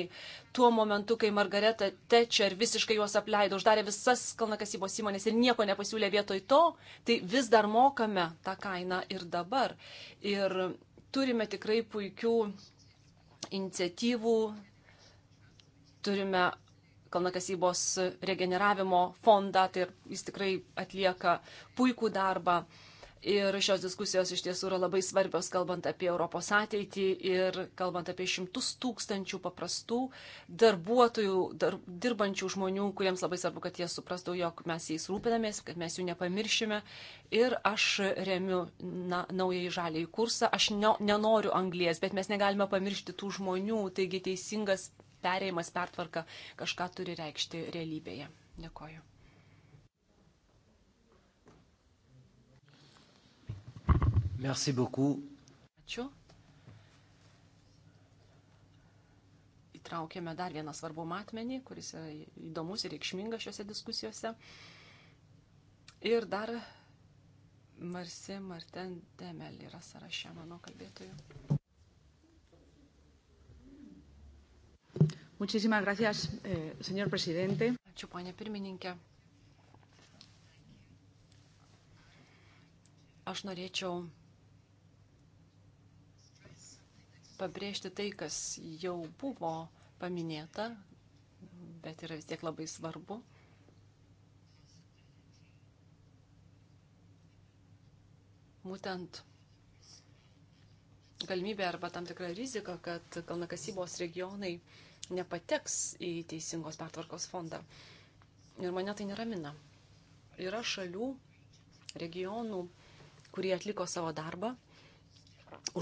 tuo momentu, kai Margareta Tečer visiškai juos apleido, uždarė visas kalnakasybos įmonės ir nieko nepasiūlė vietoj to, tai vis dar mokame tą kainą ir dabar. Ir turime tikrai puikių iniciatyvų, turime kalnakasybos regeneravimo fondą, tai jis tikrai atlieka puikų darbą. Ir šios diskusijos iš tiesų yra labai svarbios, kalbant apie Europos ateitį ir kalbant apie šimtus tūkstančių paprastų darbuotojų, dar, dirbančių žmonių, kuriems labai svarbu, kad jie suprastų, jog mes jais rūpinamės, kad mes jų nepamiršime. Ir aš remiu na, naująjį žalį į kursą. Aš ne, nenoriu anglies, bet mes negalime pamiršti tų žmonių. Taigi teisingas perėjimas, pertvarka kažką turi reikšti realybėje. Dėkoju. Merci beaucoup. Ačiū. Įtraukėme dar vieną svarbų matmenį, kuris yra įdomus ir reikšmingas šiuose diskusijose. Ir dar Marsi Marten Demel yra sąraše mano kalbėtojų. Muchísimas gracias, eh, señor presidente. Ačiū, ponė pirmininkė. Aš norėčiau pabrėžti tai, kas jau buvo paminėta, bet yra vis tiek labai svarbu. Būtent galimybė arba tam tikra rizika, kad kalnakasybos regionai nepateks į teisingos pertvarkos fondą. Ir mane tai neramina. Yra šalių, regionų, kurie atliko savo darbą,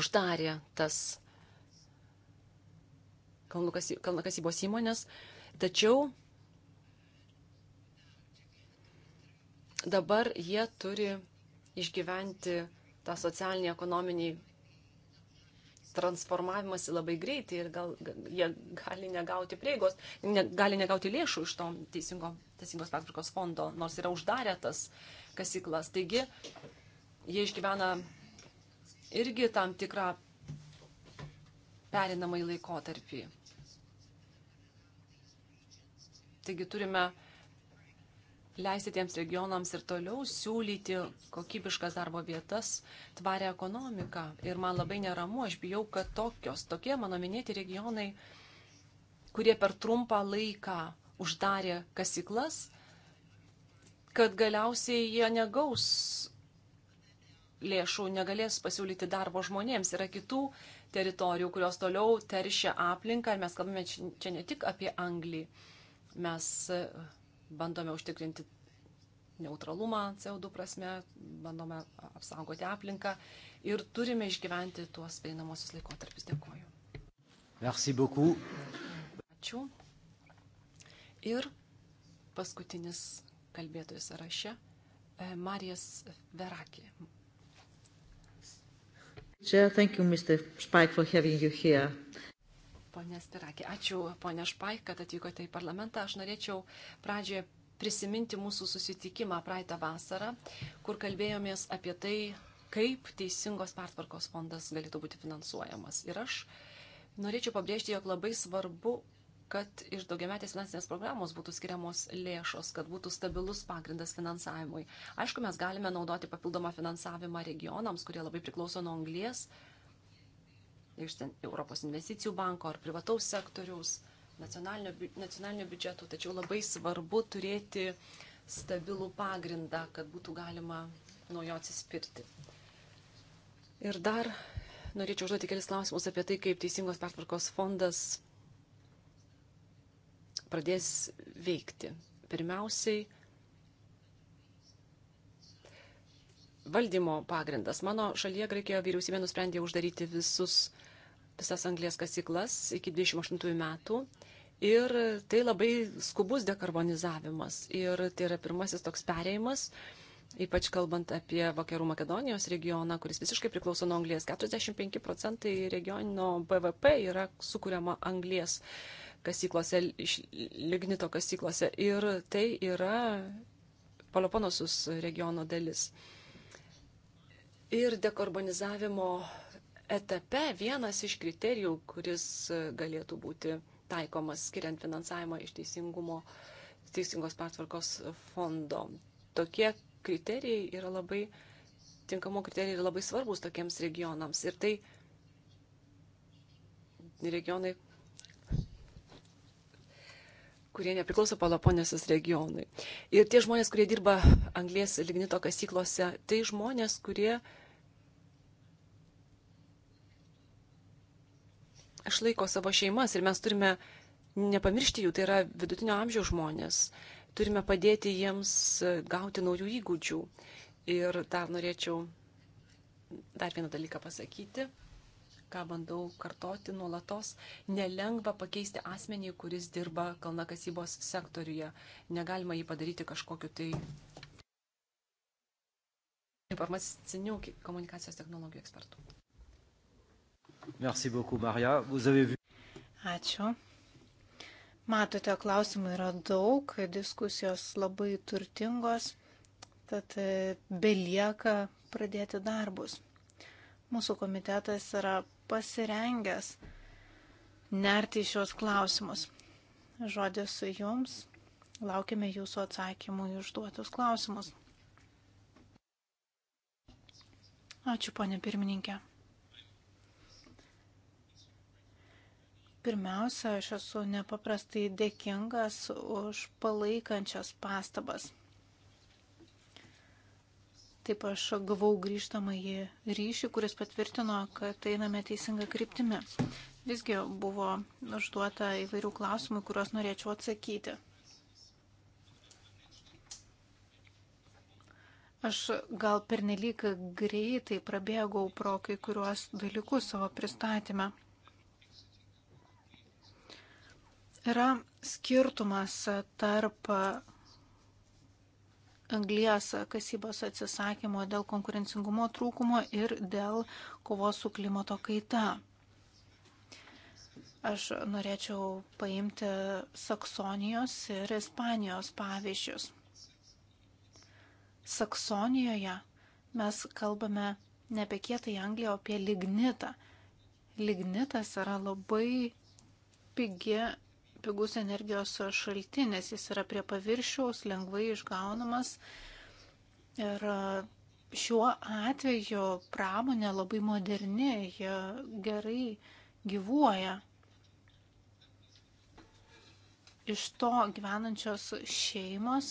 uždarė tas kalnakasybos įmonės, tačiau dabar jie turi išgyventi tą socialinį, ekonominį transformavimąsi labai greitai ir gal jie gali negauti prieigos, ne, gali negauti lėšų iš to teisingo, teisingos pertvarkos fondo, nors yra uždarę tas kasyklas. Taigi jie išgyvena irgi tam tikrą perinamąjį laikotarpį. Taigi turime leisti tiems regionams ir toliau siūlyti kokybiškas darbo vietas, tvarę ekonomiką. Ir man labai neramu, aš bijau, kad tokios, tokie mano minėti regionai, kurie per trumpą laiką uždarė kasyklas, kad galiausiai jie negaus lėšų, negalės pasiūlyti darbo žmonėms. Yra kitų teritorijų, kurios toliau teršia aplinką ir mes kalbame čia ne tik apie Angliją Mes bandome užtikrinti neutralumą CO2 prasme, bandome apsaugoti aplinką ir turime išgyventi tuos einamosius laikotarpius. Dėkuoju. Merci beaucoup. Ačiū. Ir paskutinis kalbėtojas sąraše e, - Marijas Verakė. Chair, thank you, Mr. Spike, for having you here ponė Stirakė. Ačiū, ponė Špai, kad atvykote į parlamentą. Aš norėčiau pradžioje prisiminti mūsų susitikimą praeitą vasarą, kur kalbėjomės apie tai, kaip teisingos pertvarkos fondas galėtų būti finansuojamas. Ir aš norėčiau pabrėžti, jog labai svarbu kad iš daugiametės finansinės programos būtų skiriamos lėšos, kad būtų stabilus pagrindas finansavimui. Aišku, mes galime naudoti papildomą finansavimą regionams, kurie labai priklauso nuo anglies, uh, iš Europos investicijų banko ar privataus sektoriaus, nacionalinio, nacionalinio biudžeto, tačiau labai svarbu turėti stabilų pagrindą, kad būtų galima nuo jo atsispirti. Ir dar norėčiau užduoti kelis klausimus apie tai, kaip Teisingos pertvarkos fondas pradės veikti. Pirmiausiai, valdymo pagrindas. Mano šalyje Graikijoje vyriausybė nusprendė uždaryti visus, visas anglės kasyklas iki 28 metų. Ir tai labai skubus dekarbonizavimas. Ir tai yra pirmasis toks perėjimas, ypač kalbant apie Vakarų Makedonijos regioną, kuris visiškai priklauso nuo anglės. 45 procentai regioninio BVP yra sukūriama anglės kasyklose, lignito kasyklose. Ir tai yra Paloponosus regiono dalis. Ir dekarbonizavimo etape vienas iš kriterijų, kuris galėtų būti taikomas skiriant finansavimą iš teisingumo, teisingos pertvarkos fondo. Tokie kriterijai yra labai, tinkamo kriterijai yra labai svarbus tokiems regionams. Ir tai regionai, kurie nepriklauso Palaponėsis regionui. Ir tie žmonės, kurie dirba anglės lignito kasyklose, tai žmonės, kurie išlaiko savo šeimas ir mes turime nepamiršti jų, tai yra vidutinio amžiaus žmonės. Turime padėti jiems gauti naujų įgūdžių. Ir dar norėčiau dar vieną dalyką pasakyti ką bandau kartoti nuolatos, nelengva pakeisti asmenį, kuris dirba kalnakasybos sektoriuje. Negalima jį padaryti kažkokiu tai informacinių komunikacijos technologijų ekspertų. Merci beaucoup, Maria. Vous avez vu. Ačiū. Matote, klausimų yra daug, diskusijos labai turtingos, tad e, belieka pradėti darbus. Mūsų komitetas yra pasirengęs nerti į šios klausimus. Žodis jums. Laukime jūsų atsakymų į užduotus klausimus. Ačiū, ponė pirmininkė. Pirmiausia, aš esu nepaprastai dėkingas už palaikančias pastabas. Taip aš gavau grįžtamąjį ryšį, kuris patvirtino, kad einame teisinga kryptimi. Visgi buvo užduota įvairių klausimų, kuriuos norėčiau atsakyti. Aš gal pernelyg greitai prabėgau pro kai kuriuos dalykus savo pristatymę. Yra skirtumas tarp anglijas kasybos atsisakymo, dėl konkurencingumo trūkumo ir dėl kovos su klimato kaita. Aš norėčiau paimti Saksonijos ir Ispanijos pavyzdžius. Saksonijoje mes kalbame ne apie kietą angliją, o apie lignitą. Lignitas yra labai pigi pigus energijos šaltinis. Jis yra prie paviršiaus, lengvai išgaunamas. Ir e, šiuo atveju pramonė labai moderni, jie gerai gyvuoja. Iš to gyvenančios šeimos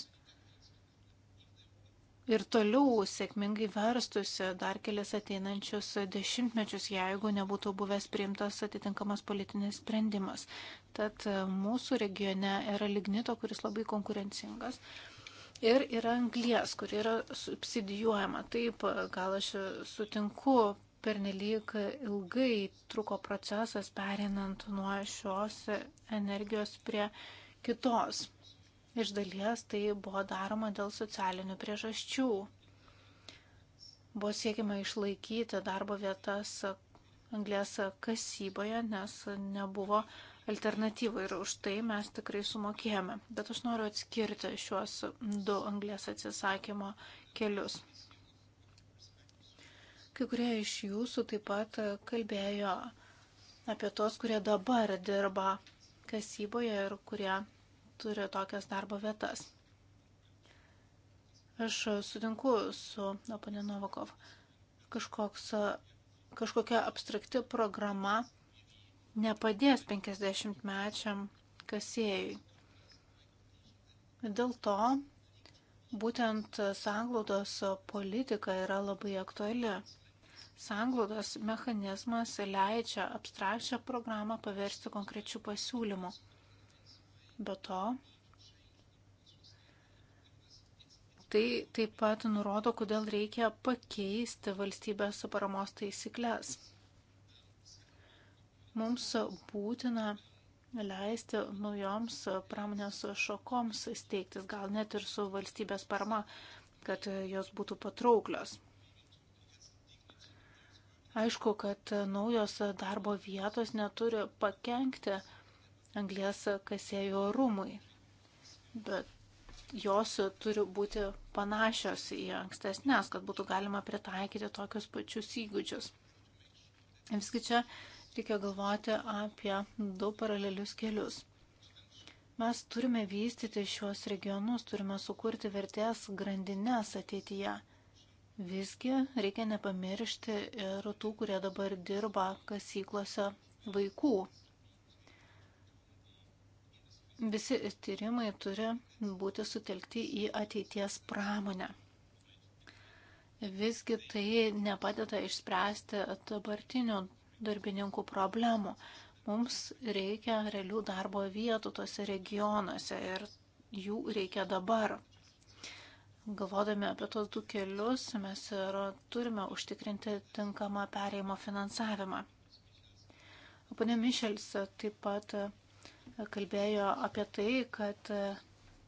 ir toliau sėkmingai verstusi dar kelias ateinančius dešimtmečius, jeigu nebūtų buvęs priimtas atitinkamas politinis sprendimas. Tad e, mūsų regione yra lignito, kuris labai konkurencingas. Ir yra anglies, kur yra subsidijuojama. Taip, e, gal aš sutinku, pernelyg ilgai truko procesas perinant nuo šios energijos prie kitos. Iš dalies tai buvo daroma dėl socialinių priežasčių. Buvo siekiama išlaikyti darbo vietas anglės kasyboje, nes nebuvo uh, alternatyvą ir už tai mes tikrai sumokėjome. Bet aš noriu atskirti šiuos du anglės atsisakymo kelius. Kai kurie iš jūsų taip pat kalbėjo apie tos, kurie dabar dirba kasyboje ir kurie turi tokias darbo vietas. Aš sutinku su ponė Novakov. Kažkoks, kažkokia abstrakti programa nepadės 50-mečiam kasėjui. Dėl to būtent sanglaudos politika yra labai aktuali. Sanglaudos mechanizmas leidžia abstrakčią programą paversti konkrečių pasiūlymų. Be to, tai taip pat nurodo, kodėl reikia pakeisti valstybės paramos taisyklės. Mums būtina leisti naujoms pramonės šakoms steigtis, gal net ir su valstybės parama, kad jos būtų patrauklios. Aišku, kad naujos darbo vietos neturi pakengti anglės kasėjo rūmui, bet jos turi būti panašios į ankstesnės, kad būtų galima pritaikyti tokius pačius įgūdžius. Visgi čia reikia galvoti apie du paralelius kelius. Mes turime vystyti šios regionus, turime sukurti vertės grandinės ateityje. Visgi reikia nepamiršti ir tų, kurie dabar dirba kasyklose vaikų. Visi tyrimai turi būti sutelkti į ateities pramonę. Visgi tai nepadeda išspręsti dabartinių darbininkų problemų. Mums reikia realių darbo vietų tose regionuose ir jų reikia dabar. Galvodami apie tos du kelius, mes ir turime užtikrinti tinkamą pereimo finansavimą. Pane Mišels taip pat kalbėjo apie tai, kad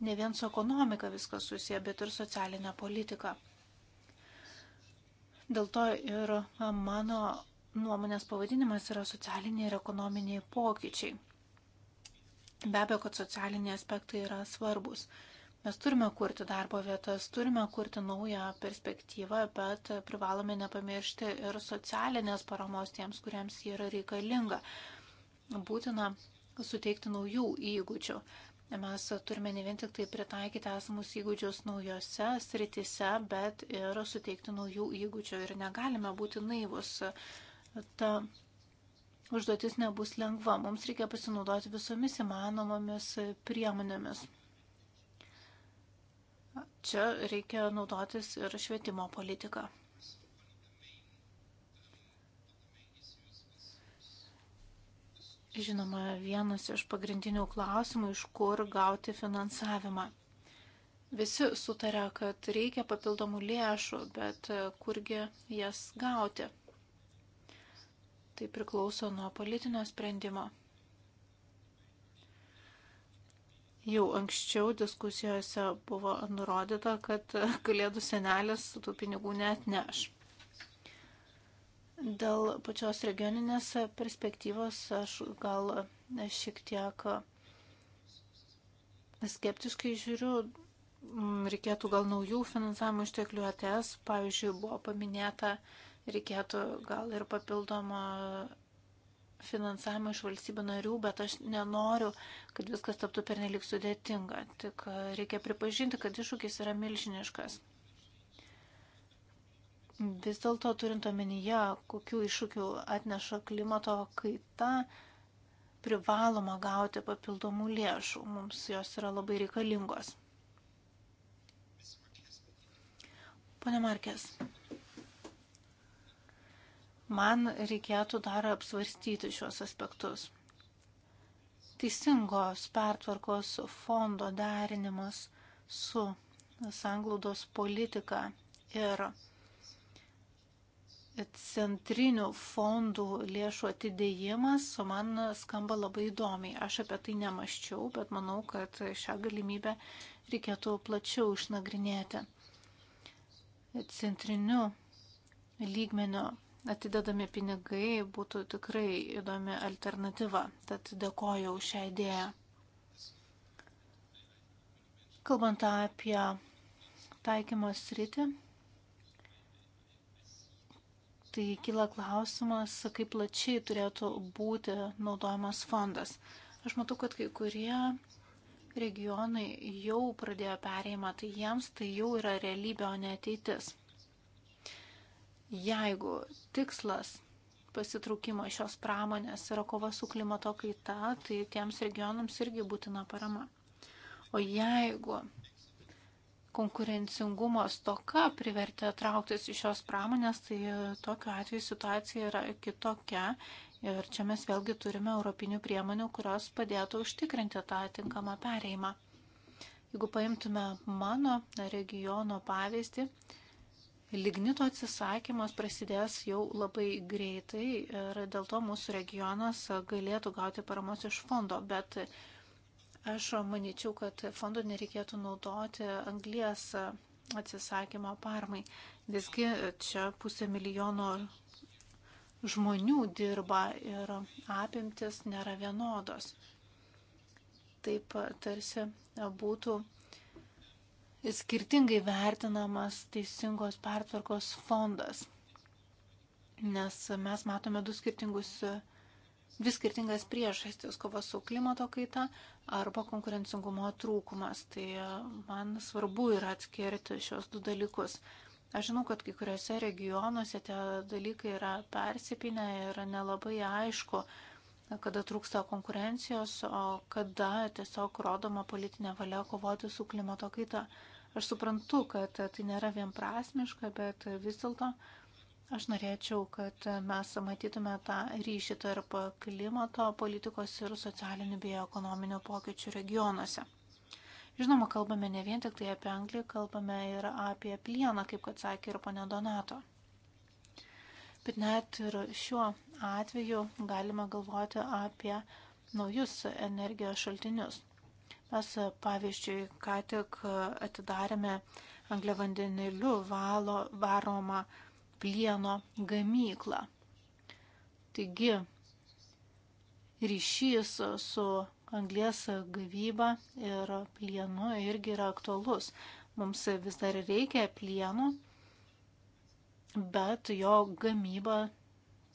ne vien su ekonomika viskas susiję, bet ir socialinė politika. Dėl to ir mano Nuomonės pavadinimas yra socialiniai ir ekonominiai pokyčiai. Be abejo, kad socialiniai aspektai yra svarbus. Mes turime kurti darbo vietas, turime kurti naują perspektyvą, bet privalome nepamiršti ir socialinės paramos tiems, kuriems ji yra reikalinga. Būtina suteikti naujų įgūdžių. Mes turime ne vien tik tai pritaikyti esamus įgūdžius naujose sritise, bet ir suteikti naujų įgūdžių. Ir negalime būti naivus ta užduotis nebus lengva. Mums reikia pasinaudoti visomis įmanomomis priemonėmis. Čia reikia naudotis ir švietimo politiką. Žinoma, vienas iš pagrindinių klausimų, iš kur gauti finansavimą. Visi sutarė, kad reikia papildomų lėšų, bet kurgi jas gauti. Tai priklauso nuo politinio sprendimo. Jau anksčiau diskusijose buvo nurodyta, kad kalėdų senelis tų pinigų net neš. Dėl pačios regioninės perspektyvos aš gal šiek tiek skeptiškai žiūriu, reikėtų gal naujų finansavimo išteklių ATS, pavyzdžiui, buvo paminėta reikėtų gal ir papildomo finansavimo iš valstybių narių, bet aš nenoriu, kad viskas taptų pernelik sudėtinga. Tik e, reikia pripažinti, kad iššūkis yra milžiniškas. Vis dėlto turint omenyje, kokiu iššūkiu atneša klimato kaita, privaloma gauti papildomų lėšų. Mums jos yra labai reikalingos. Pone Markės man reikėtų dar apsvarstyti šios aspektus. Teisingos pertvarkos fondo derinimas su sanglaudos politika ir centrinių fondų lėšų atidėjimas man skamba labai įdomiai. Aš apie tai nemaščiau, bet manau, kad šią galimybę reikėtų plačiau išnagrinėti. Centriniu lygmeniu atidedami pinigai būtų tikrai įdomi alternatyva, tad dėkoju už šią idėją. Kalbant apie taikymo sritį, tai kyla klausimas, kaip plačiai turėtų būti naudojamas fondas. Aš matau, kad kai kurie regionai jau pradėjo perėjimą, tai jiems tai jau yra realybė, o ne ateitis. Jeigu tikslas pasitraukimo iš šios pramonės yra kova su klimato kaita, tai tiems regionams irgi būtina parama. O jeigu konkurencingumo stoka privertė trauktis iš šios pramonės, tai tokiu atveju situacija yra kitokia. Ir čia mes vėlgi turime europinių priemonių, kurios padėtų užtikrinti tą tinkamą pereimą. Jeigu paimtume mano regiono pavyzdį, Lignito atsisakymas prasidės jau labai greitai ir dėl to mūsų regionas galėtų gauti paramos iš fondo, bet aš manyčiau, kad fondo nereikėtų naudoti anglies atsisakymo parmai. Visgi čia pusė milijono žmonių dirba ir apimtis nėra vienodos. Taip tarsi būtų skirtingai vertinamas teisingos pertvarkos fondas, nes mes matome du skirtingus, dvi skirtingas priežastis - kova su klimato kaita arba konkurencingumo trūkumas. Tai man svarbu yra atskirti šios du dalykus. Aš žinau, kad kai kuriuose regionuose tie dalykai yra persipinę ir nelabai aišku, kada trūksta konkurencijos, o kada tiesiog rodoma politinė valia kovoti su klimato kaita. Aš suprantu, kad tai nėra vienprasmiška, bet vis dėlto aš norėčiau, kad mes matytume tą ryšį tarp klimato politikos ir socialinių bei ekonominių pokyčių regionuose. Žinoma, kalbame ne vien tik tai apie anglį, kalbame ir apie plieną, kaip kad sakė ir ponė Donato. Bet net ir šiuo atveju galima galvoti apie naujus energijos šaltinius. Mes, pavyzdžiui, ką tik atidarėme angliavandeniliu valo varomą plieno gamyklą. Taigi, ryšys su anglės gavyba ir plienu irgi yra aktualus. Mums vis dar reikia plieno, bet jo gamyba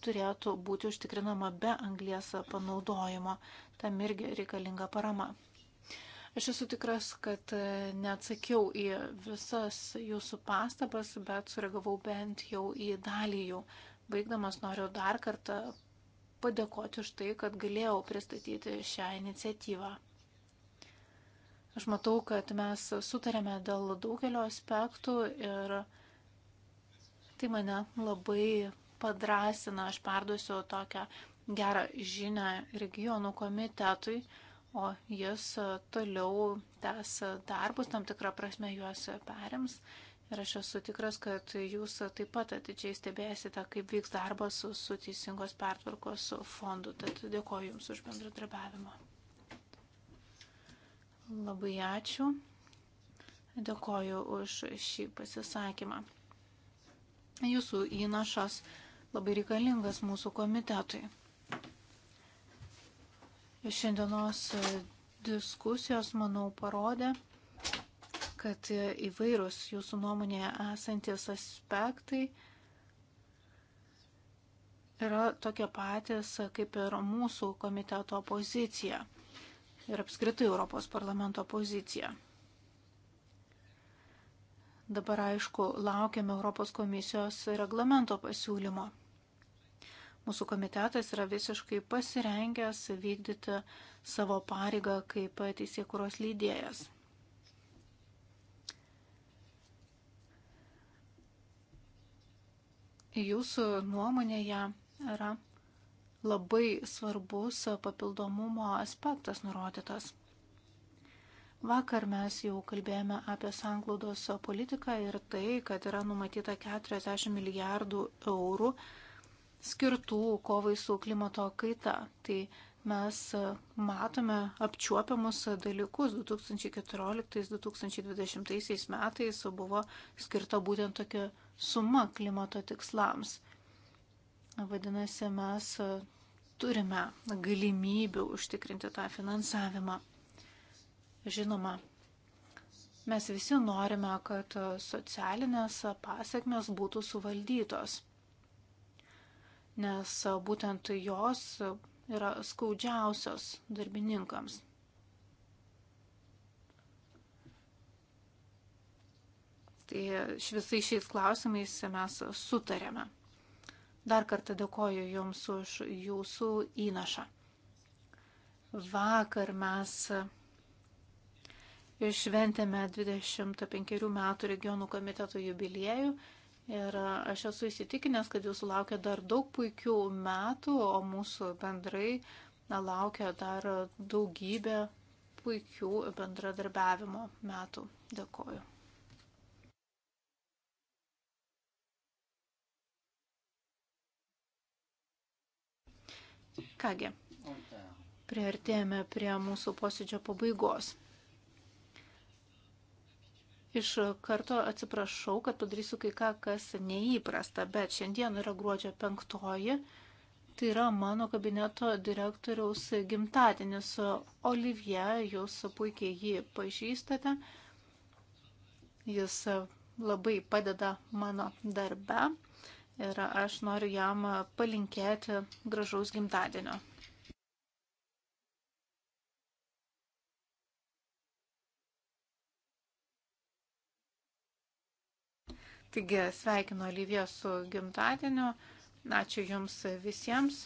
turėtų būti užtikrinama be anglės panaudojimo. Tam irgi reikalinga parama. Aš esu tikras, kad e, neatsakiau į visas jūsų pastabas, bet sureagavau bent jau į dalį jų. Baigdamas noriu dar kartą padėkoti už tai, kad galėjau pristatyti šią iniciatyvą. Aš matau, kad mes sutarėme dėl daugelio aspektų ir tai mane labai padrasina. Aš perduosiu tokią gerą žinę regionų komitetui, o jis e, toliau tęs darbus, tam tikrą prasme juos perims. Ir aš esu tikras, kad jūs taip pat atidžiai stebėsite, kaip vyks darbas su, su Teisingos pertvarkos fondu. Tad dėkoju Jums už bendradarbiavimą. Labai ačiū. Dėkoju už šį pasisakymą. Jūsų įnašas labai reikalingas mūsų komitetui. Šiandienos diskusijos, manau, parodė, kad įvairūs jūsų nuomonėje esantis aspektai yra tokie patys, kaip ir mūsų komiteto pozicija ir apskritai Europos parlamento pozicija. Dabar, aišku, laukiame Europos komisijos reglamento pasiūlymo. Mūsų komitetas yra visiškai pasirengęs vykdyti savo pareigą kaip teisėkuros lydėjas. Jūsų nuomonėje yra labai svarbus papildomumo aspektas nurodytas. Vakar mes jau kalbėjome apie sanglaudos politiką ir tai, kad yra numatyta 40 milijardų eurų skirtų kovai su klimato kaita. Tai mes matome apčiuopiamus dalykus. 2014-2020 metais buvo skirta būtent tokia suma klimato tikslams. Vadinasi, mes turime galimybių užtikrinti tą finansavimą. Žinoma, mes visi norime, kad socialinės pasiekmes būtų suvaldytos nes būtent jos yra skaudžiausios darbininkams. Tai visais šiais klausimais mes sutarėme. Dar kartą dėkoju Jums už Jūsų įnašą. Vakar mes šventėme 25 metų regionų komiteto jubiliejų Ir e, aš esu įsitikinęs, kad jūsų laukia dar daug puikių metų, o mūsų bendrai laukia dar daugybė puikių bendradarbiavimo metų. Dėkoju. Kągi, priartėjame prie mūsų posėdžio pabaigos. Iš karto atsiprašau, kad padarysiu kai ką, kas neįprasta, bet šiandien yra gruodžio penktoji. Tai yra mano kabineto direktoriaus gimtadienis. Olivier, jūs puikiai jį pažįstate. Jis labai padeda mano darbe ir aš noriu jam palinkėti gražaus gimtadienio. Taigi sveikinu Oliviją su gimtadieniu. Ačiū Jums visiems.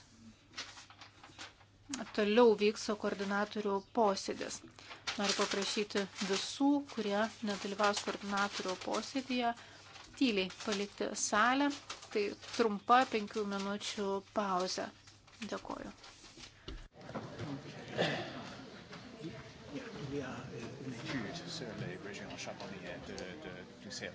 Toliau vyks koordinatorių posėdis. Noriu paprašyti visų, kurie nedalyvaus koordinatorių posėdėje, tyliai palikti salę. Tai trumpa penkių minučių pauzė. Dėkoju. Il y a une étude sur les régions charbonnières de, de,